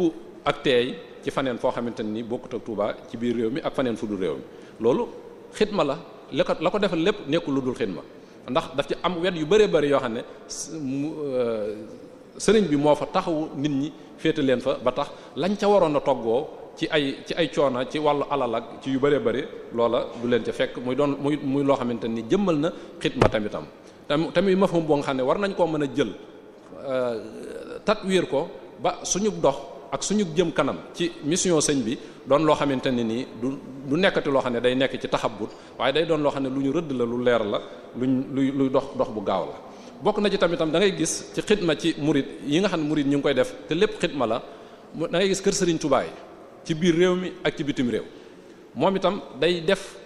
ak teey ci faneen foo xamante ni bokkut ak Touba ci biir réew mi ak faneen fu dul réew mi loolu xidma la la ko la ko defal lépp nekkul lu dul xidma ndax daf ci am wet yu bëree bëri yoo xam ne euh, sëriñ bi moo fa taxawu nit ñi féete leen fa ba tax lañ ca waroon a toggoo ci ay ci ay coono ci wàllu alal ak ci yu bëree bëri loola du leen ca fekk muy doon muy muy loo xamante nii jëmmal na xidma tamitam tam tamit mafhum boo nga xam ne war nañ koo mën a jël euh, tatwiir ko ba suñu dox ak suñu jëm kanam ci mission sëñ bi doon loo xamante ne nii du du nekkati loo xam ne day nekk ci taxabut waaye day doon loo xam ne lu ñu rëdd la lu leer la luñ luy luy dox dox bu gaaw la bokk na ci tamitam da ngay gis ci xidma ci murit yi nga xam ne murid ñu ngi koy def te lépp xidma la da ngay gis kër Serigne tubaay ci biir réew mi ak ci bitim réew moom itam day def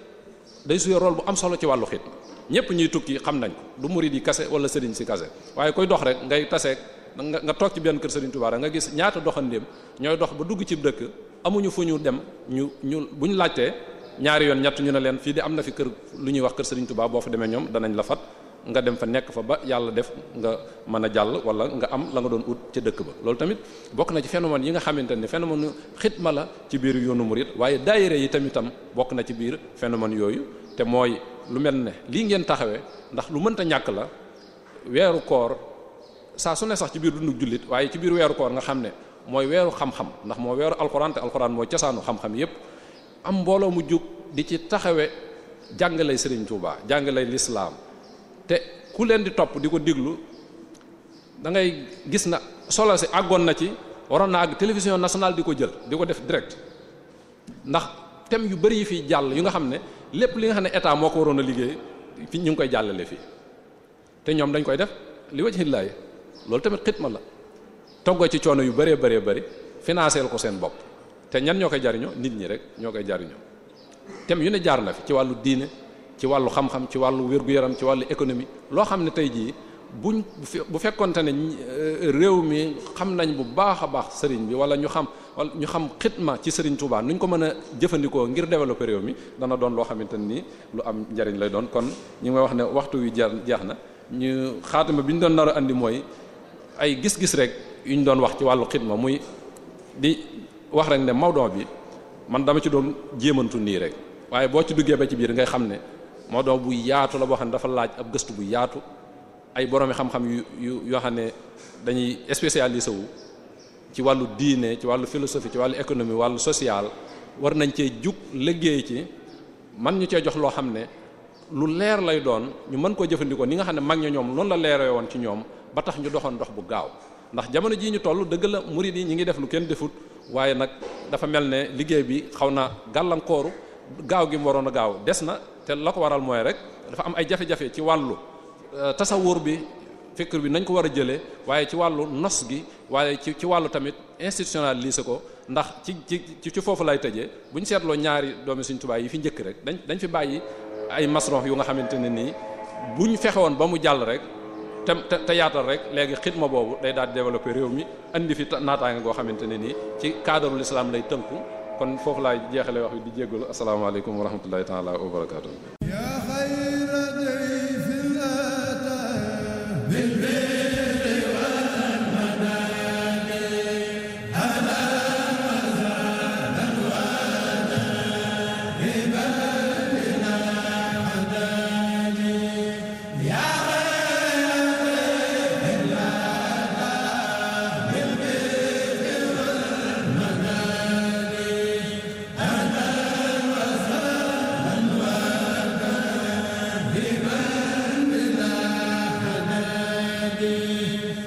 day suyee rôle bu am solo ci wàllu xidma ñëpp ñuy tukki xam nañ du murid yi kase wala sëriñ si kase waaye koy dox rek ngay taseeg nga toog ci benn kër sëriñ Tuubaa rek nga gis ñaata doxandéem ñooy dox ba dugg ci dëkk amuñu fu ñu dem ñu ñu bu ñu laajtee ñaari yoon ñett ñu ne leen fii de am na fi kër lu ñuy wax kër sëriñ Tuubaa boo fa demee ñoom danañ la fat nga dem fa nekk fa ba yàlla def nga mën a jàll wala nga am la nga doon ut ca dëkk ba loolu tamit bokk na ci phénomène yi nga xamante ne xit ma la ci biir yoonu murid waaye daayira yi tamitam bokk na ci biir phénomène yooyu te mooy lu mel ne lii ngeen taxawee ndax lu mënta ñàkk la weeru koor saa su ne sax ci biir dundu jullit waaye ci biir weeru koor nga xam ne mooy weeru xam-xam ndax moo weeru alxuraan te alxuraan mooy cosaanu xam-xam yépp am mbooloo mu jug di ci taxawe jàngale Serigne Touba jàngale l'islam te ku leen di topp di ko diglu da ngay gis na solo si àggoon na ci waroon na àgg télévision nationale di ko jël di ko def direct ndax tem yu bari yi fiy jàll yi nga xam ne lépp li nga xam ne état moo ko waroon a liggéey fi ñu ngi koy jàllale fii te ñoom dañ koy def li wajhillahi loolu tamit xitma la toggoo ci coono yu bëree bëree bëri financeel ko seen bopp te ñan ñoo koy jariñoo nit ñi rek ñoo koy jariñoo tem yu ne jaar na fi ci wàllu diine ci wàllu xam-xam ci wàllu wér-gu-yaram ci wàllu économie loo xam ne tey jii buñ bu fekkonte ne euh, réew mi xam nañ bu baax a baax sëriñ bi wala ñu xam wala ñu xam xitma ci sëriñ Touba nuñ ko mën a jëfandikoo ngir développer réew mi dana doon loo xamante ni lu am njariñ lay doon kon ñu ngay wax ne waxtu wi jeex jeex na ñu xaatima bi ñu doon nar a andi mooy ay gis-gis rek yu ñu doon wax ci wàllu xitma muy di wax rek ne Maodo bi man dama ci doon jéemantu nii rek waaye boo ci duggee ba ci biir ngay xam ne moo dox bu yaatu la boo xam ne dafa laaj ab gëstu bu yaatu ay boroomi xam-xam yu yu yoo xam ne dañuy spécialisé wu ci wàllu diine ci wàllu philosophie ci wàllu économie wàllu social war nañ cee jug liggéey ci man ñu cee jox loo xam ne lu leer lay doon ñu mën koo jëfandikoo ni nga xam ne mag ña ñoom noonu la leeree woon ci ñoom ba tax ñu doxoon dox bu gaaw ndax jamono jii ñu toll dëgg la murid yi ñu ngi def lu kenn defut waaye nag dafa mel ne liggéey bi xaw na gàllankooru gaaw gi waroon a gaaw des na te la ko waral mooy rek dafa am ay jafe-jafe ci wàllu euh, tasawur bi fikr bi nañ ko war a jëlee waaye ci wàllu nos gi waaye ci ci wàllu tamit institutionnaliser ko ndax ci ci ci foofu lay tëje bu ñu seetloo ñaari doomi Sëriñ Tuubaa yi fi njëkk rek dañ dañ fi bàyyi ay masrox yu nga xamante ne nii bu ñu fexewoon ba mu jàll rek te te yaatal rek léegi ma boobu day daal di développer réew mi indi fi naataange goo xamante ne nii ci cadre l'islam lay tënku. kon foofu laay jeexale wax bi di jéggalu asalaamaaleykum wa rahmatullahi taala wa barakaatu.